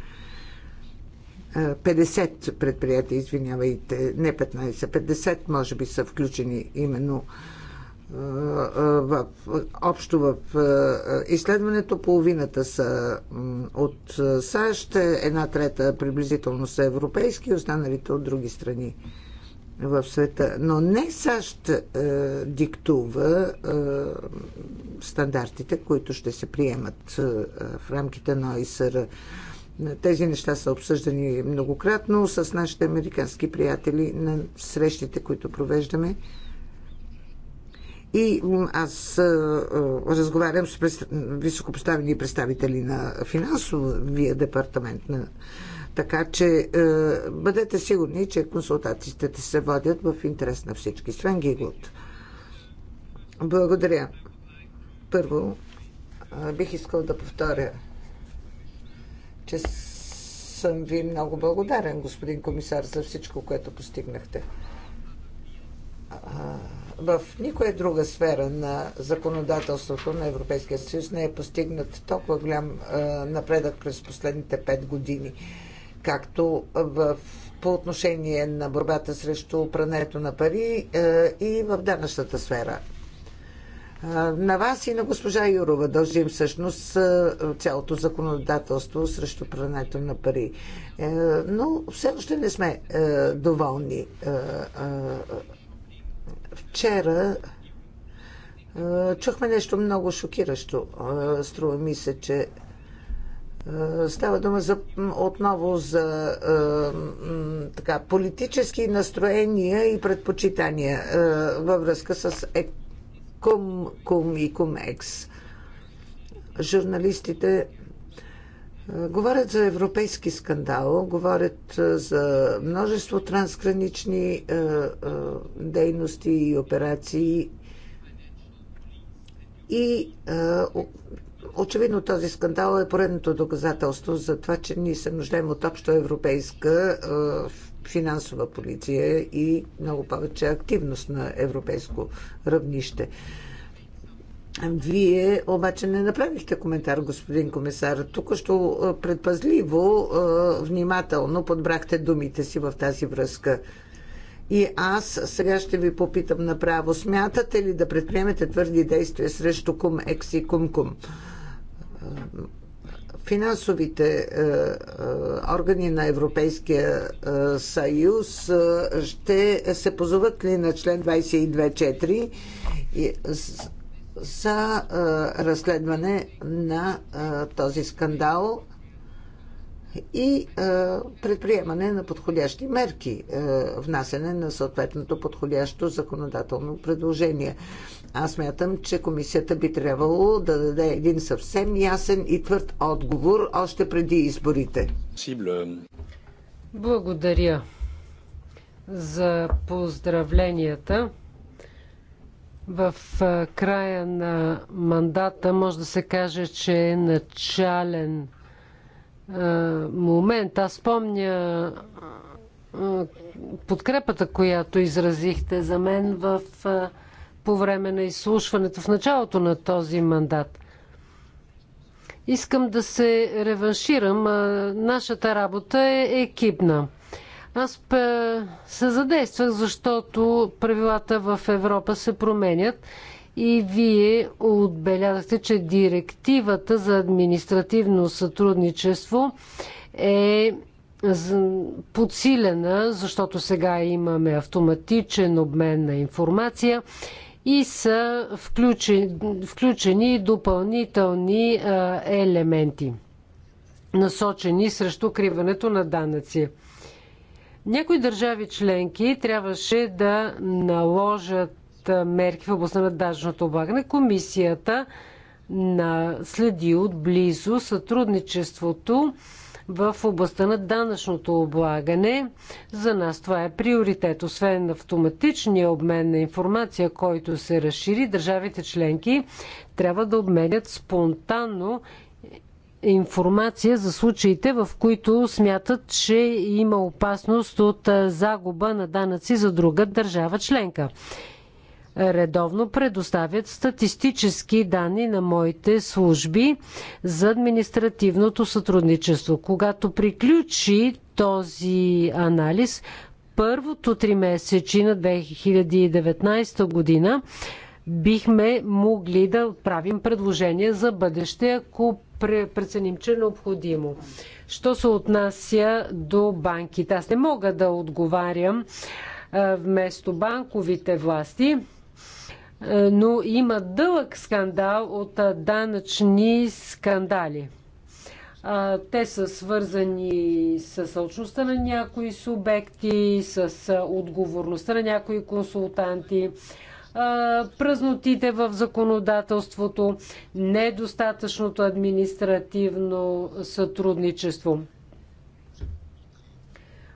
50 предприятия, извинявайте, не 15, 50 може би са включени именно в, общо в изследването половината са от САЩ, една трета приблизително са европейски, останалите от други страни в света. Но не САЩ е, диктува е, стандартите, които ще се приемат е, в рамките на ОИСР. Тези неща са обсъждани многократно с нашите американски приятели на срещите, които провеждаме. И аз разговарям с високопоставени представители на финансовия департамент така че бъдете сигурни, че консултациите се водят в интерес на всички. Свен Гиглот. Благодаря. Първо, бих искал да повторя че съм ви много благодарен, господин комисар, за всичко, което постигнахте. В никоя друга сфера на законодателството на Европейския съюз не е постигнат толкова голям напредък през последните пет години, както в по отношение на борбата срещу прането на пари и в данъчната сфера. На вас и на госпожа Юрова дължим всъщност цялото законодателство срещу прането на пари. Е, но все още не сме е, доволни. Е, вчера чухме нещо много шокиращо. Струва ми се, че Става дума за, отново за така, политически настроения и предпочитания във връзка с ек, Кум, Кум и Екс, Журналистите е, говорят за европейски скандал, говорят е, за множество трансгранични е, дейности и операции и очевидно този скандал е поредното доказателство за това, че ние се нуждаем от общо европейска финансова полиция и много повече активност на европейско равнище. Вие обаче не направихте коментар, господин комисар. Тук що предпазливо, внимателно подбрахте думите си в тази връзка. И аз сега ще ви попитам направо. Смятате ли да предприемете твърди действия срещу кум Екси и кум кум? финансовите е, е, органи на Европейския е, съюз ще се позоват ли на член 22.4 за разследване на този скандал и предприемане на подходящи мерки, внасене на съответното подходящо законодателно предложение. Аз мятам, че комисията би трябвало да даде един съвсем ясен и твърд отговор още преди изборите. Благодаря за поздравленията. В края на мандата може да се каже, че е начален момент. Аз помня подкрепата, която изразихте за мен в по време на изслушването в началото на този мандат. Искам да се реванширам. Нашата работа е екипна. Аз се задействах, защото правилата в Европа се променят и вие отбелязахте, че директивата за административно сътрудничество е подсилена, защото сега имаме автоматичен обмен на информация и са включени, включени допълнителни а, елементи, насочени срещу криването на данъци. Някои държави членки трябваше да наложат мерки в областта на данъчното облагане. Комисията на следи отблизо сътрудничеството в областта на данъчното облагане. За нас това е приоритет. Освен автоматичния обмен на информация, който се разшири, държавите членки трябва да обменят спонтанно информация за случаите, в които смятат, че има опасност от загуба на данъци за друга държава членка редовно предоставят статистически данни на моите служби за административното сътрудничество. Когато приключи този анализ, първото три месечи на 2019 година бихме могли да правим предложение за бъдеще, ако преценим, че е необходимо. Що се отнася до банките? Аз не мога да отговарям вместо банковите власти. Е, но има дълъг скандал от е, данъчни скандали. Те са свързани с сълчността на някои субекти, с е, отговорността на някои консултанти, празнотите в законодателството, недостатъчното административно сътрудничество.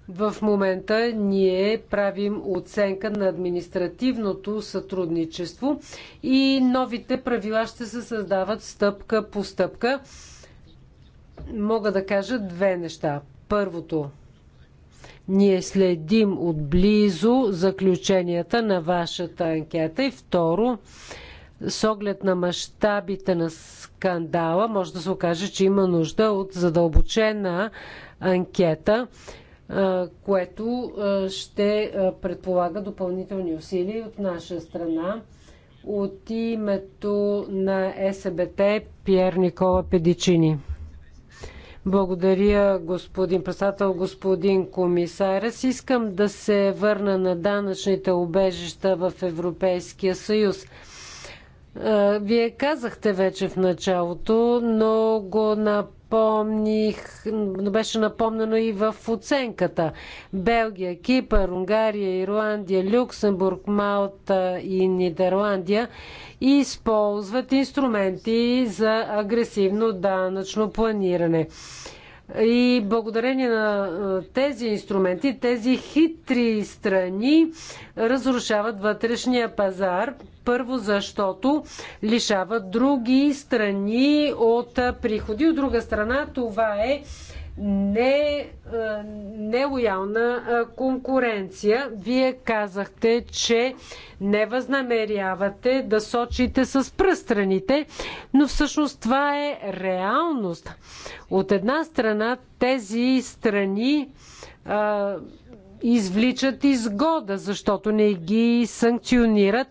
В момента ние правим оценка на административното сътрудничество и новите правила ще се създават стъпка по стъпка. Мога да кажа две неща. Първото, ние следим отблизо заключенията на вашата анкета и второ, с оглед на мащабите на скандала, може да се окаже, че има нужда от задълбочена анкета което ще предполага допълнителни усилия от наша страна. От името на СБТ Пьер Никола Педичини. Благодаря, господин председател, господин комисар. Аз искам да се върна на данъчните обежища в Европейския съюз. Е, вие казахте вече в началото, но го напомних, но беше напомнено и в оценката. Белгия, Кипър, Унгария, Ирландия, Люксембург, Малта и Нидерландия използват инструменти за агресивно данъчно планиране. И благодарение на тези инструменти, тези хитри страни разрушават вътрешния пазар. Първо, защото лишават други страни от приходи. От друга страна, това е не, е, нелоялна е, конкуренция. Вие казахте, че не възнамерявате да сочите с пръстраните, но всъщност това е реалност. От една страна тези страни а, е, извличат изгода, защото не ги санкционират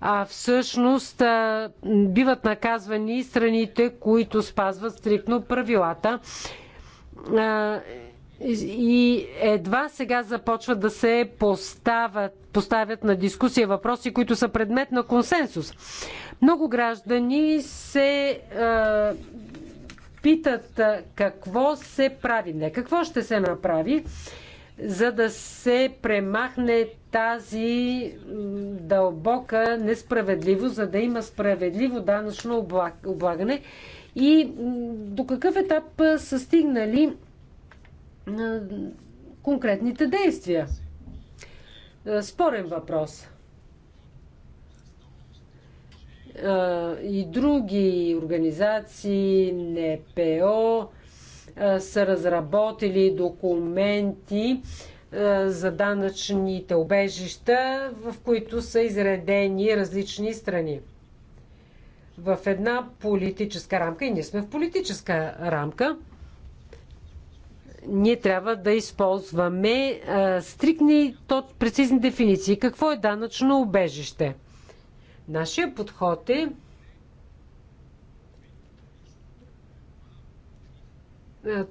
а всъщност биват наказвани страните, които спазват стрикно правилата и едва сега започват да се поставят, поставят на дискусия въпроси, които са предмет на консенсус. Много граждани се е, питат какво се прави, не какво ще се направи, за да се премахне тази дълбока несправедливост, за да има справедливо данъчно облагане и до какъв етап са стигнали конкретните действия? Спорен въпрос. И други организации, НПО, са разработили документи, за данъчните обежища, в които са изредени различни страни в една политическа рамка, и ние сме в политическа рамка, ние трябва да използваме а, стрикни, то, прецизни дефиниции. Какво е данъчно убежище? Нашия подход е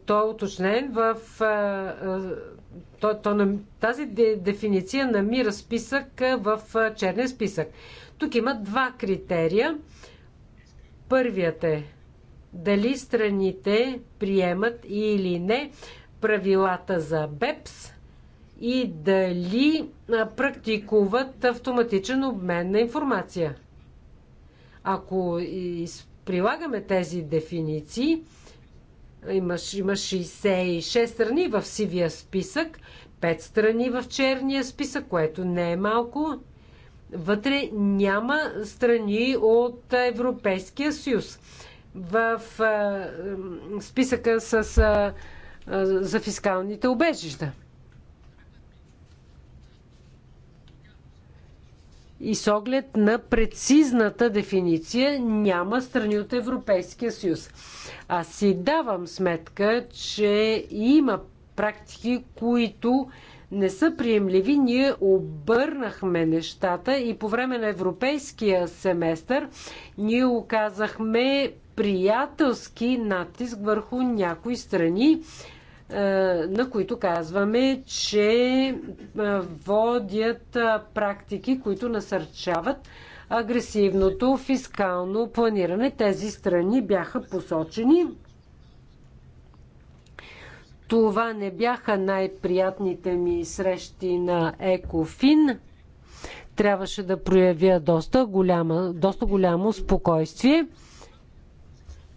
той е уточнен в... То, то, тази дефиниция намира списък в черния списък. Тук има два критерия. Първият е дали страните приемат или не правилата за БЕПС и дали практикуват автоматичен обмен на информация. Ако прилагаме тези дефиниции, имаш, има 66 страни в сивия списък, 5 страни в черния списък, което не е малко. Вътре няма страни от Европейския съюз. В списъка с, за фискалните убежища. И с оглед на прецизната дефиниция няма страни от Европейския съюз. Аз си давам сметка, че има практики, които не са приемливи. Ние обърнахме нещата и по време на европейския семестър ние оказахме приятелски натиск върху някои страни, е, на които казваме, че е, водят е, практики, които насърчават агресивното фискално планиране. Тези страни бяха посочени това не бяха най-приятните ми срещи на Екофин. Трябваше да проявя доста, голяма, доста голямо спокойствие.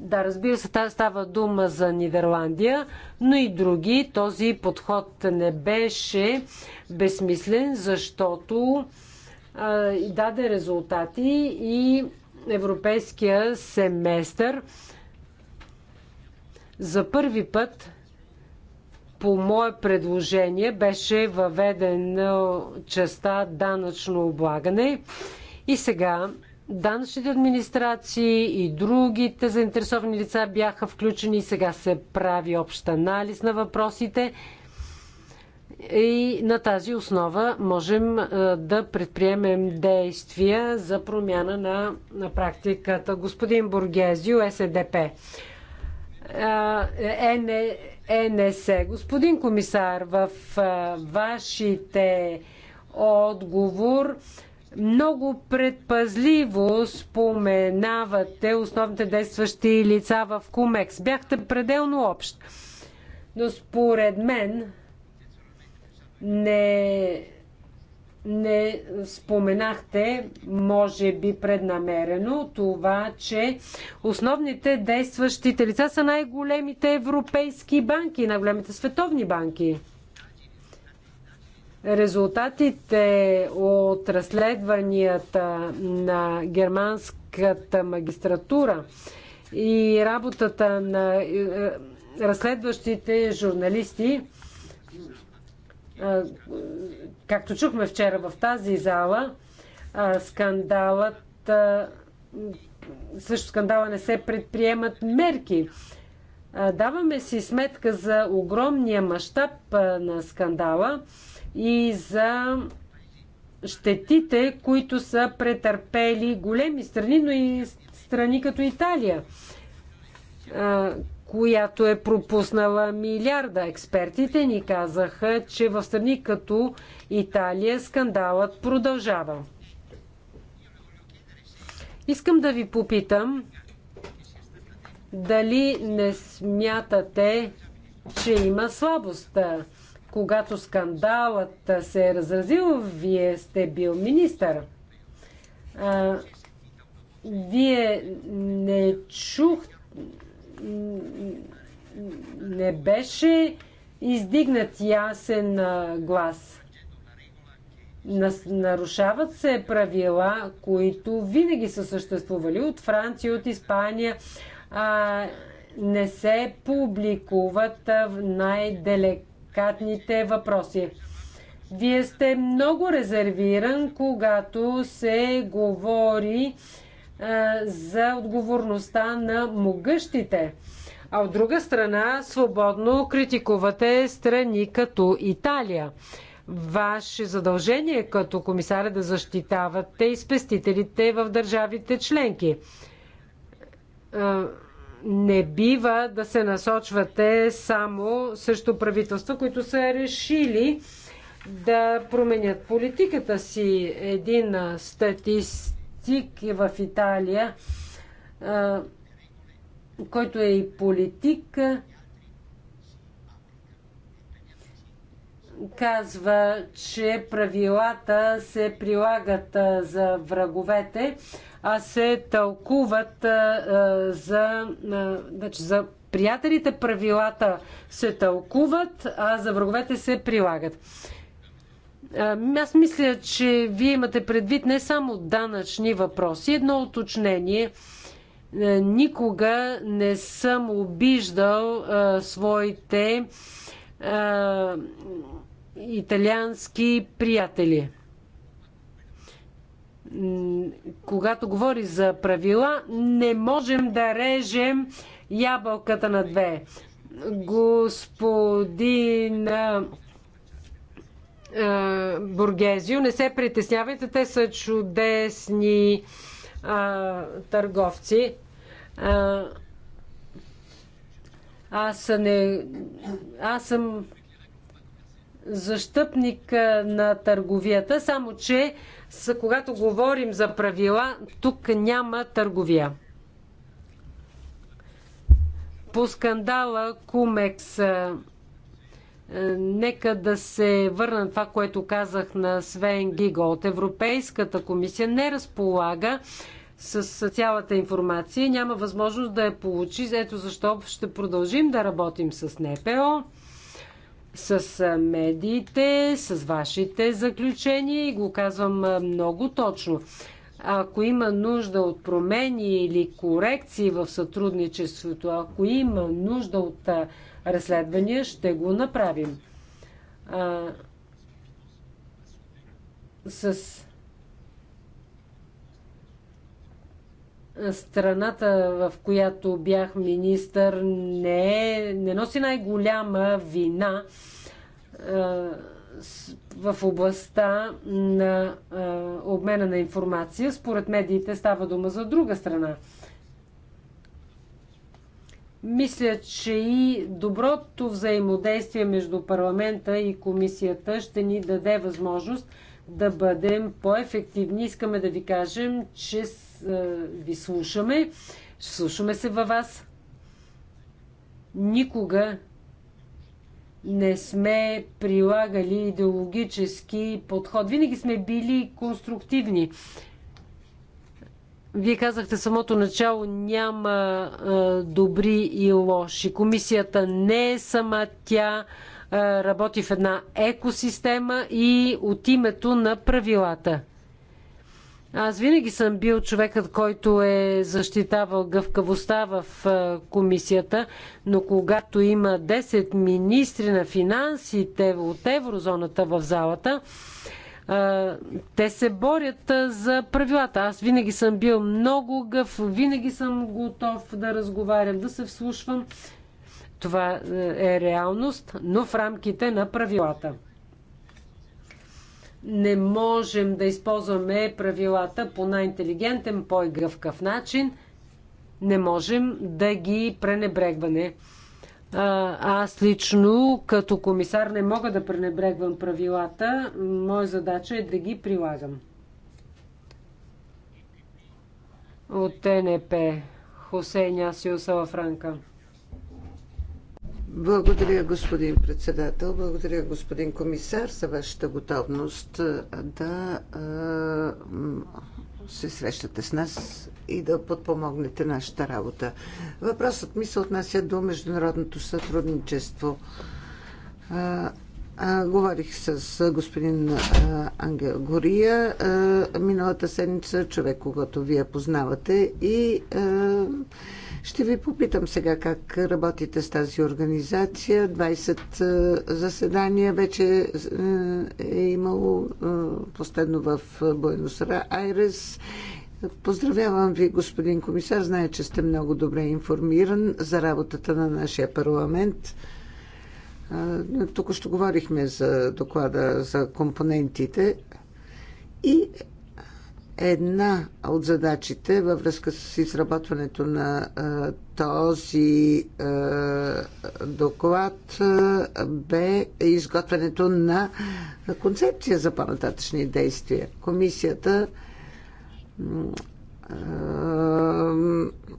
Да, разбира се, тази става дума за Нидерландия, но и други. Този подход не беше безсмислен, защото а, даде резултати и европейския семестър за първи път по мое предложение беше въведена частта данъчно облагане и сега данъчните администрации и другите заинтересовани лица бяха включени и сега се прави общ анализ на въпросите и на тази основа можем да предприемем действия за промяна на, на практиката. Господин Бургезио, СДП. Е, е, не, ЕНС. Господин комисар, в вашите отговор много предпазливо споменавате основните действащи лица в Комекс. Бяхте пределно общ. Но според мен не не споменахте, може би преднамерено, това, че основните действащите лица са най-големите европейски банки, най-големите световни банки. Резултатите от разследванията на германската магистратура и работата на е, е, разследващите журналисти както чухме вчера в тази зала, скандалът също скандала не се предприемат мерки. Даваме си сметка за огромния мащаб на скандала и за щетите, които са претърпели големи страни, но и страни като Италия която е пропуснала милиарда. Експертите ни казаха, че в страни като Италия скандалът продължава. Искам да ви попитам дали не смятате, че има слабост. Когато скандалът се е разразил, вие сте бил министър. А, вие не чухте не беше издигнат ясен глас. Нарушават се правила, които винаги са съществували от Франция, от Испания. А, не се публикуват най-деликатните въпроси. Вие сте много резервиран, когато се говори е, за отговорността на могъщите. А от друга страна, свободно критикувате страни като Италия. Ваше задължение е като комисар е да защитавате и спестителите в държавите членки. Е, не бива да се насочвате само срещу правителства, които са решили да променят политиката си. Един статист политик е в Италия, който е и политик, казва, че правилата се прилагат за враговете, а се тълкуват за, значи, за приятелите правилата се тълкуват, а за враговете се прилагат. Е, аз мисля, че вие имате предвид не само данъчни въпроси. Едно уточнение. Е, никога не съм обиждал а, е, своите а, италиански приятели. Когато говори за правила, не можем да режем ябълката на две. Господин е, Бургезио. Не се притеснявайте, те са чудесни а, е, търговци. А, е, аз, не, аз съм защъпник на търговията, само че когато говорим за правила, тук няма търговия. По скандала Кумекс е, нека да се върна на това, което казах на Свен от Европейската комисия не разполага с цялата информация и няма възможност да я получи. Ето защо ще продължим да работим с НПО, с е, медиите, с вашите заключения и го казвам е, много точно. Ако има нужда от промени или корекции в сътрудничеството, ако има нужда от разследвания, ще го направим. А, с страната, в която бях министър, не, е, не носи най-голяма вина а, в областта на а, обмена на информация. Според медиите става дума за друга страна. Мисля, че и доброто взаимодействие между парламента и комисията ще ни даде възможност да бъдем по-ефективни. Искаме да ви кажем, че ви слушаме. Слушаме се във вас. Никога не сме прилагали идеологически подход. Винаги сме били конструктивни. Вие казахте самото начало, няма добри и лоши. Комисията не е сама, тя работи в една екосистема и от името на правилата. Аз винаги съм бил човекът, който е защитавал гъвкавостта в комисията, но когато има 10 министри на финансите от еврозоната в залата, те се борят за правилата. Аз винаги съм бил много гъв, винаги съм готов да разговарям, да се вслушвам. Това е, е реалност, но в рамките на правилата. Не можем да използваме правилата по най-интелигентен, по-гъвкав начин. Не можем да ги пренебрегваме. Аз лично като комисар не мога да пренебрегвам правилата. Моя задача е да ги прилагам. От ТНП Хосе Асио Салафранка. Благодаря, господин председател. Благодаря, господин комисар, за вашата готовност да се срещате с нас и да подпомогнете нашата работа. Въпросът ми се отнася до международното сътрудничество. Говорих с господин Ангел Гория миналата седмица, човек, когато вие познавате и ще ви попитам сега как работите с тази организация. 20 е, заседания вече е, е имало е, последно в Буенос Айрес. Поздравявам ви, господин комисар. Зная, че сте много добре информиран за работата на нашия парламент. Тук ще говорихме за доклада за компонентите и Една от задачите във връзка с изработването на този доклад бе изготвянето на концепция за по-нататъчни действия. Комисията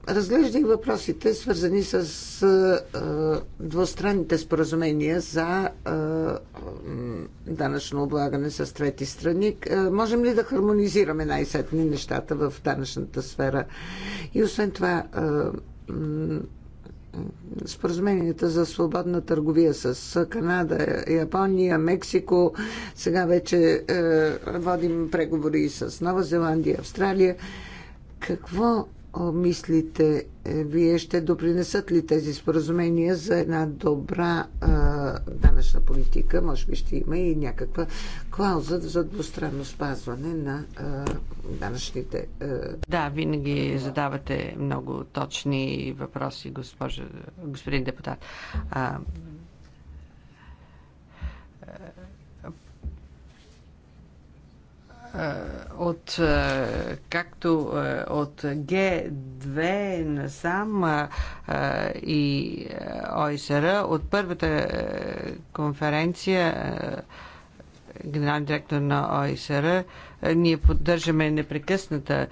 разглежда и въпросите, свързани с двустранните споразумения за данъчно облагане с трети страни. Можем ли да хармонизираме най-сетни нещата в данъчната сфера? И освен това, споразуменията за свободна търговия с Канада, Япония, Мексико. Сега вече е, водим преговори с Нова Зеландия, Австралия. Какво мислите, е, вие ще допринесат ли тези споразумения за една добра а, данъчна политика? Може би ще има и някаква клауза за двустранно спазване на а, данъчните. А... Да, винаги задавате много точни въпроси, госпожа, господин депутат. А, Е, от, е, както е, от Г2 насам и ОИСР, от първата конференция генерален директор на ОИСР, ние поддържаме непрекъсната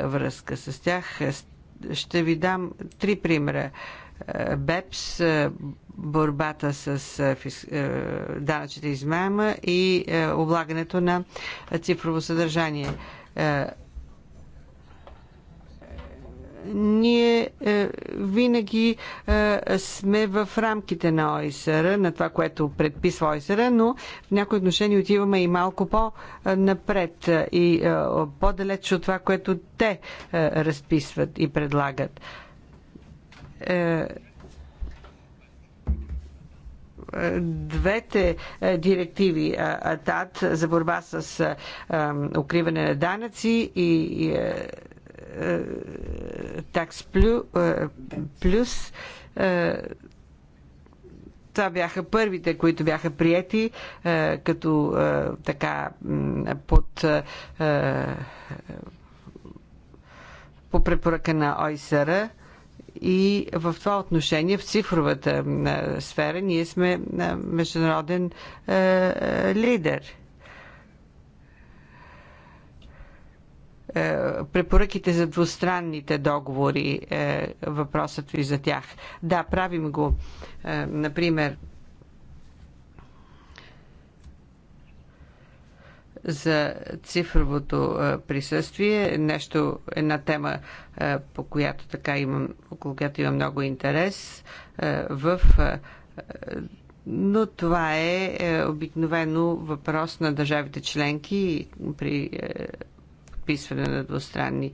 връзка с тях. Ще ви дам три примера. БЕПС, е, борбата с е, е, данъчната измама и облагането на цифрово съдържание. Ние винаги сме в рамките на ОИСР, на това, което предписва ОИСР, но в някои отношения отиваме и малко по-напред и по-далеч от това, което те разписват и предлагат. Е, двете е, директиви АТАТ за борба с е, укриване на данъци и такс плюс това бяха първите, които бяха приети като така под по препоръка на ОИСР и в това отношение в цифровата сфера ние сме международен лидер. Е, препоръките за двустранните договори, е, въпросът ви за тях. Да, правим го, е, например, за цифровото присъствие. Нещо, една тема, по която така имам, около която имам много интерес в но това е, е, обикновено въпрос на държавите членки при е, подписване на двустранни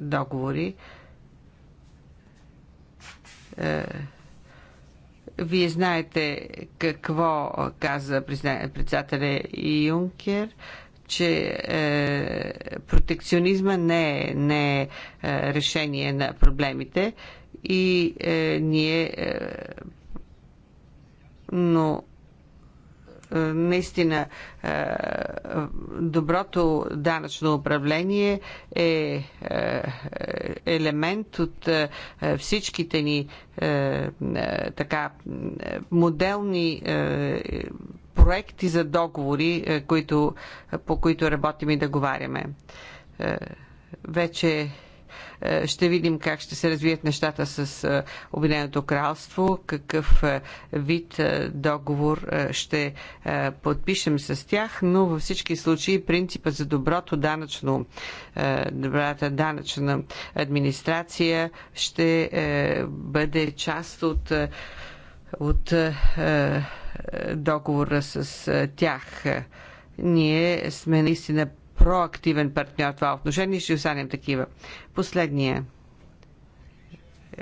договори. Е, вие знаете какво каза председателя Юнкер, че е, протекционизма не е, не е, е решение на проблемите и е, ние. Е, но е, наистина е, доброто данъчно управление е, е елемент от всичките ни така моделни проекти за договори, които, по които работим и договаряме. Вече е, ще видим как ще се развият нещата с е, Обединеното кралство, какъв е, вид договор ще подпишем с тях, но във всички случаи принципа за доброто данъчно, добрата данъчна администрация ще бъде част от от договора с тях. Ние сме наистина проактивен партньор в това отношение и ще останем такива. Последния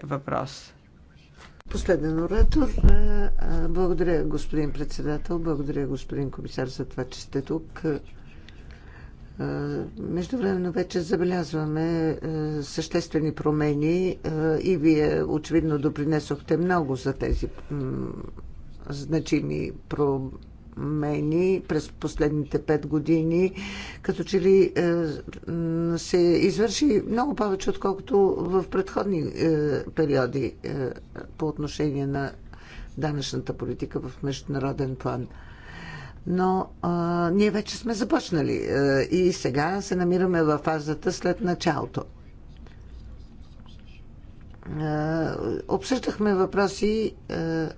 въпрос. Последен оратор. Е, е, благодаря, господин председател. Благодаря, господин комисар, за това, че сте тук. Е, междувременно вече забелязваме съществени промени и вие очевидно допринесохте много за тези значими промени промени през последните пет години, като че ли е, се извърши много повече, отколкото в предходни е, периоди е, по отношение на данъчната политика в международен план. Но а, ние вече сме започнали а, и сега се намираме във фазата след началото. А, обсъждахме въпроси. А,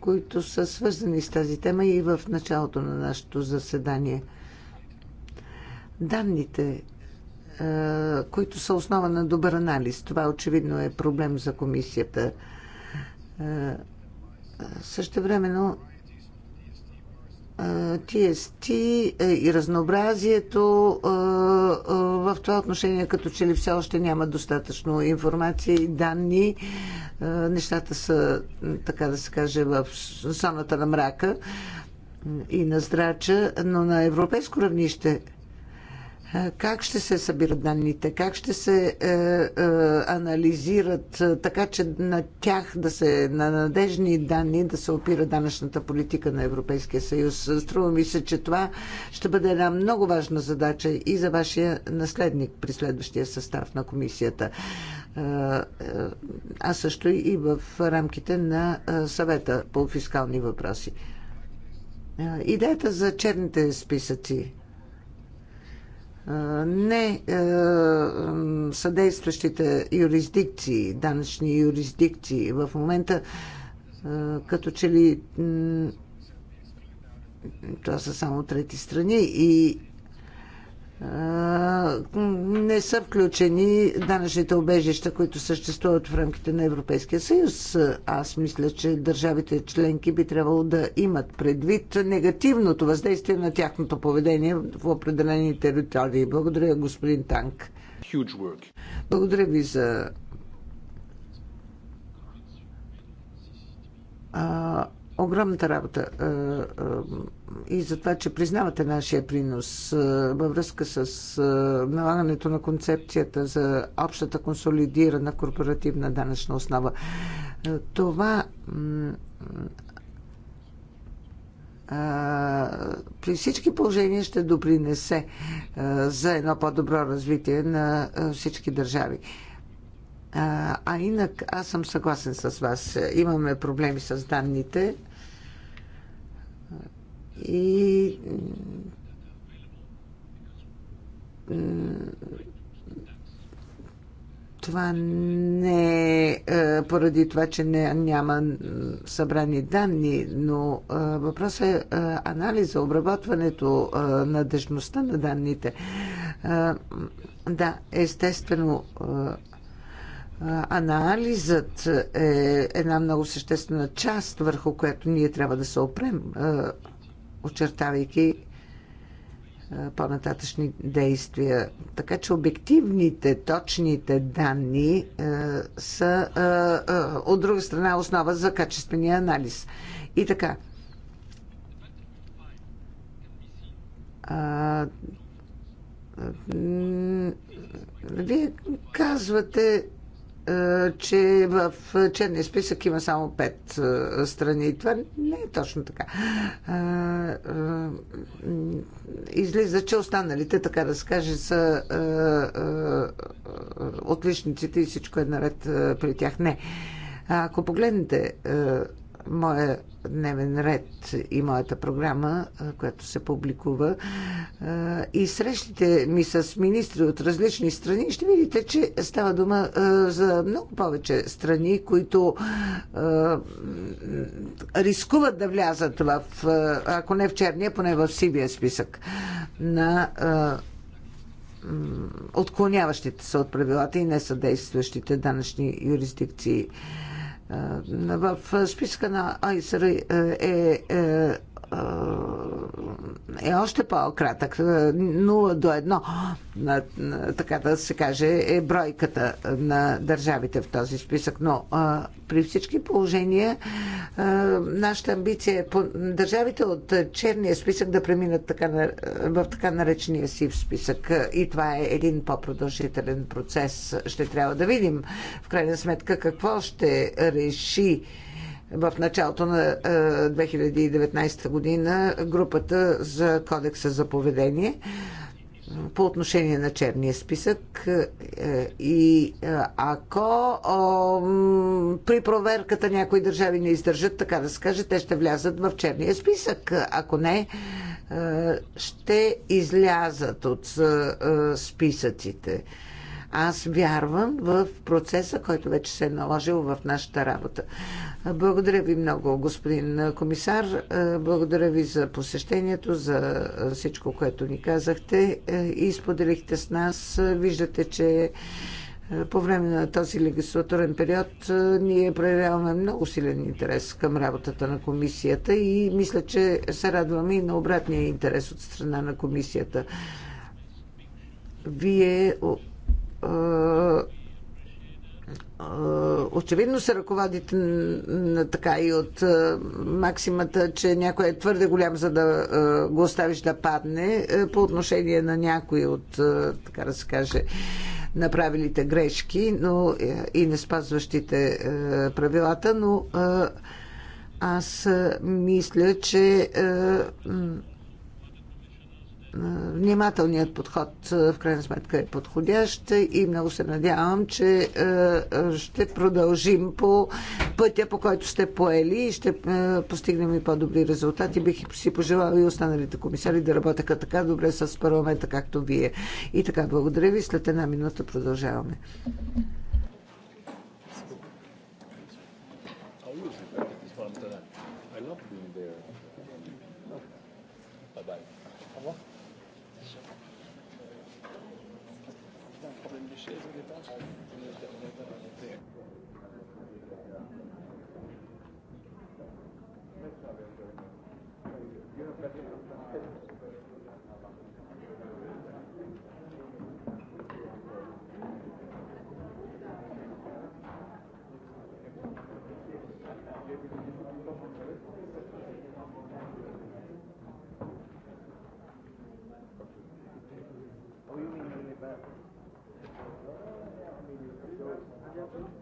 които са свързани с тази тема и в началото на нашето заседание. Данните, е, които са основа на добър анализ, това очевидно е проблем за комисията. Е, е, Също времено TST и разнообразието в това отношение, като че ли все още няма достатъчно информация и данни. Нещата са, така да се каже, в зоната на мрака и на здрача, но на европейско равнище – е, как ще се събират данните? Как ще се е, е, анализират, е, така че на тях да се, на надежни данни да се опира данъчната политика на Европейския съюз? Струва ми се, че това ще бъде една много важна задача и за вашия наследник при следващия състав на комисията. Е, а също и в рамките на съвета по фискални въпроси. Идеята за черните списъци не е, е, съдействащите юрисдикции, данъчни юрисдикции в момента е, като че ли това са само трети страни и не са включени данъчните обежища, които съществуват в рамките на Европейския съюз. Аз мисля, че държавите членки би трябвало да имат предвид негативното въздействие на тяхното поведение в определени територии. Благодаря, господин Танк. Благодаря ви за а, огромната работа. А, а, и за това, че признавате нашия принос във връзка с налагането на концепцията за общата консолидирана корпоративна данъчна основа. Това при всички положения ще допринесе за едно по-добро развитие на всички държави. А, а инак аз съм съгласен с вас. Имаме проблеми с данните и това не е, е поради това, че не, няма събрани данни, но е, въпросът е, е анализа, обработването, надежността на данните. Да, естествено, анализът е една много съществена част, върху която ние трябва да се опрем очертавайки по-нататъчни действия. Така че обективните, точните данни е, са е, е, от друга страна основа за качествения анализ. И така. вие казвате, е, че в черния списък има само пет е, страни. Това не е точно така. Е, излиза, че останалите, така да се каже, са отличниците и всичко е наред при тях. Не. ако погледнете моя дневен ред и моята програма, която се публикува, и срещите ми с министри от различни страни, ще видите, че става дума за много повече страни, които рискуват да влязат в, ако не в черния, поне в сивия списък на отклоняващите се от правилата и несъдействащите данъчни юрисдикции. В списъка на ОИСР e, е, е е, е още по-кратък. 0 до 1, така да се каже, е бройката на държавите в този списък. Но при всички положения нашата амбиция е държавите от черния списък да преминат в така наречения сив списък. И това е един по-продължителен процес. Ще трябва да видим в крайна сметка какво ще реши в началото на 2019 е, година групата за кодекса за поведение е, по отношение на черния списък е, и ако при проверката някои държави не издържат, така да се каже, те ще влязат в черния списък. Ако не, ще излязат от списъците. Аз вярвам в процеса, който вече се е наложил в нашата работа. Благодаря ви много, господин комисар. Благодаря ви за посещението, за всичко, което ни казахте и споделихте с нас. Виждате, че по време на този легислатурен период е, ние проявяваме много силен интерес към работата на комисията и мисля, че се радваме и на обратния интерес от страна на комисията. Вие е, е, очевидно се ръководите на така и от е, максимата, че някой е твърде голям, за да го оставиш да падне по отношение на някои от, така да се каже, направилите грешки, но и не спазващите правилата, но аз мисля, че е, внимателният подход е, в крайна сметка е подходящ и много се надявам, че е, ще продължим по пътя, по който сте поели и ще постигнем и по-добри резултати. Бих си пожелал и останалите комисари да работят така добре с парламента, както вие. И така, благодаря ви. След една минута продължаваме. Oh, you mean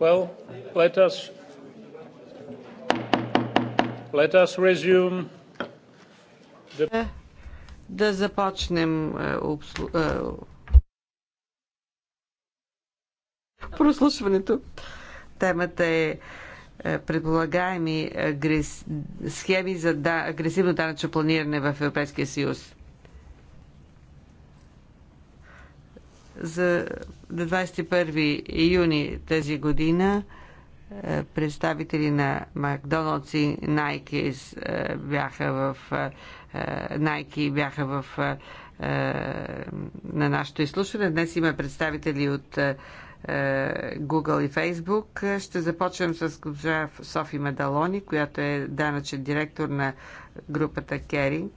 Well, let us, let us resume the... Е, да започнем е, е, прослушването. Темата е предполагаеми схеми за агресивно данъчно планиране в Европейския съюз. За 21 юни тази година е, представители на Макдоналдс и е, е, Найки бяха в Найки бяха в на нашето изслушване. Днес има представители от Google и Facebook. Ще започнем с госпожа Софи Медалони, която е данъчен директор на групата Керинг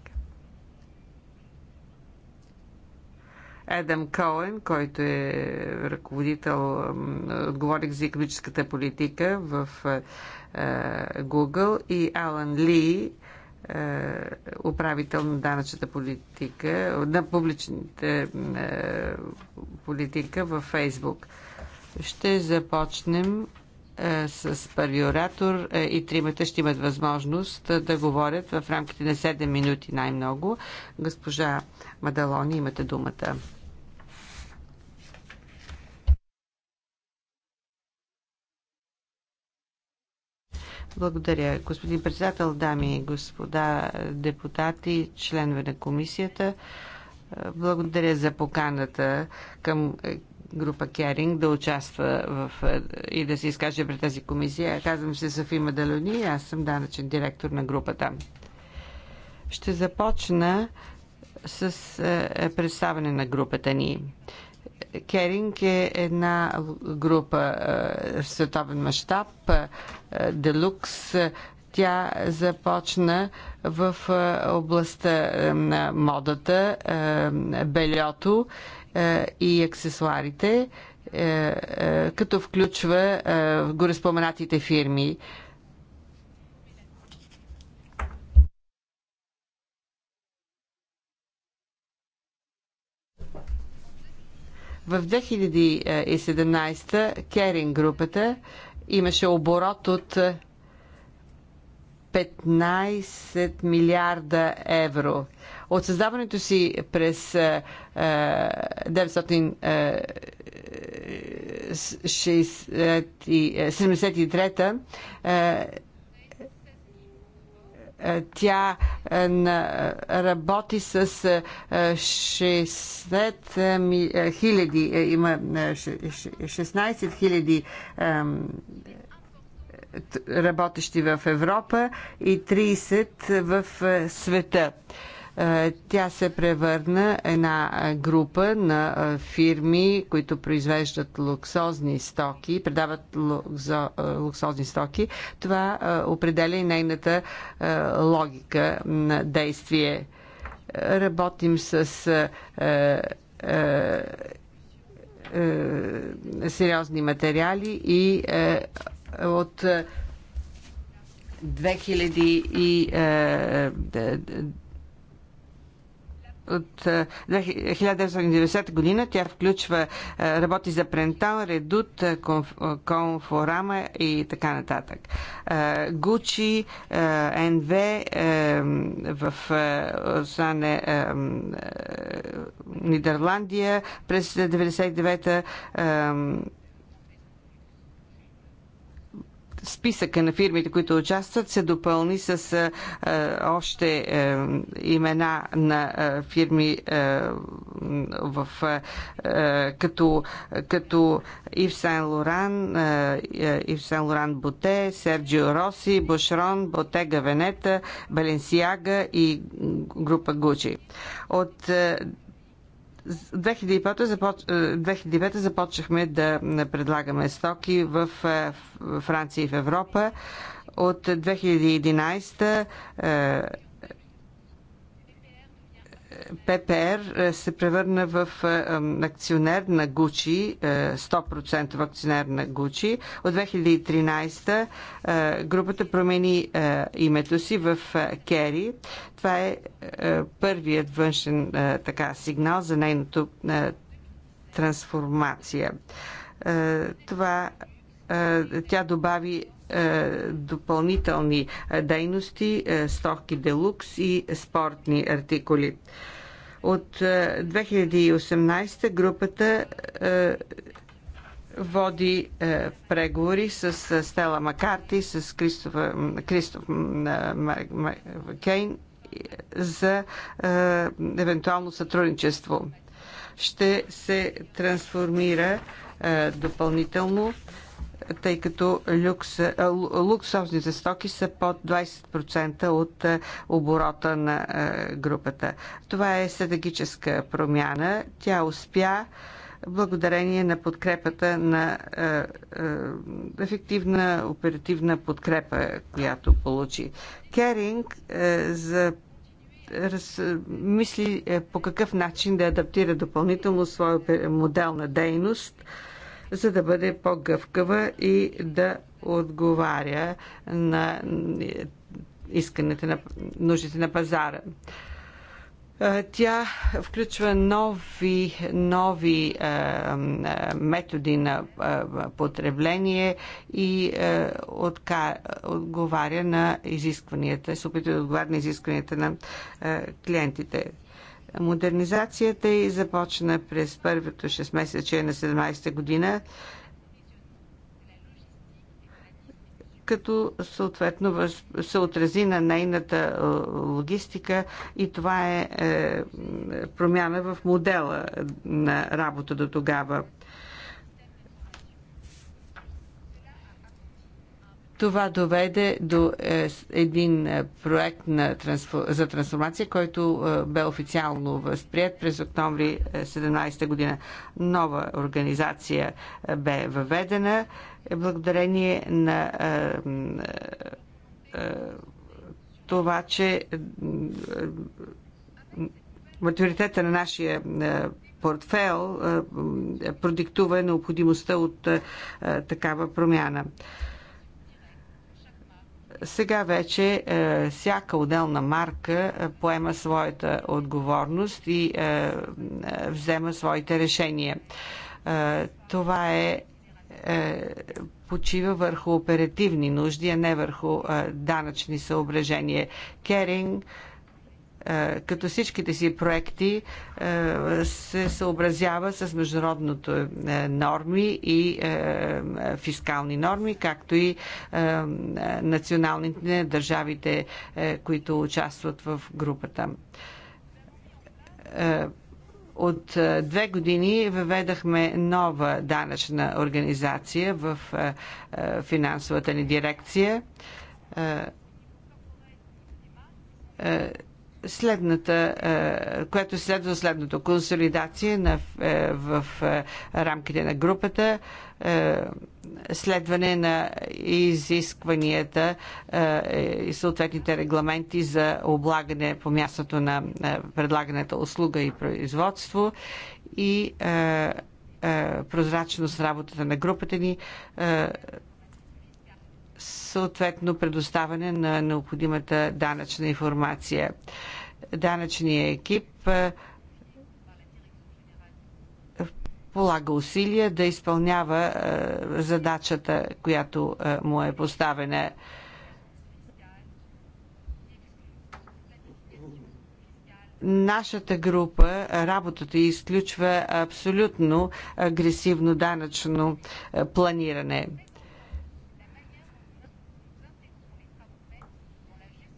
Едам Коен, който е ръководител, отговорник за економическата политика в е, Google и Алан Ли, е, управител на данъчната политика, на публичната е, политика във Фейсбук. Ще започнем е, с първи оратор е, и тримата ще имат възможност е, да говорят в рамките на 7 минути най-много. Госпожа Мадалони, имате думата. Благодаря. Господин председател, дами и господа депутати, членове на комисията, благодаря за поканата към група Керинг да участва в, е, и да се изкаже пред тази комисия. Казвам се Софима Далони, аз съм данъчен директор на групата. Ще започна с е, е, представане на групата ни. Керинг е една група в световен мащаб, Делукс. Тя започна в областта на модата, бельото е, и аксесуарите, е, е, като включва гореспоменатите фирми. В 2017 Керин групата имаше оборот от 15 милиарда евро от създаването си през 1973 е, е, е, тя работи с 60 хиляди, има 16 хиляди работещи в Европа и 30 в света. Е, тя се превърна една група на е, фирми, които произвеждат луксозни стоки, предават е, луксозни стоки. Това определя и нейната логика на действие. Работим с сериозни материали и от 2000 и от 1990 е, година. Тя включва е, работи за Прентал, Редут, е, Конфорама и така нататък. Гучи, НВ в Сане Нидерландия през 1999 списъка на фирмите, които участват, се допълни с още е, имена на фирми е, в, е, като, като Ив Сен Лоран, Ив Сен Лоран Боте, Серджио Роси, Бошрон, Ботега Венета, Баленсиага и група Гучи. От 2005, е, започнахме да предлагаме стоки е, в Франция и в Европа. От 2011 ППР е, се превърна в е, акционер на Гучи, 100% е, акционер на Гучи. От 2013 групата промени името си в Кери. Това е първият външен така, сигнал за нейното трансформация. Това тя добави допълнителни дейности, стоки делукс и спортни артикули. От 2018 е, групата е, води е, преговори с Стела Макарти, с Кристоф, Кристоф е, Кейн за е, евентуално сътрудничество. Ще се трансформира е, допълнително тъй като люкс, луксозните стоки са под 20% от оборота на групата. Това е стратегическа промяна. Тя успя благодарение на подкрепата на ефективна оперативна подкрепа, която получи. Керинг за раз, мисли по какъв начин да адаптира допълнително своя модел на дейност за да бъде по-гъвкава и да отговаря на искането на нуждите на пазара. Тя включва нови, нови е, методи на е, потребление и е, отка, отговаря на изискванията, се опитва да отговаря на изискванията на е, клиентите. Модернизацията и започна през първото 6 месече на 17-та година, като съответно се отрази на нейната логистика и това е, е промяна в модела на работа до тогава. Това доведе до е, един е, проект на, за трансформация, който е, бе официално възприят през октомври 17 година. Нова организация бе въведена благодарение на това, че матуритета на нашия портфел продиктува необходимостта от такава промяна. Сега вече е, всяка отделна марка е, поема своята отговорност и е, взема своите решения. Това е почива върху оперативни нужди, а не върху данъчни съображения. Керинг е, като всичките си проекти е, се съобразява с международното е, норми и фискални норми, както и националните държавите, които участват в групата от две години въведахме нова данъчна организация в финансовата ни дирекция следната, е, което следва следното. Консолидация на, е, в, в е, рамките на групата, следване на изискванията и съответните регламенти за облагане по мястото на предлаганата услуга и производство и прозрачност работата на групата ни, съответно предоставяне на необходимата данъчна информация. Данъчният екип е, полага усилия да изпълнява е, задачата, която е, му е поставена. нашата група работата изключва абсолютно агресивно данъчно планиране.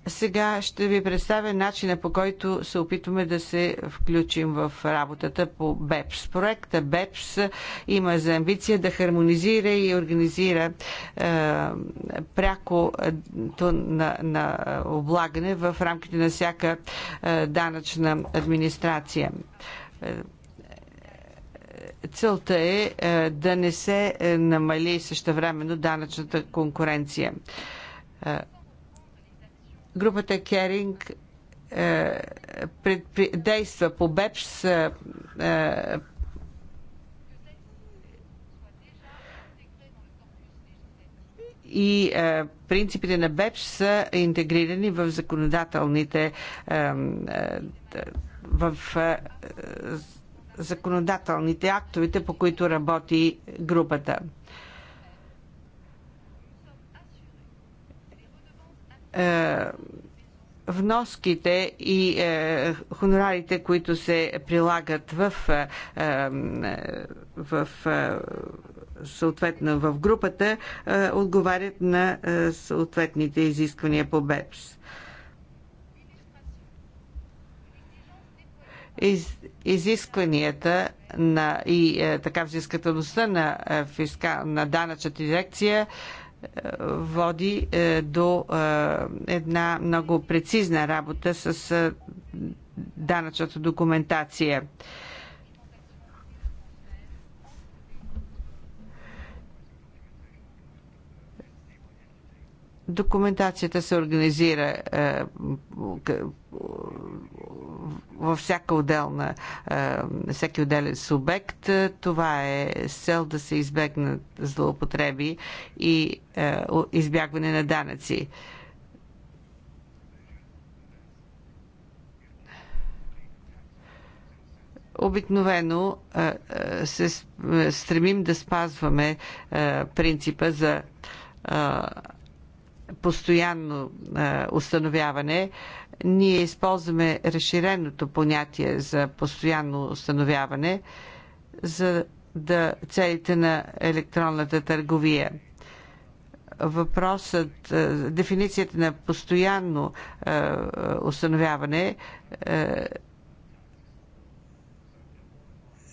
Сега ще ви представя начина по който се опитваме да се включим в работата по БЕПС. Проекта БЕПС има за амбиция да хармонизира и организира е, пряко на, на облагане в рамките на всяка е, данъчна администрация целта е, е да не се е, намали същевременно данъчната конкуренция. Е, Групата Керинг е, действа по БЕПС е, е, и принципите на БЕПС са интегрирани в законодателните в законодателните актовете, по които работи групата. Е, вноските и е, хонорарите, които се прилагат в, е, е, в е, съответно в групата, е, отговарят на е, съответните изисквания по БЕПС. Из, изискванията на, и е, така взискателността на, е, фиска, на данъчната дирекция е, води е, до е, една много прецизна работа с е, данъчната документация. Документацията се организира е, във всяка отделна, е, всеки отделен субект. Това е с цел да се избегнат злоупотреби и е, избягване на данъци. обикновено е, е, се е, стремим да спазваме принципа за постоянно а, установяване, ние използваме разширеното понятие за постоянно установяване за да целите на електронната търговия. Въпросът, а, дефиницията на постоянно установяване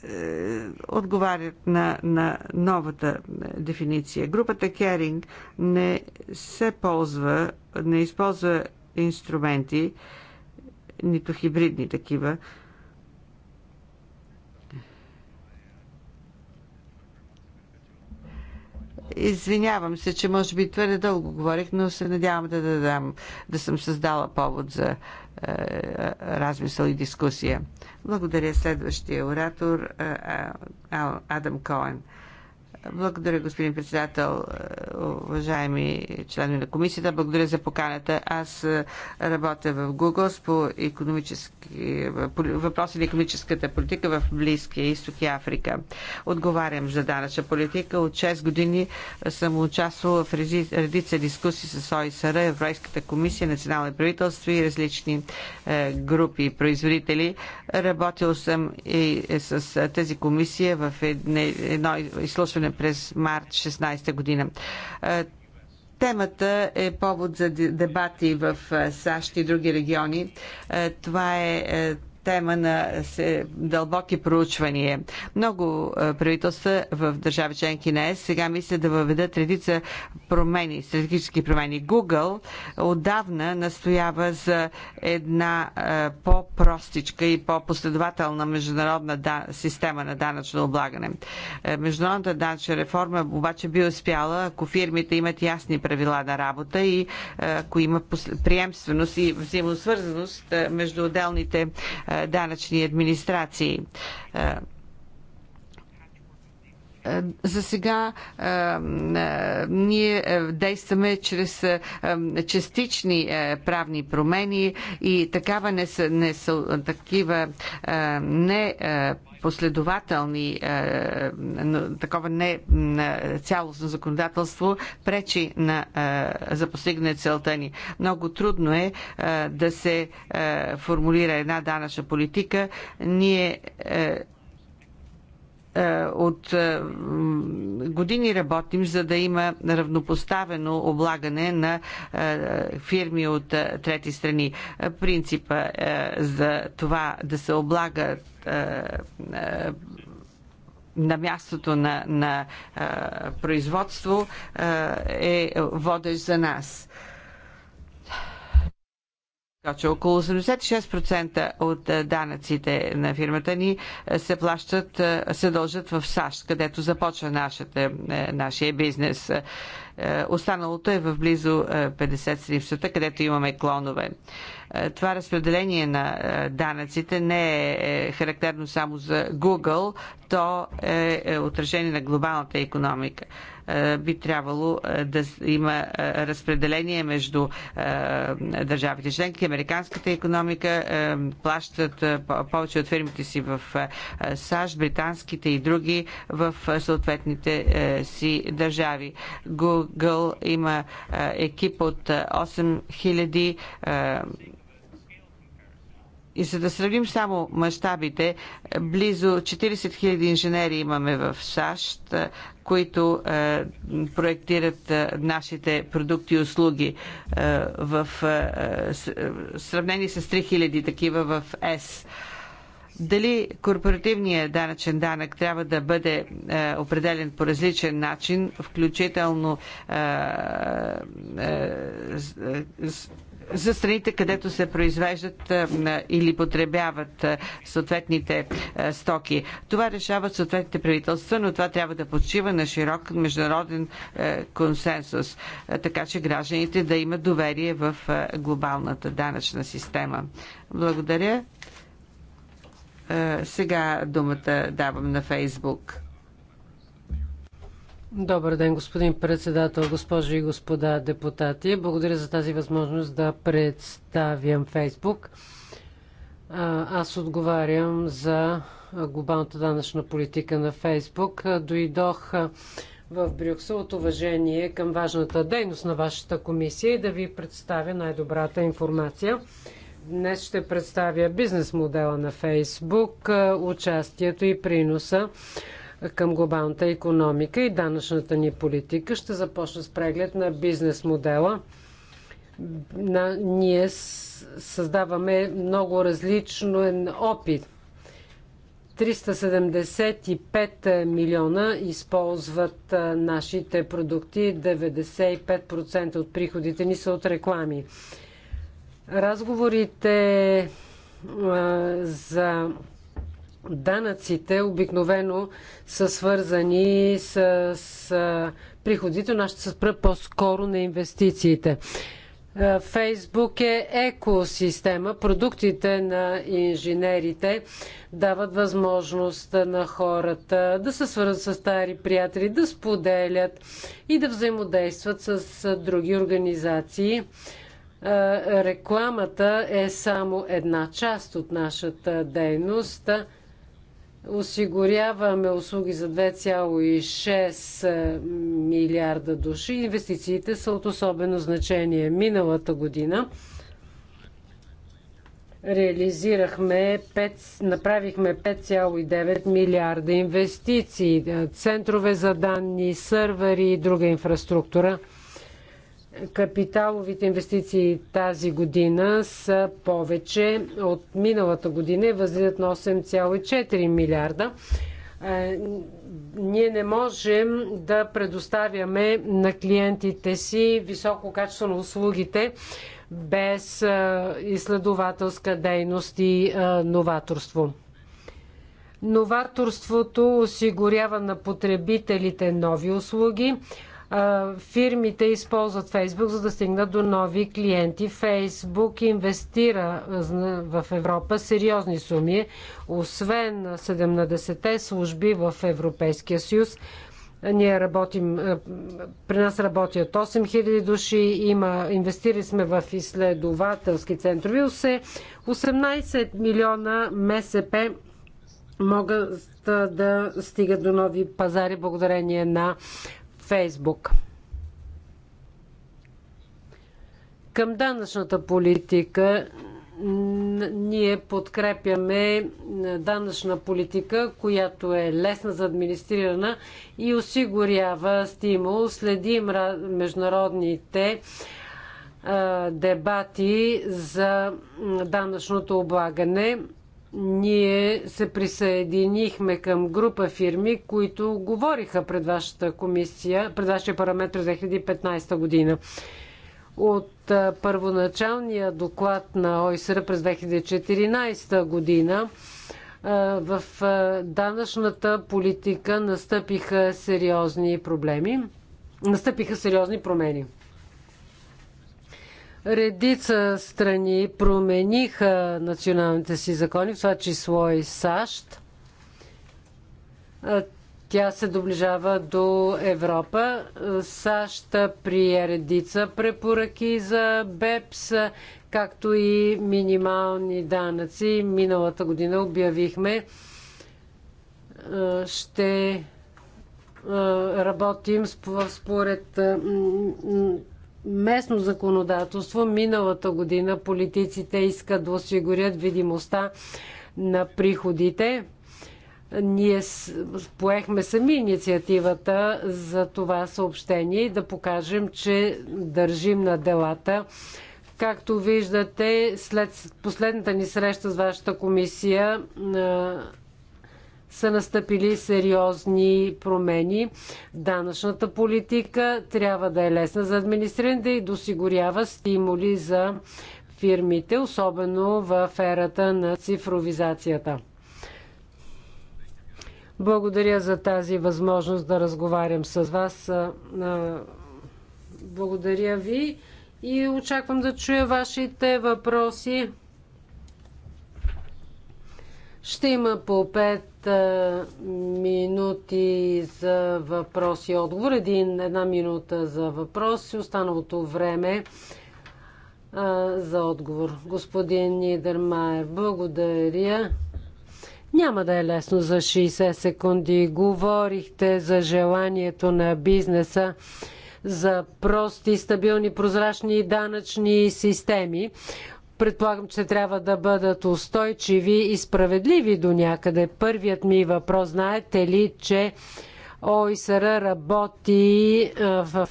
е, отговарят на, на новата дефиниция. Групата Керинг не се ползва, не използва инструменти, нито хибридни такива, Извинявам се, че може би твърде дълго говорих, но се надявам да дадам, да съм създала повод за е, е, размисъл и дискусия. Благодаря следващия оратор е, Адам Коен. Благодаря, господин председател, е, уважаеми членове на комисията. Благодаря за поканата. Аз е, работя в Google по, економически, въпроси на економическата политика в Близкия изток и Африка. Отговарям за данъчна политика. От 6 години съм участвала в редица дискусии с ОИСР, Европейската комисия, национални правителства и различни е, групи производители. Работил съм и с тази комисия в едно изслушване през март 16 година. Е, темата е повод за дебати в е, САЩ и други региони. Е, това е тема на се, дълбоки проучвания. Много е, правителства в държави членки на ЕС сега мислят да въведат редица промени, стратегически промени. Google отдавна настоява за една е, по-простичка и по-последователна международна да, система на данъчно облагане. Е, международната данъчна реформа обаче би успяла, ако фирмите имат ясни правила на работа и ако има приемственост и взаимосвързаност между отделните е, данъчни администрации. Е, е, за сега е, е, ние действаме чрез частични правни промени и такава не са, не са такива не последователни, такова не цялостно законодателство пречи на, за постигане целта ни. Много трудно е да се формулира една данъчна политика. Ние е, от е, години работим, за да има равнопоставено облагане на е, фирми от трети страни. Принципа за това да се облагат на мястото на, на а, производство а, е водещ за нас че около 86% от е, данъците на фирмата ни е, се плащат, е, се дължат в САЩ, където започва нашата, нашия бизнес. Останалото е в близо 50 сривствата, където имаме клонове. Е, това разпределение на е, данъците не е, е характерно само за Google, то е отражение на глобалната економика. Би трябвало да има разпределение между държавите членки. Американската економика плащат повече от фирмите си в САЩ, британските и други в съответните си държави. Google има екип от 8000 и за да сравним само мащабите, близо 40 000 инженери имаме в САЩ, е, които е, проектират е, нашите продукти и услуги е, в е, сравнени с 3000 е, такива в ЕС. Дали корпоративният данъчен данък трябва да бъде е, определен по различен начин, включително е, е, е за страните, където се произвеждат или потребяват съответните стоки. Това решават съответните правителства, но това трябва да почива на широк международен консенсус, така че гражданите да имат доверие в глобалната данъчна система. Благодаря. Сега думата давам на Фейсбук. Добър ден, господин председател, госпожи и господа депутати. Благодаря за тази възможност да представям Фейсбук. Аз отговарям за глобалната данъчна политика на Фейсбук. Дойдох в Брюксел от уважение към важната дейност на вашата комисия и да ви представя най-добрата информация. Днес ще представя бизнес модела на Фейсбук, участието и приноса към глобалната економика и данъчната ни политика. Ще започна с преглед на бизнес модела. На, ние създаваме много различно опит. 375 милиона използват нашите продукти, 95% от приходите ни са от реклами. Разговорите за Данъците обикновено са свързани с, с приходите, но аз ще се спра по-скоро на инвестициите. Фейсбук е екосистема. Продуктите на инженерите дават възможност на хората да се свързват с стари приятели, да споделят и да взаимодействат с други организации. Рекламата е само една част от нашата дейност. Осигуряваме услуги за 2,6 милиарда души. Инвестициите са от особено значение. Миналата година реализирахме 5, направихме 5,9 милиарда инвестиции, центрове за данни, сървъри и друга инфраструктура – Капиталовите инвестиции тази година са повече от миналата година и възлизат на 8,4 милиарда. Е, ние не можем да предоставяме на клиентите си високо качество на услугите без е, изследователска дейност и е, новаторство. Новаторството осигурява на потребителите нови услуги, фирмите използват Фейсбук, за да стигнат до нови клиенти. Фейсбук инвестира в Европа сериозни суми, освен 70-те служби в Европейския съюз. Ние работим, при нас работят 8000 души, има, инвестирали сме в изследователски центрови. 18 милиона МСП могат да стигат до нови пазари благодарение на Фейсбук. Към данъчната политика ние подкрепяме данъчна политика, която е лесна за администрирана и осигурява стимул. Следим международните дебати за данъчното облагане ние се присъединихме към група фирми, които говориха пред вашата комисия, пред вашия параметр 2015 година. От първоначалния доклад на ОИСР през 2014 година в данъчната политика настъпиха сериозни проблеми, настъпиха сериозни промени. Редица страни промениха националните си закони, в това число и САЩ. Тя се доближава до Европа. САЩ прие редица препоръки за БЕПС, както и минимални данъци. Миналата година обявихме, ще работим според местно законодателство. Миналата година политиците искат да осигурят видимостта на приходите. Ние поехме сами инициативата за това съобщение и да покажем, че държим на делата. Както виждате, след последната ни среща с вашата комисия, са настъпили сериозни промени. Данъчната политика трябва да е лесна за администриране да и досигурява стимули за фирмите, особено в ерата на цифровизацията. Благодаря за тази възможност да разговарям с вас. Благодаря ви и очаквам да чуя вашите въпроси. Ще има по 5 минути за въпрос и отговор. Един, една минута за въпрос и останалото време а, за отговор. Господин Нидермайер, благодаря. Няма да е лесно за 60 секунди. Говорихте за желанието на бизнеса за прости, стабилни, прозрачни данъчни системи предполагам, че трябва да бъдат устойчиви и справедливи до някъде. Първият ми въпрос, знаете ли, че ОИСР работи в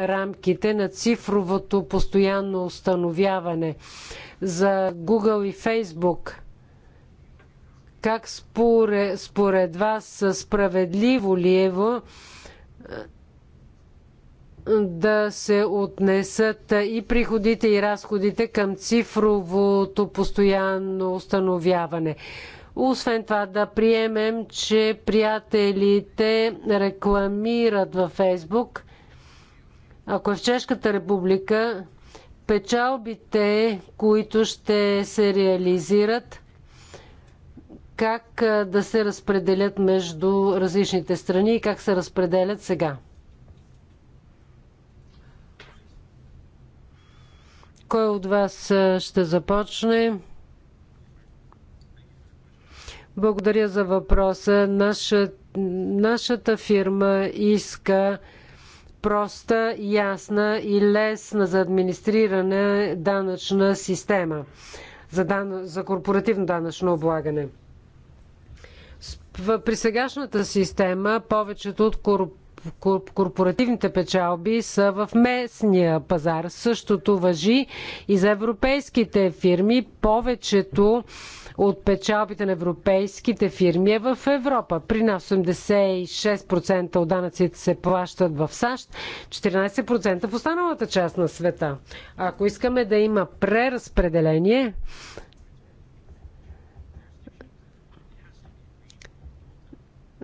рамките на цифровото постоянно установяване за Google и Facebook. Как според, според вас справедливо ли е да се отнесат и приходите и разходите към цифровото постоянно установяване. Освен това да приемем, че приятелите рекламират във Фейсбук. Ако е в Чешката република, печалбите, които ще се реализират, как да се разпределят между различните страни и как се разпределят сега? Кой от вас ще започне? Благодаря за въпроса. Наша, нашата фирма иска проста, ясна и лесна за администриране данъчна система за, дан... за корпоративно данъчно облагане. При сегашната система повечето от корпоративните корпоративните печалби са в местния пазар. Същото въжи и за европейските фирми. Повечето от печалбите на европейските фирми е в Европа. При нас 86% от данъците се плащат в САЩ, 14% в останалата част на света. Ако искаме да има преразпределение,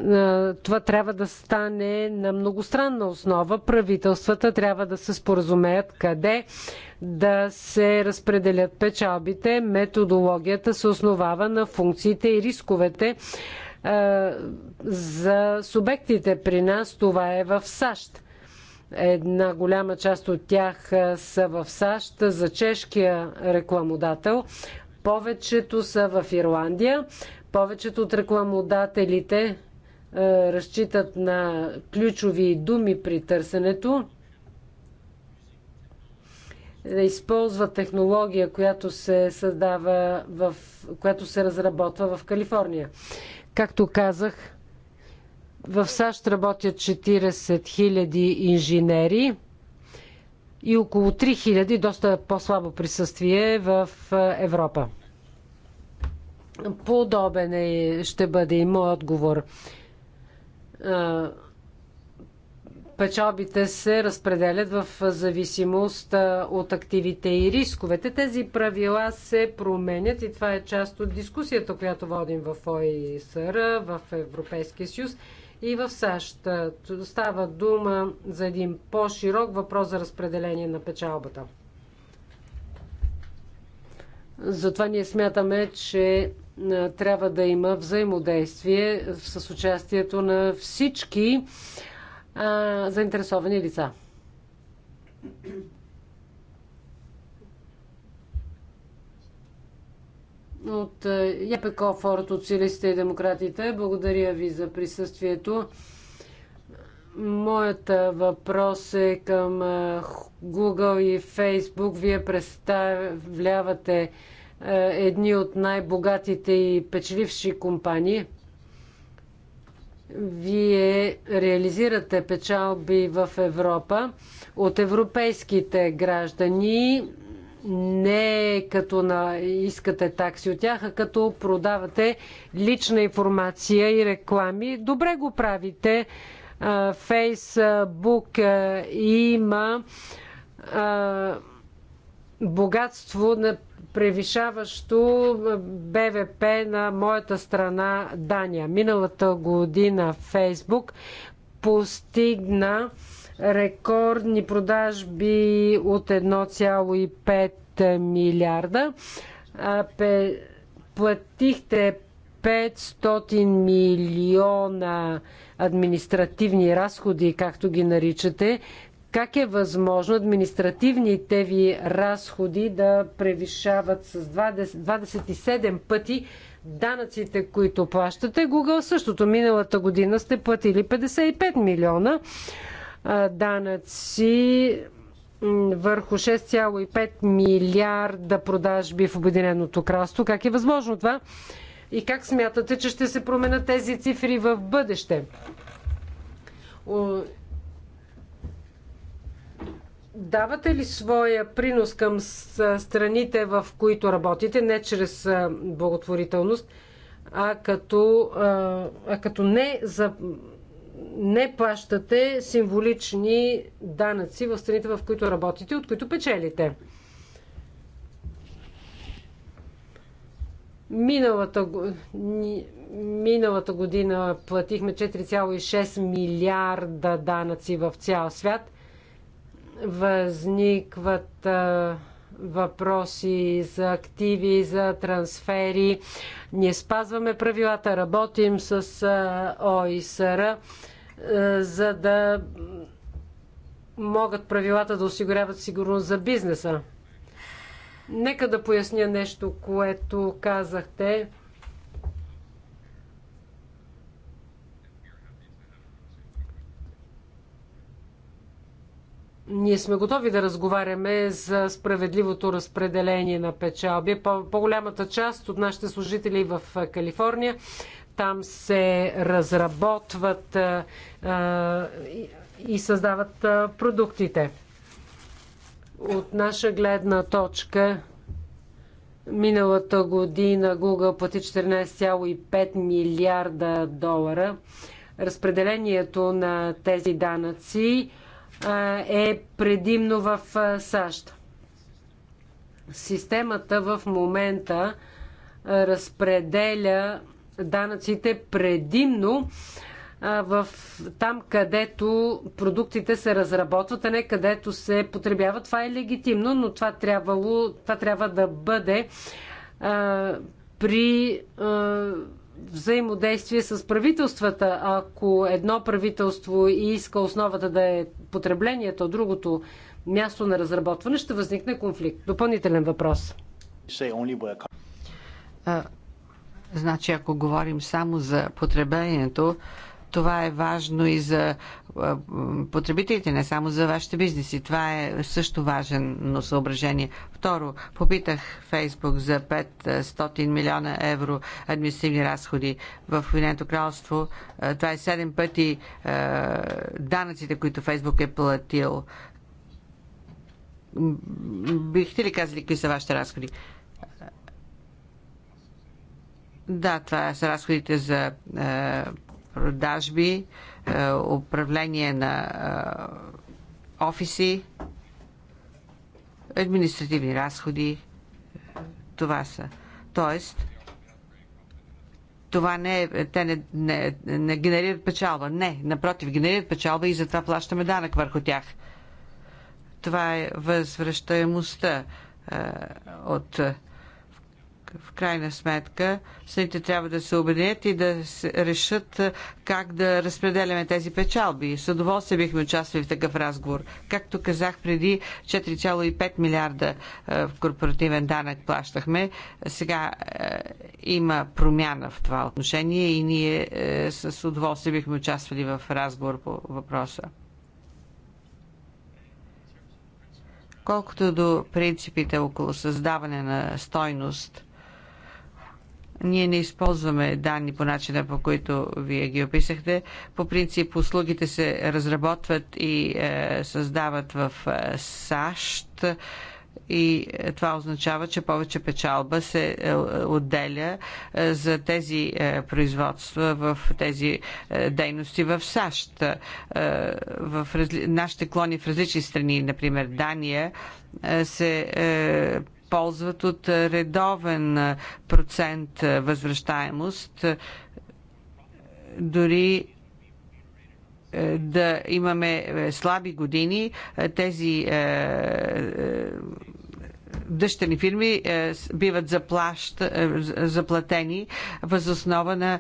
Е, това трябва да стане на многостранна основа. Правителствата трябва да се споразумеят къде да се разпределят печалбите. Методологията се основава на функциите и рисковете е, за субектите. При нас това е в САЩ. Една голяма част от тях е, са в САЩ за чешкия рекламодател. Повечето са в Ирландия. Повечето от рекламодателите е, разчитат на ключови думи при търсенето, да използват технология, която се създава в, която се разработва в Калифорния. Както казах, в САЩ работят 40 000 инженери и около 3 000 доста по-слабо присъствие в е, Европа. Подобен е, ще бъде и мой отговор печалбите се разпределят в зависимост от активите и рисковете. Тези правила се променят и това е част от дискусията, която водим в ОИСР, в Европейския съюз и в САЩ. Става дума за един по-широк въпрос за разпределение на печалбата. Затова ние смятаме, че трябва да има взаимодействие с участието на всички а, заинтересовани лица. От ЯПКО е, Форд от Силистите и Демократите, благодаря ви за присъствието. Моят е, въпрос е към е, Google и Facebook. Вие представлявате е, едни от най-богатите и печеливши компании. Вие реализирате печалби в Европа от европейските граждани, не като на искате такси от тях, а като продавате лична информация и реклами. Добре го правите. Фейсбук е, има е, богатство на превишаващо БВП на моята страна Дания. Миналата година Фейсбук постигна рекордни продажби от 1,5 милиарда. Платихте 500 милиона административни разходи, както ги наричате, как е възможно административните ви разходи да превишават с 20, 27 пъти данъците, които плащате? Google същото. Миналата година сте платили 55 милиона данъци върху 6,5 милиарда продажби в Обединеното кралство. Как е възможно това? И как смятате, че ще се променят тези цифри в бъдеще? Давате ли своя принос към страните, в които работите, не чрез благотворителност, а като, а като не, за, не плащате символични данъци в страните, в които работите, от които печелите? Миналата, миналата година платихме 4,6 милиарда данъци в цял свят – Възникват въпроси за активи, за трансфери. Ние спазваме правилата, работим с ОИСР, за да могат правилата да осигуряват сигурност за бизнеса. Нека да поясня нещо, което казахте. ние сме готови да разговаряме за справедливото разпределение на печалби. По-голямата част от нашите служители в Калифорния, там се разработват а, и създават а, продуктите. От наша гледна точка, миналата година Google плати 14,5 милиарда долара. Разпределението на тези данъци е предимно в САЩ. Системата в момента разпределя данъците предимно в там, където продуктите се разработват, а не където се потребяват. Това е легитимно, но това, трябвало, това трябва да бъде а, при а, взаимодействие с правителствата. Ако едно правителство иска основата да е потреблението, другото място на разработване, ще възникне конфликт. Допълнителен въпрос. А, значи, ако говорим само за потреблението, това е важно и за потребителите, не само за вашите бизнеси. Това е също важно съображение. Второ, попитах Фейсбук за 500 милиона евро административни разходи в Обединеното кралство. Това е 7 пъти данъците, които Фейсбук е платил. Бихте ли казали какви са вашите разходи? Да, това са разходите за продажби, е, управление на е, офиси, административни разходи. Е, това са. Тоест, това не те не, не, не генерират печалба. Не, напротив, генерират печалба и затова плащаме данък върху тях. Това е възвръщаемостта от в крайна сметка страните трябва да се обединят и да решат как да разпределяме тези печалби. С удоволствие бихме участвали в такъв разговор. Както казах преди, 4,5 милиарда в корпоративен данък плащахме. Сега има промяна в това отношение и ние с удоволствие бихме участвали в разговор по въпроса. Колкото до принципите около създаване на стойност, ние не използваме данни по начина, по който вие ги описахте. По принцип, услугите се разработват и е, създават в е, САЩ и е, това означава, че повече печалба се е, отделя е, за тези производства в тези дейности в САЩ. В разли... нашите клони в различни страни, например Дания, се ползват от редовен процент възвръщаемост, дори е, да имаме е, слаби години, е, тези дъщерни фирми биват заплащ, заплатени възоснова на,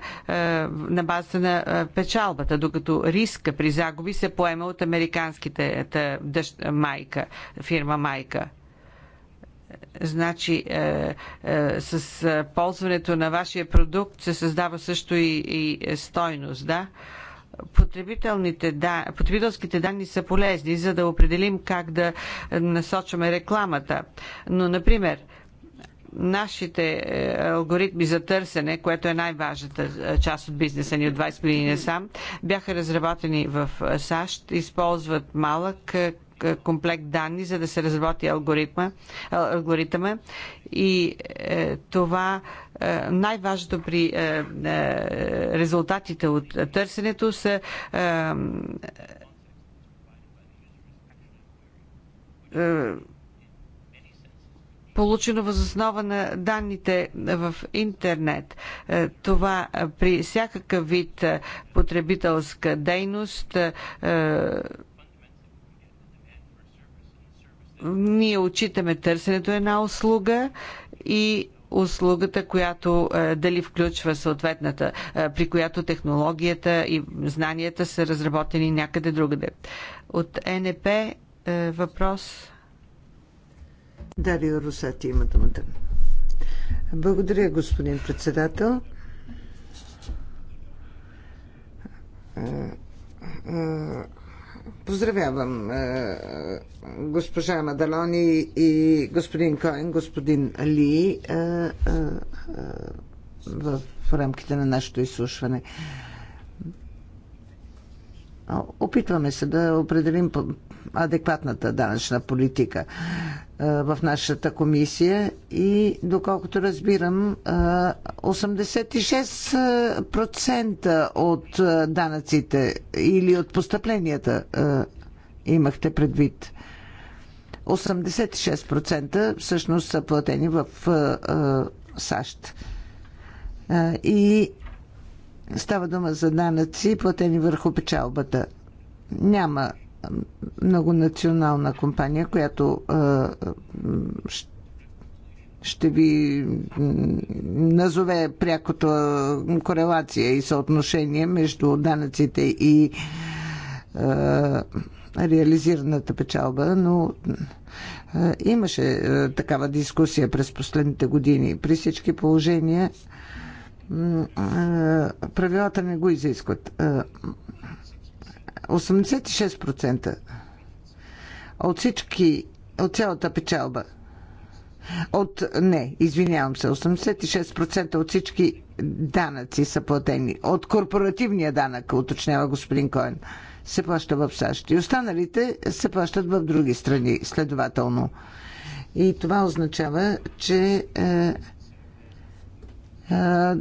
на базата на печалбата, докато риска при загуби се поема от американските дъщ, майка, фирма майка. Значи, е, е, с е, ползването на вашия продукт се създава също и, и е, стойност, да? потребителните да, потребителските данни са полезни, за да определим как да насочваме рекламата. Но, например, нашите е, алгоритми за търсене, което е най-важната част от бизнеса ни от 20 години насам, бяха разработени в САЩ, използват малък е, комплект данни, за да се разработи алгоритма, алгоритъма. И е, това е, най-важното при е, е резултатите от търсенето са е, получено възоснова на данните в интернет. Това при всякакъв вид потребителска дейност ние отчитаме търсенето е една услуга и услугата, която е, дали включва съответната, е, при която технологията и знанията са разработени някъде другаде. От НП въпрос. Дарио Русати има думата. Благодаря, господин председател. Поздравявам е, госпожа Мадалони и господин Коен, господин Ли е, е, в рамките на нашето изслушване. Опитваме се да определим адекватната данъчна политика в нашата комисия и доколкото разбирам 86% от данъците или от постъпленията имахте предвид. 86% всъщност са платени в САЩ. И става дума за данъци, платени върху печалбата. Няма многонационална компания, която ще ви назове прякото корелация и съотношение между данъците и реализираната печалба, но имаше такава дискусия през последните години. При всички положения правилата не го изискват. 86% от всички, от цялата печалба. От, не, извинявам се, 86% от всички данъци са платени. От корпоративния данък, уточнява господин Коен, се плаща в САЩ. И останалите се плащат в други страни, следователно. И това означава, че е,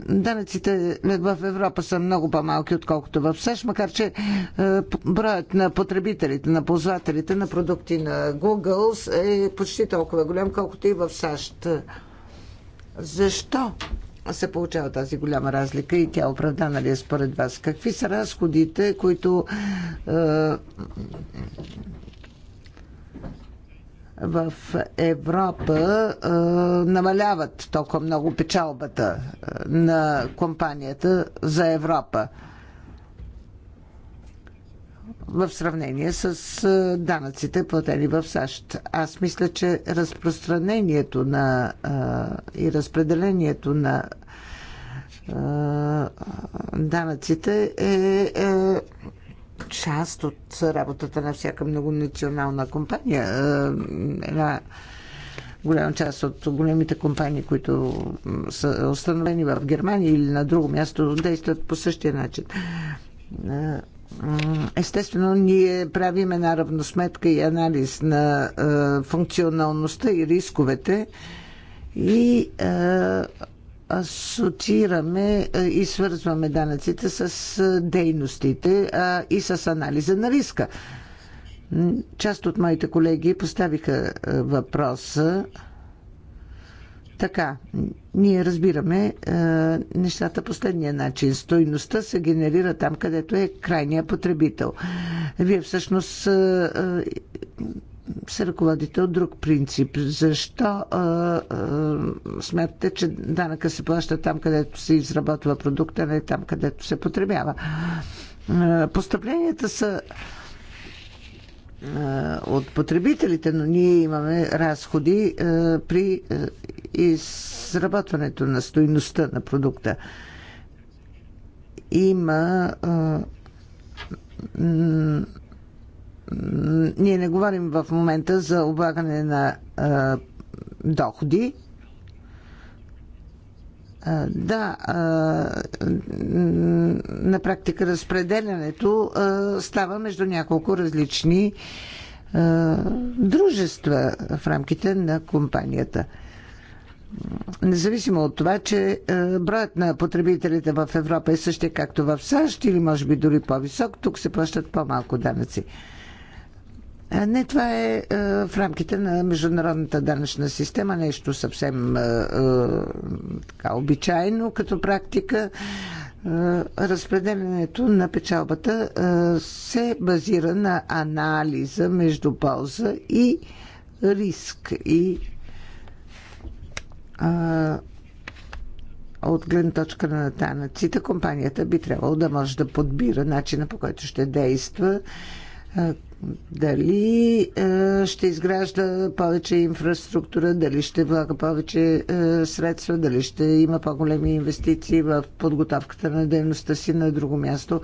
Данъците в Европа са много по-малки, отколкото в САЩ, макар че броят на потребителите, на ползвателите на продукти на Google е почти толкова голям, колкото и в САЩ. Защо се получава тази голяма разлика и тя е оправдана ли е според вас? Какви са разходите, които в Европа а, намаляват толкова много печалбата на компанията за Европа в сравнение с данъците платени в САЩ. Аз мисля, че разпространението на а, и разпределението на а, данъците е, е част от работата на всяка многонационална компания. Е, една голяма част от големите компании, които са установени в Германия или на друго място, действат по същия начин. Е, естествено, ние правим една равносметка и анализ на е, функционалността и рисковете и асоциираме и свързваме данъците с дейностите и с анализа на риска. Част от моите колеги поставиха въпроса така, ние разбираме е, нещата последния начин. Стойността се генерира там, където е крайния потребител. Вие всъщност е, е, се ръководите от друг принцип. Защо а, а, смятате, че данъка се плаща там, където се изработва продукта, а не там, където се потребява? А, постъпленията са от потребителите, но ние имаме разходи при изработването на стоиността на продукта. Има ние не говорим в момента за облагане на а, доходи. А, да, а, на практика разпределянето а, става между няколко различни а, дружества в рамките на компанията. Независимо от това, че броят на потребителите в Европа е същия както в САЩ или може би дори по-висок, тук се плащат по-малко данъци. Не, това е в рамките на международната данъчна система нещо съвсем така, обичайно като практика. Разпределението на печалбата се базира на анализа между полза и риск и от гледна точка на данъците, компанията би трябвало да може да подбира начина по който ще действа, дали е, ще изгражда повече инфраструктура, дали ще влага повече е, средства, дали ще има по-големи инвестиции в подготовката на дейността си на друго място.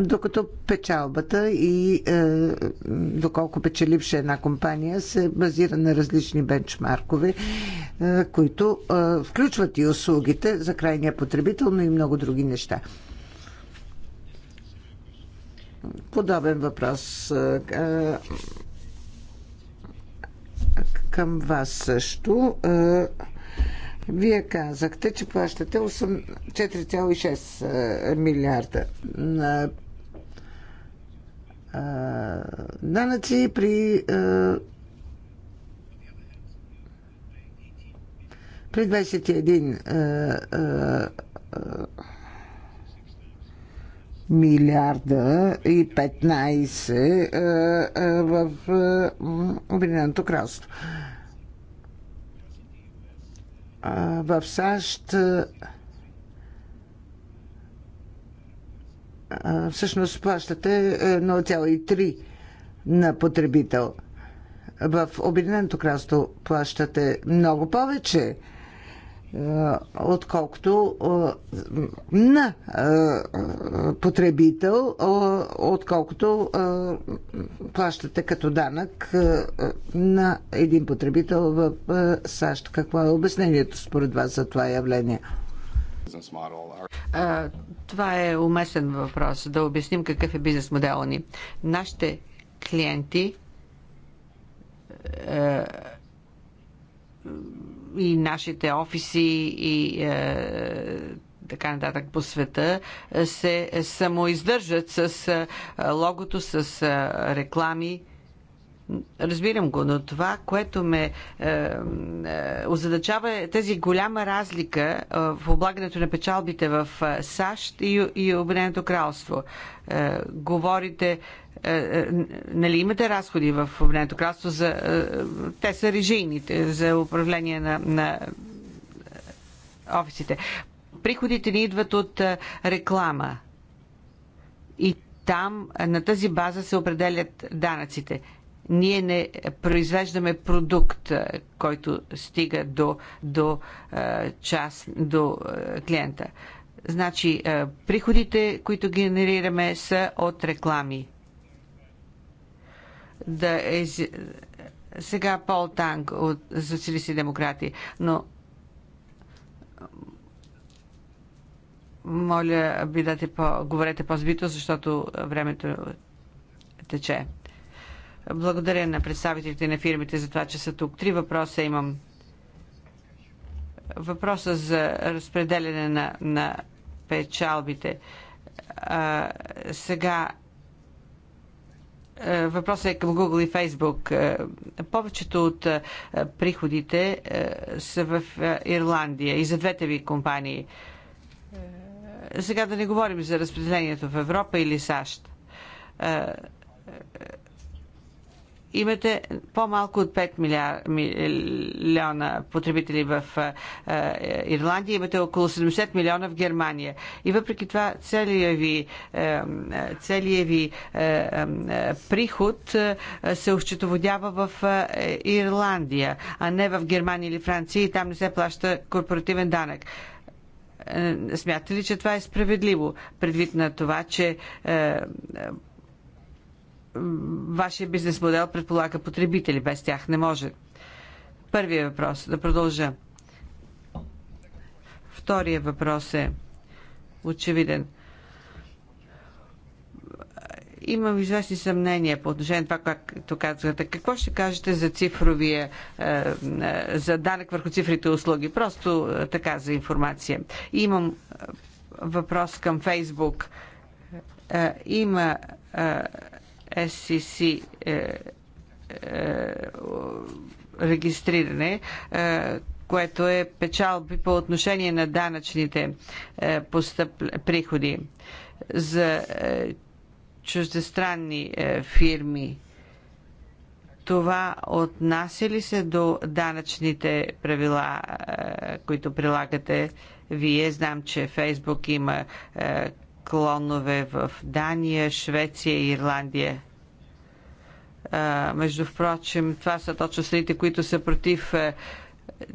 Докато печалбата и е, доколко печеливша една компания се базира на различни бенчмаркове, е, които е, включват и услугите за крайния потребител, но и много други неща подобен въпрос към вас също. Вие казахте, че плащате 4,6 милиарда на данъци при при 21 милиарда и 15 е, е, в е, Обединеното кралство. В САЩ всъщност плащате 0,3 на потребител. В Обединеното кралство плащате много повече е, отколкото е, на е, потребител, отколкото плащате като данък на един потребител в САЩ. Какво е обяснението според вас за това явление? Това е уместен въпрос, да обясним какъв е бизнес модела ни. Нашите клиенти и нашите офиси и е, така нататък по света е, се самоиздържат с е, логото, с е, реклами. Разбирам го, но това, което ме е, е, озадачава е тази голяма разлика е, в облагането на печалбите в САЩ и, и Обединеното кралство. Е, говорите е, е, нали, имате разходи в Обединеното кралство за... Е, те са режийните за управление на, на офисите. Приходите ни идват от реклама. И там, на тази база се определят данъците. Ние не произвеждаме продукт, който стига до, до, част, до клиента. Значи, приходите, които генерираме, са от реклами да е сега Пол Танк от Социалисти демократи, но моля ви да по, говорете по-збито, защото времето тече. Благодаря на представителите на фирмите за това, че са тук. Три въпроса имам. Въпроса за разпределяне на, на печалбите. А, сега е, въпросът е към Google и Facebook. Е, повечето от е, приходите са в Ирландия и за двете ви компании. Сега да не говорим за разпределението в Европа или САЩ имате по-малко от 5 милиар, милиона потребители в Ирландия, имате около 70 милиона в Германия. И въпреки това целият ви, целият ви приход се ощетоводява в Ирландия, а не в Германия или Франция и там не се плаща корпоративен данък е, смятате ли, че това е справедливо, предвид на това, че е, вашия бизнес модел предполага потребители. Без тях не може. Първият въпрос. Да продължа. Втория въпрос е очевиден. Имам известни съмнения по отношение на това, както казвате. Какво ще кажете за цифровия, е, е, за данък върху цифрите услуги? Просто е, така за информация. Имам въпрос към Фейсбук. Има SCC е, е, е, регистриране, е, което е печалби по отношение на данъчните е, постъп, приходи за е, чуждестранни е, фирми. Това отнася ли се до данъчните правила, е, които прилагате? Вие знам, че Фейсбук има е, клонове в Дания, Швеция и Ирландия. А, между впрочем, това са точно страните, които са против а,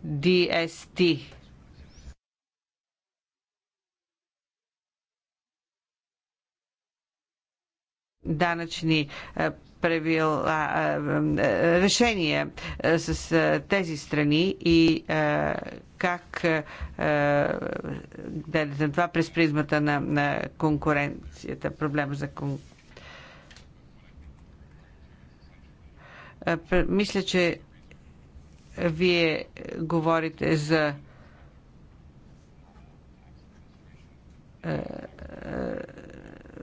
DST. Данъчни а, правил, а, решения с тези страни и как гледате на това през призмата на, на конкуренцията, проблема за конкуренцията. Мисля, че вие говорите за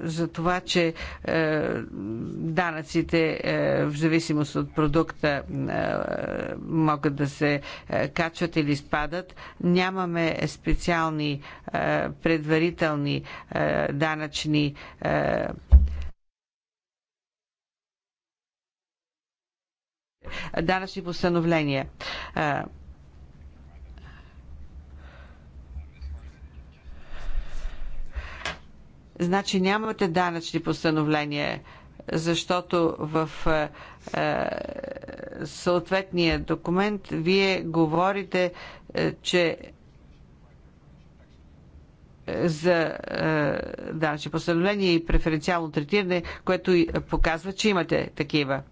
за това, че е, данъците е, в зависимост от продукта е, могат да се е, качват или спадат. Нямаме специални е, предварителни е, данъчни е, данъчни постановления. Е, Значи нямате данъчни постановления, защото в е, е съответния документ вие говорите, е, че е, за е, данъчни постановления и преференциално третиране, което показва, че имате такива.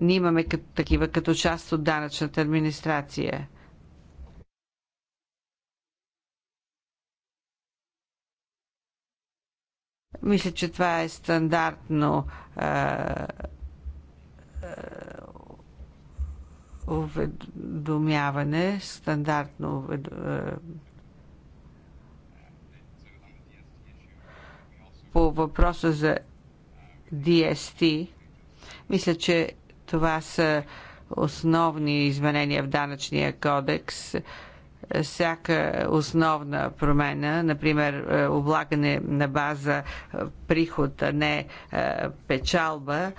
Ние имаме такива като част от данъчната администрация. Мисля, че това е стандартно уведомяване, стандартно по въпроса за DST. Мисля, че това са основни изменения в данъчния кодекс всяка основна промена, например е, облагане на база е, приход, а не е, печалба,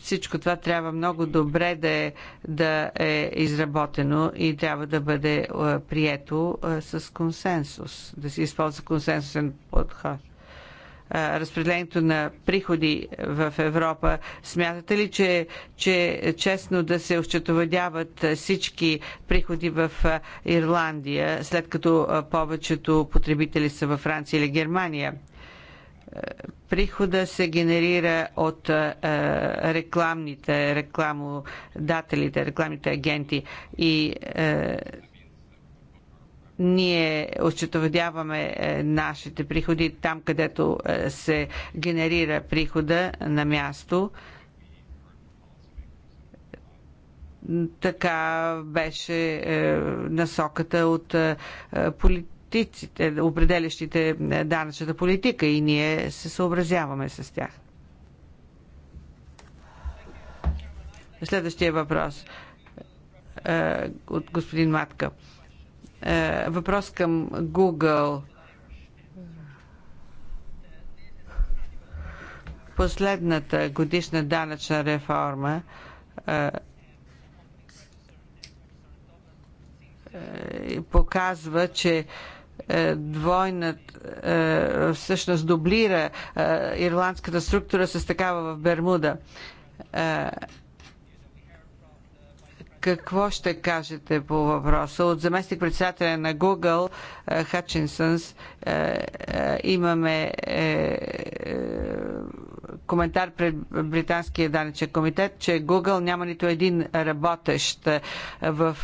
всичко това трябва много добре да е, да е изработено и трябва да бъде прието с консенсус, да се използва консенсусен подход разпределението на приходи в Европа. Смятате ли, че, че честно да се ощетоводяват всички приходи в Ирландия, след като повечето потребители са във Франция или Германия? прихода се генерира от рекламните, рекламодателите, рекламните агенти и ние отчетоводяваме е, нашите приходи там, където е, се генерира прихода на място. Така беше е, насоката от политиците, определящите данъчната политика и ние се съобразяваме с тях. Следващия въпрос от господин Матка. Е, въпрос към Google. Последната годишна данъчна реформа е, е, показва, че двойнат, всъщност дублира ирландската структура с такава в Бермуда. Какво ще кажете по въпроса? От заместник председателя на Google, Хатчинсънс, е, е, е, имаме коментар пред Британския данъчен комитет, че Google няма нито един работещ в,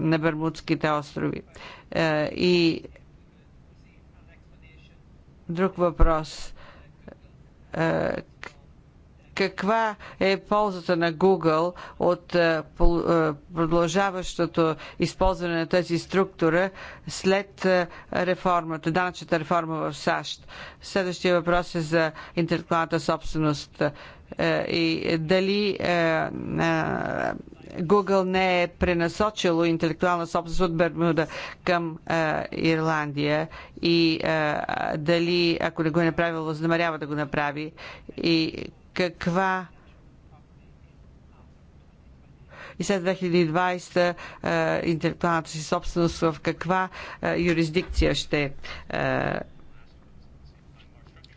на Бермудските острови. И друг въпрос каква е ползата на Google от е, е, продължаващото използване на тази структура след е, реформата, данъчната реформа в САЩ. Следващия въпрос е за интелектуалната собственост и дали Google не е пренасочило интелектуална собственост от Бермуда към е, Ирландия и е, дали, ако не го е направило, възнамерява да го направи и каква и след 2020 интелектуалната си собственост в каква юрисдикция ще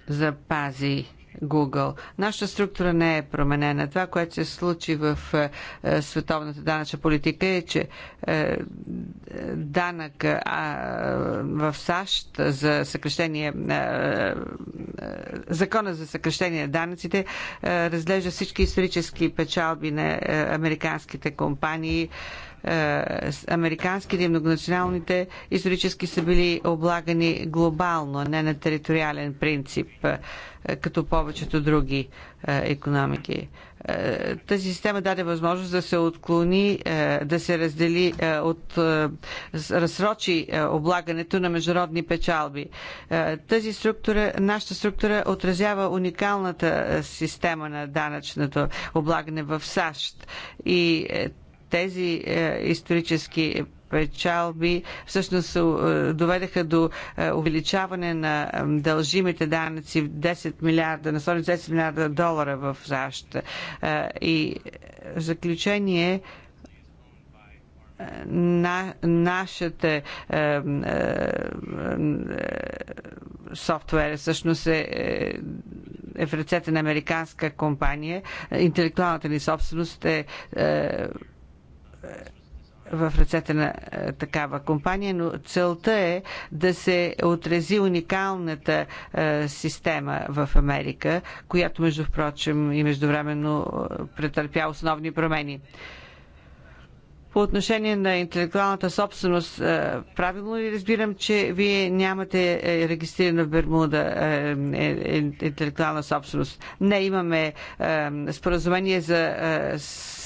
запази. Google. Нашата структура не е променена. Това, което се случи в е, е световната данъчна политика е, че е, е данък е, в САЩ за съкрещение закона за съкрещение на данъците разглежда всички исторически печалби на американските компании е, американските и многонационалните исторически са били облагани глобално, не на териториален принцип, е, като повечето други е, економики. Тази система даде възможност да се отклони, да се раздели от разсрочи облагането на международни печалби. Тази структура, нашата структура отразява уникалната система на данъчното облагане в САЩ и тези е, исторически печалби всъщност е, доведаха до е, увеличаване на дължимите данъци в 10 милиарда, на 10 милиарда долара в САЩ. И в заключение на, нашата е, софтуер всъщност е, е в ръцете на американска компания. Интелектуалната ни собственост е, е в ръцете на е, такава компания, но целта е да се отрази уникалната е, система в Америка, която между впрочем и междувременно е, претърпя основни промени. По отношение на интелектуалната собственост, правилно ли разбирам, че вие нямате регистрирана в Бермуда интелектуална собственост? Не, имаме споразумение за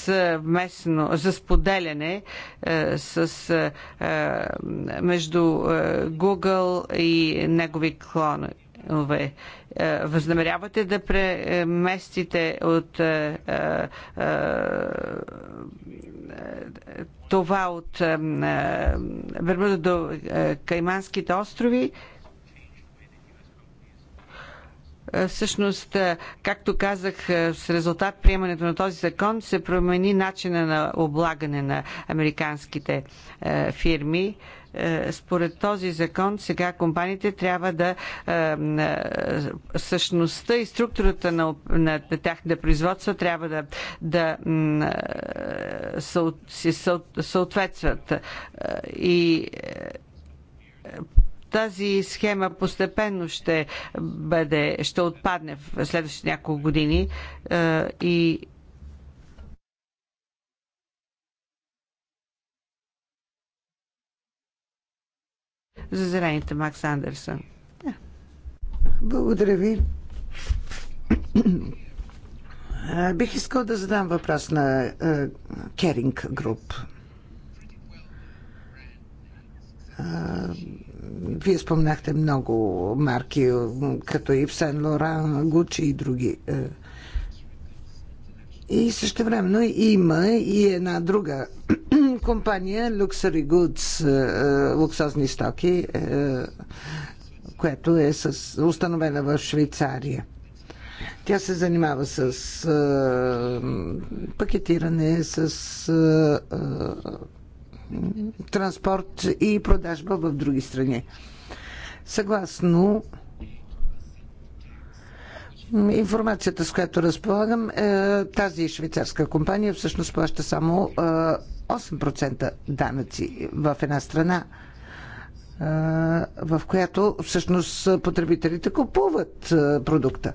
съвместно, за споделяне е, с, е, е, между Google и негови клонове. Възнамерявате да преместите от това от Бермуда до Кайманските острови е, всъщност, е, както казах, е, с резултат приемането на този закон се промени начина на облагане на американските фирми според този закон сега компаниите трябва да същността и структурата на, на, на тяхните производства трябва да, да се съответстват и тази схема постепенно ще бъде, ще отпадне в следващите няколко години и за зелените Макс Андерсън. Да. Благодаря ви. Бих искал да задам въпрос на Керинг Груп вие спомнахте много марки, като и в Сен Лоран, Гучи и други. И също времено има и една друга (clears throat) компания, Luxury Goods, е, луксозни стоки, е, която е с, установена в Швейцария. Тя се занимава с е, пакетиране, с транспорт и продажба в други страни. Съгласно информацията, с която разполагам, е, тази швейцарска компания всъщност плаща само 8% е, данъци в една страна, е, в която всъщност потребителите купуват продукта.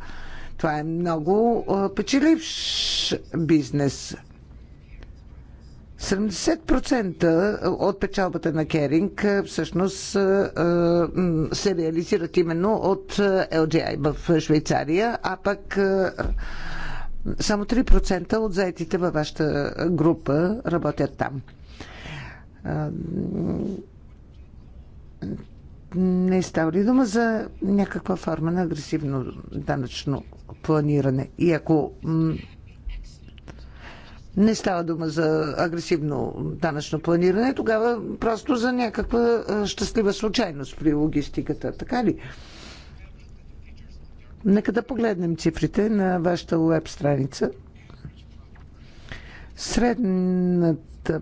Това е много печеливш бизнес. 70% от печалбата на Керинг всъщност се реализират именно от LGI в Швейцария, а пък само 3% от заетите във вашата група работят там. Не става ли дума за някаква форма на агресивно данъчно планиране? И ако не става дума за агресивно данъчно планиране, тогава просто за някаква щастлива случайност при логистиката. Така ли? Нека да погледнем цифрите на вашата уеб страница. Средната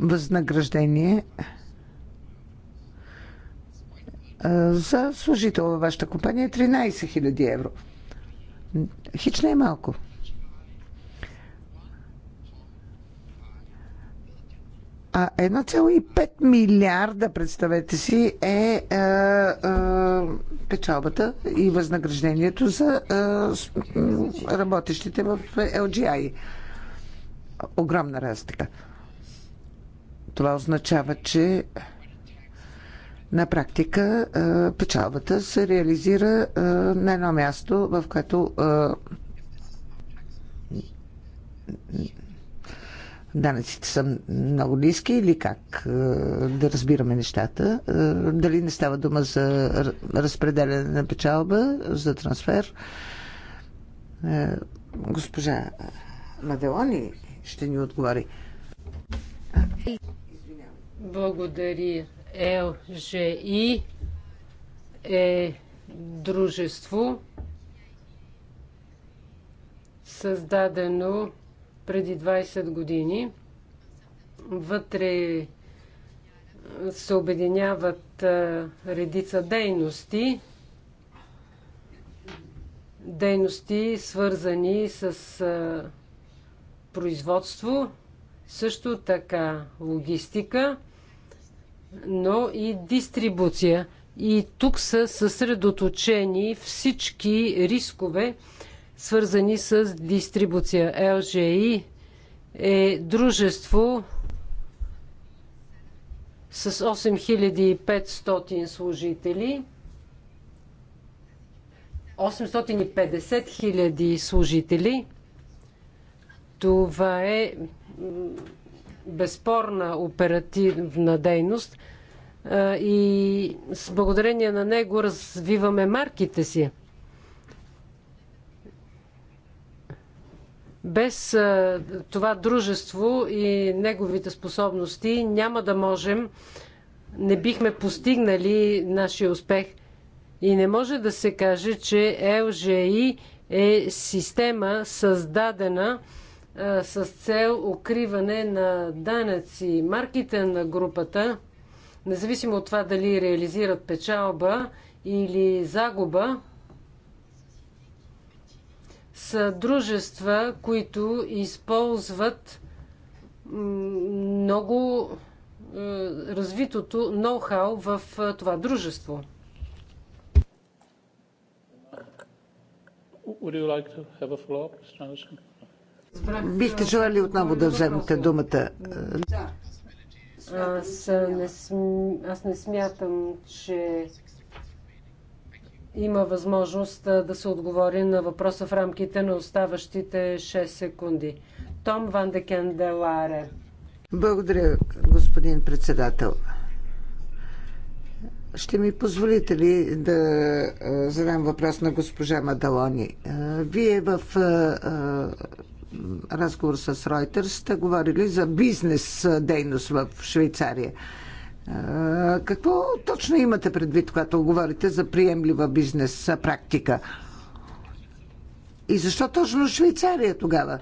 възнаграждение за служител във вашата компания е 13 000 евро. Хич не е малко. А 1,5 милиарда, представете си, е, е, е печалбата и възнаграждението за е, работещите в LGI. Огромна разлика. Това означава, че на практика е, печалбата се реализира е, на едно място, в което е, данъците са много ниски или как е, да разбираме нещата? Е, дали не става дума за разпределяне на печалба, за трансфер? Е, госпожа Маделони ще ни отговори. Благодари, ЛЖИ е дружество, създадено преди 20 години. Вътре се обединяват редица дейности, дейности свързани с производство, също така логистика, но и дистрибуция. И тук са съсредоточени всички рискове, свързани с дистрибуция. LGI е дружество с 8500 служители, 850 хиляди служители. Това е безспорна оперативна дейност и с благодарение на него развиваме марките си. Без това дружество и неговите способности няма да можем, не бихме постигнали нашия успех. И не може да се каже, че ЛЖИ е система създадена с цел укриване на данъци. Марките на групата, независимо от това дали реализират печалба или загуба, са дружества, които използват много е, развитото ноу-хау в е, това дружество. Бихте желали отново да вземете думата? Аз не, см... Аз не смятам, че има възможност да се отговори на въпроса в рамките на оставащите 6 секунди. Том Ван де Кенделаре. Благодаря, господин председател. Ще ми позволите ли да задам въпрос на госпожа Мадалони? Вие в разговор с Ройтерс сте говорили за бизнес дейност в Швейцария. Какво точно имате предвид, когато говорите за приемлива бизнес практика? И защо точно Швейцария тогава?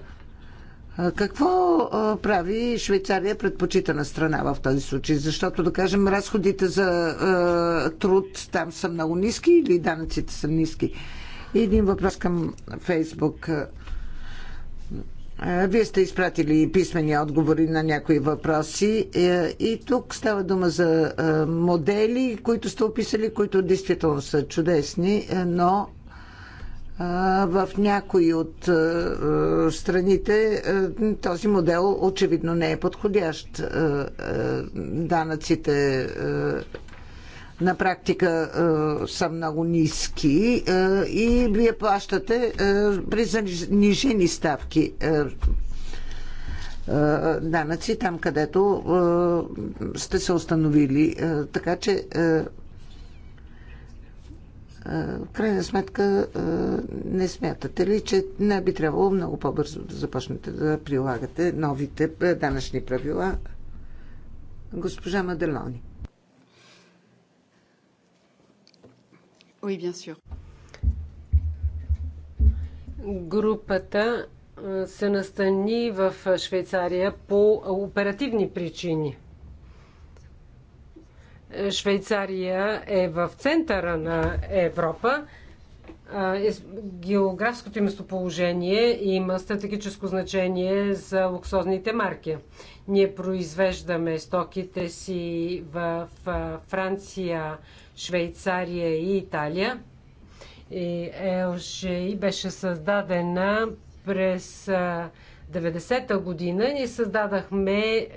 Какво прави Швейцария предпочитана страна в този случай? Защото, да кажем, разходите за е, труд там са много ниски или данъците са ниски? И един въпрос към Фейсбук. Вие сте изпратили писмени отговори на някои въпроси е, и тук става дума за е, модели, които сте описали, които действително са чудесни, е, но в някои от страните този модел очевидно не е подходящ. Данъците на практика е, са много ниски е, и вие плащате е, при занижени ставки данъци там, където сте се установили. Така че в крайна сметка не смятате ли, че не би трябвало много по-бързо да започнете да прилагате новите данъчни правила? Госпожа Маделони. Oui, bien sûr. Групата се настани в Швейцария по оперативни причини. Швейцария е в центъра на Европа географското местоположение има стратегическо значение за луксозните марки. Ние произвеждаме стоките си в Франция, Швейцария и Италия. И ЛЖИ беше създадена през 90-та година. Ние създадахме,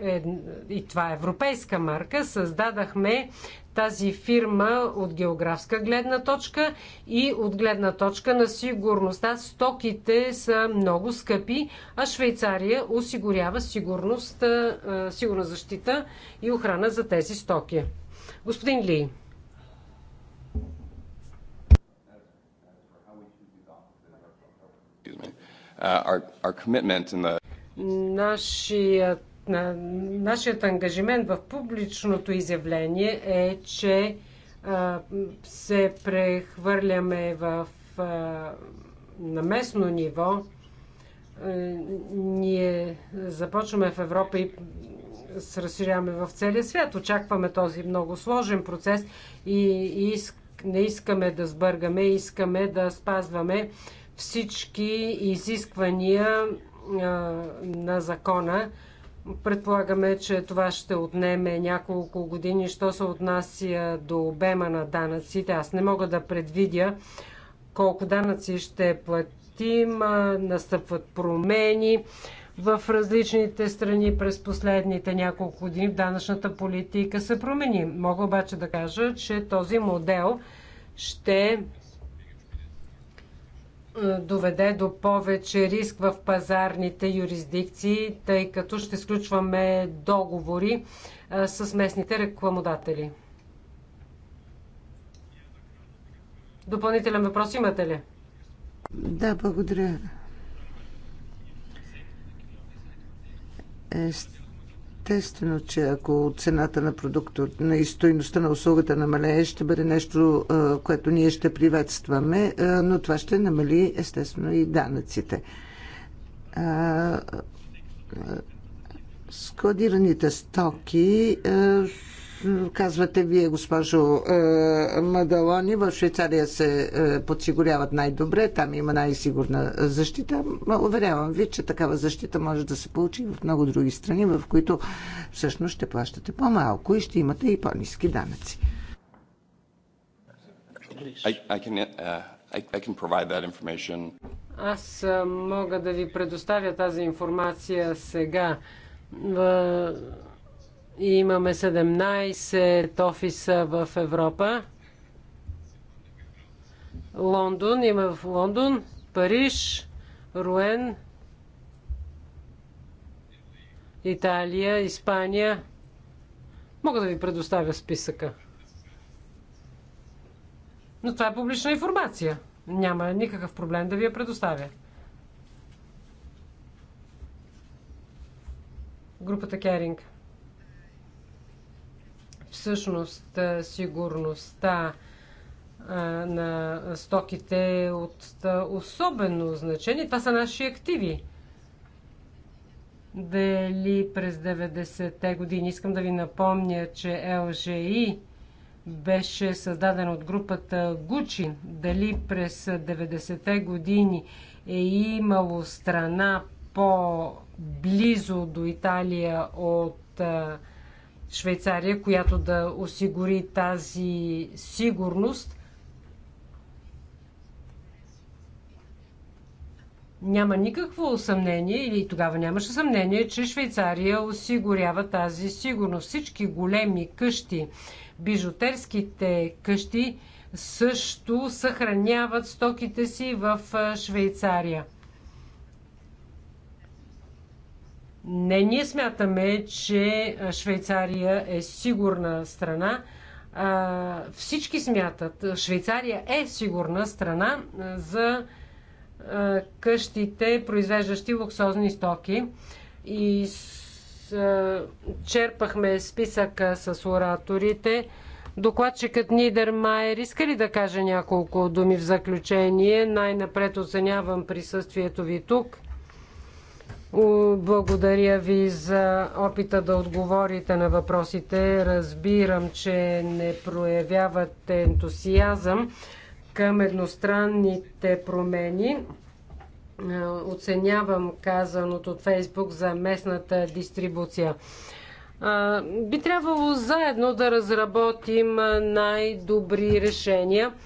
и това е европейска марка, създадахме тази фирма от географска гледна точка и от гледна точка на сигурността. Стоките са много скъпи, а Швейцария осигурява сигурност, сигурна защита и охрана за тези стоки. Господин Ли. Uh, Нашият на Нашият ангажимент в публичното изявление е, че се прехвърляме в, на местно ниво. Е, ние започваме в Европа и се разширяваме в целия свят. Очакваме този много сложен процес и не искаме да сбъргаме, искаме да спазваме всички изисквания на закона Предполагаме, че това ще отнеме няколко години. Що се отнася до обема на данъците, аз не мога да предвидя колко данъци ще платим. Настъпват промени в различните страни през последните няколко години. В данъчната политика се промени. Мога обаче да кажа, че този модел ще е, доведе до повече риск в пазарните юрисдикции, тъй като ще сключваме договори е, с местните рекламодатели. Допълнителен въпрос имате ли? Да, благодаря. Е, Естествено, че ако цената на продукта на стойността на услугата намалее, ще бъде нещо, което ние ще приветстваме, но това ще намали естествено и данъците. Складираните стоки Казвате вие, госпожо е, Мадалони, в Швейцария се е, подсигуряват най-добре, там има най-сигурна защита. Уверявам ви, че такава защита може да се получи в много други страни, в които всъщност ще плащате по-малко и ще имате и по-низки данъци. I, I can, uh, I, can that Аз мога да ви предоставя тази информация сега Имаме 17 офиса в Европа. Лондон, има в Лондон, Париж, Руен, Италия, Испания. Мога да ви предоставя списъка. Но това е публична информация. Няма никакъв проблем да ви я предоставя. Групата Керинг. Всъщност, сигурността на стоките е от особено значение. Това са наши активи. Дали през 90-те години, искам да ви напомня, че ЛЖИ беше създаден от групата Гучи. Дали през 90-те години е имало страна по-близо до Италия от Швейцария, която да осигури тази сигурност. Няма никакво съмнение, или тогава нямаше съмнение, че Швейцария осигурява тази сигурност. Всички големи къщи, бижутерските къщи също съхраняват стоките си в Швейцария. Не, ние смятаме, че Швейцария е сигурна страна. Всички смятат, Швейцария е сигурна страна за къщите, произвеждащи луксозни стоки. И черпахме списъка с ораторите. Докладчикът Нидер Майер иска ли да каже няколко думи в заключение? Най-напред оценявам присъствието ви тук. Благодаря ви за опита да отговорите на въпросите. Разбирам, че не проявявате ентусиазъм към едностранните промени. Оценявам казаното от Фейсбук за местната дистрибуция. Би трябвало заедно да разработим най-добри решения –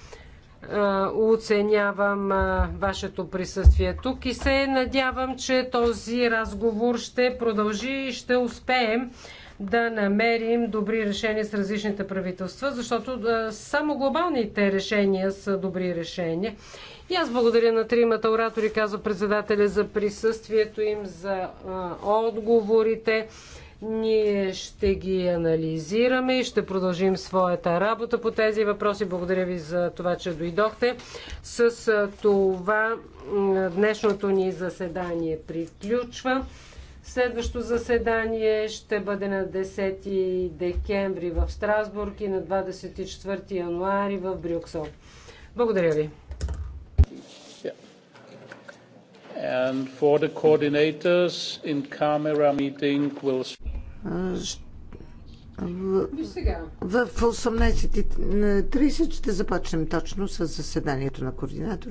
е, оценявам е, вашето присъствие тук и се надявам, че този разговор ще продължи и ще успеем да намерим добри решения с различните правителства, защото е, само глобалните решения са добри решения. И аз благодаря на тримата оратори, казва председателя, за присъствието им, за отговорите. Ние ще ги анализираме и ще продължим своята работа по тези въпроси. Благодаря ви за това, че дойдохте. С това днешното ни заседание приключва. Следващото заседание ще бъде на 10 декември в Страсбург и на 24 януари в Брюксел. Благодаря ви. В, 18.30 ще започнем точно с заседанието на координатори.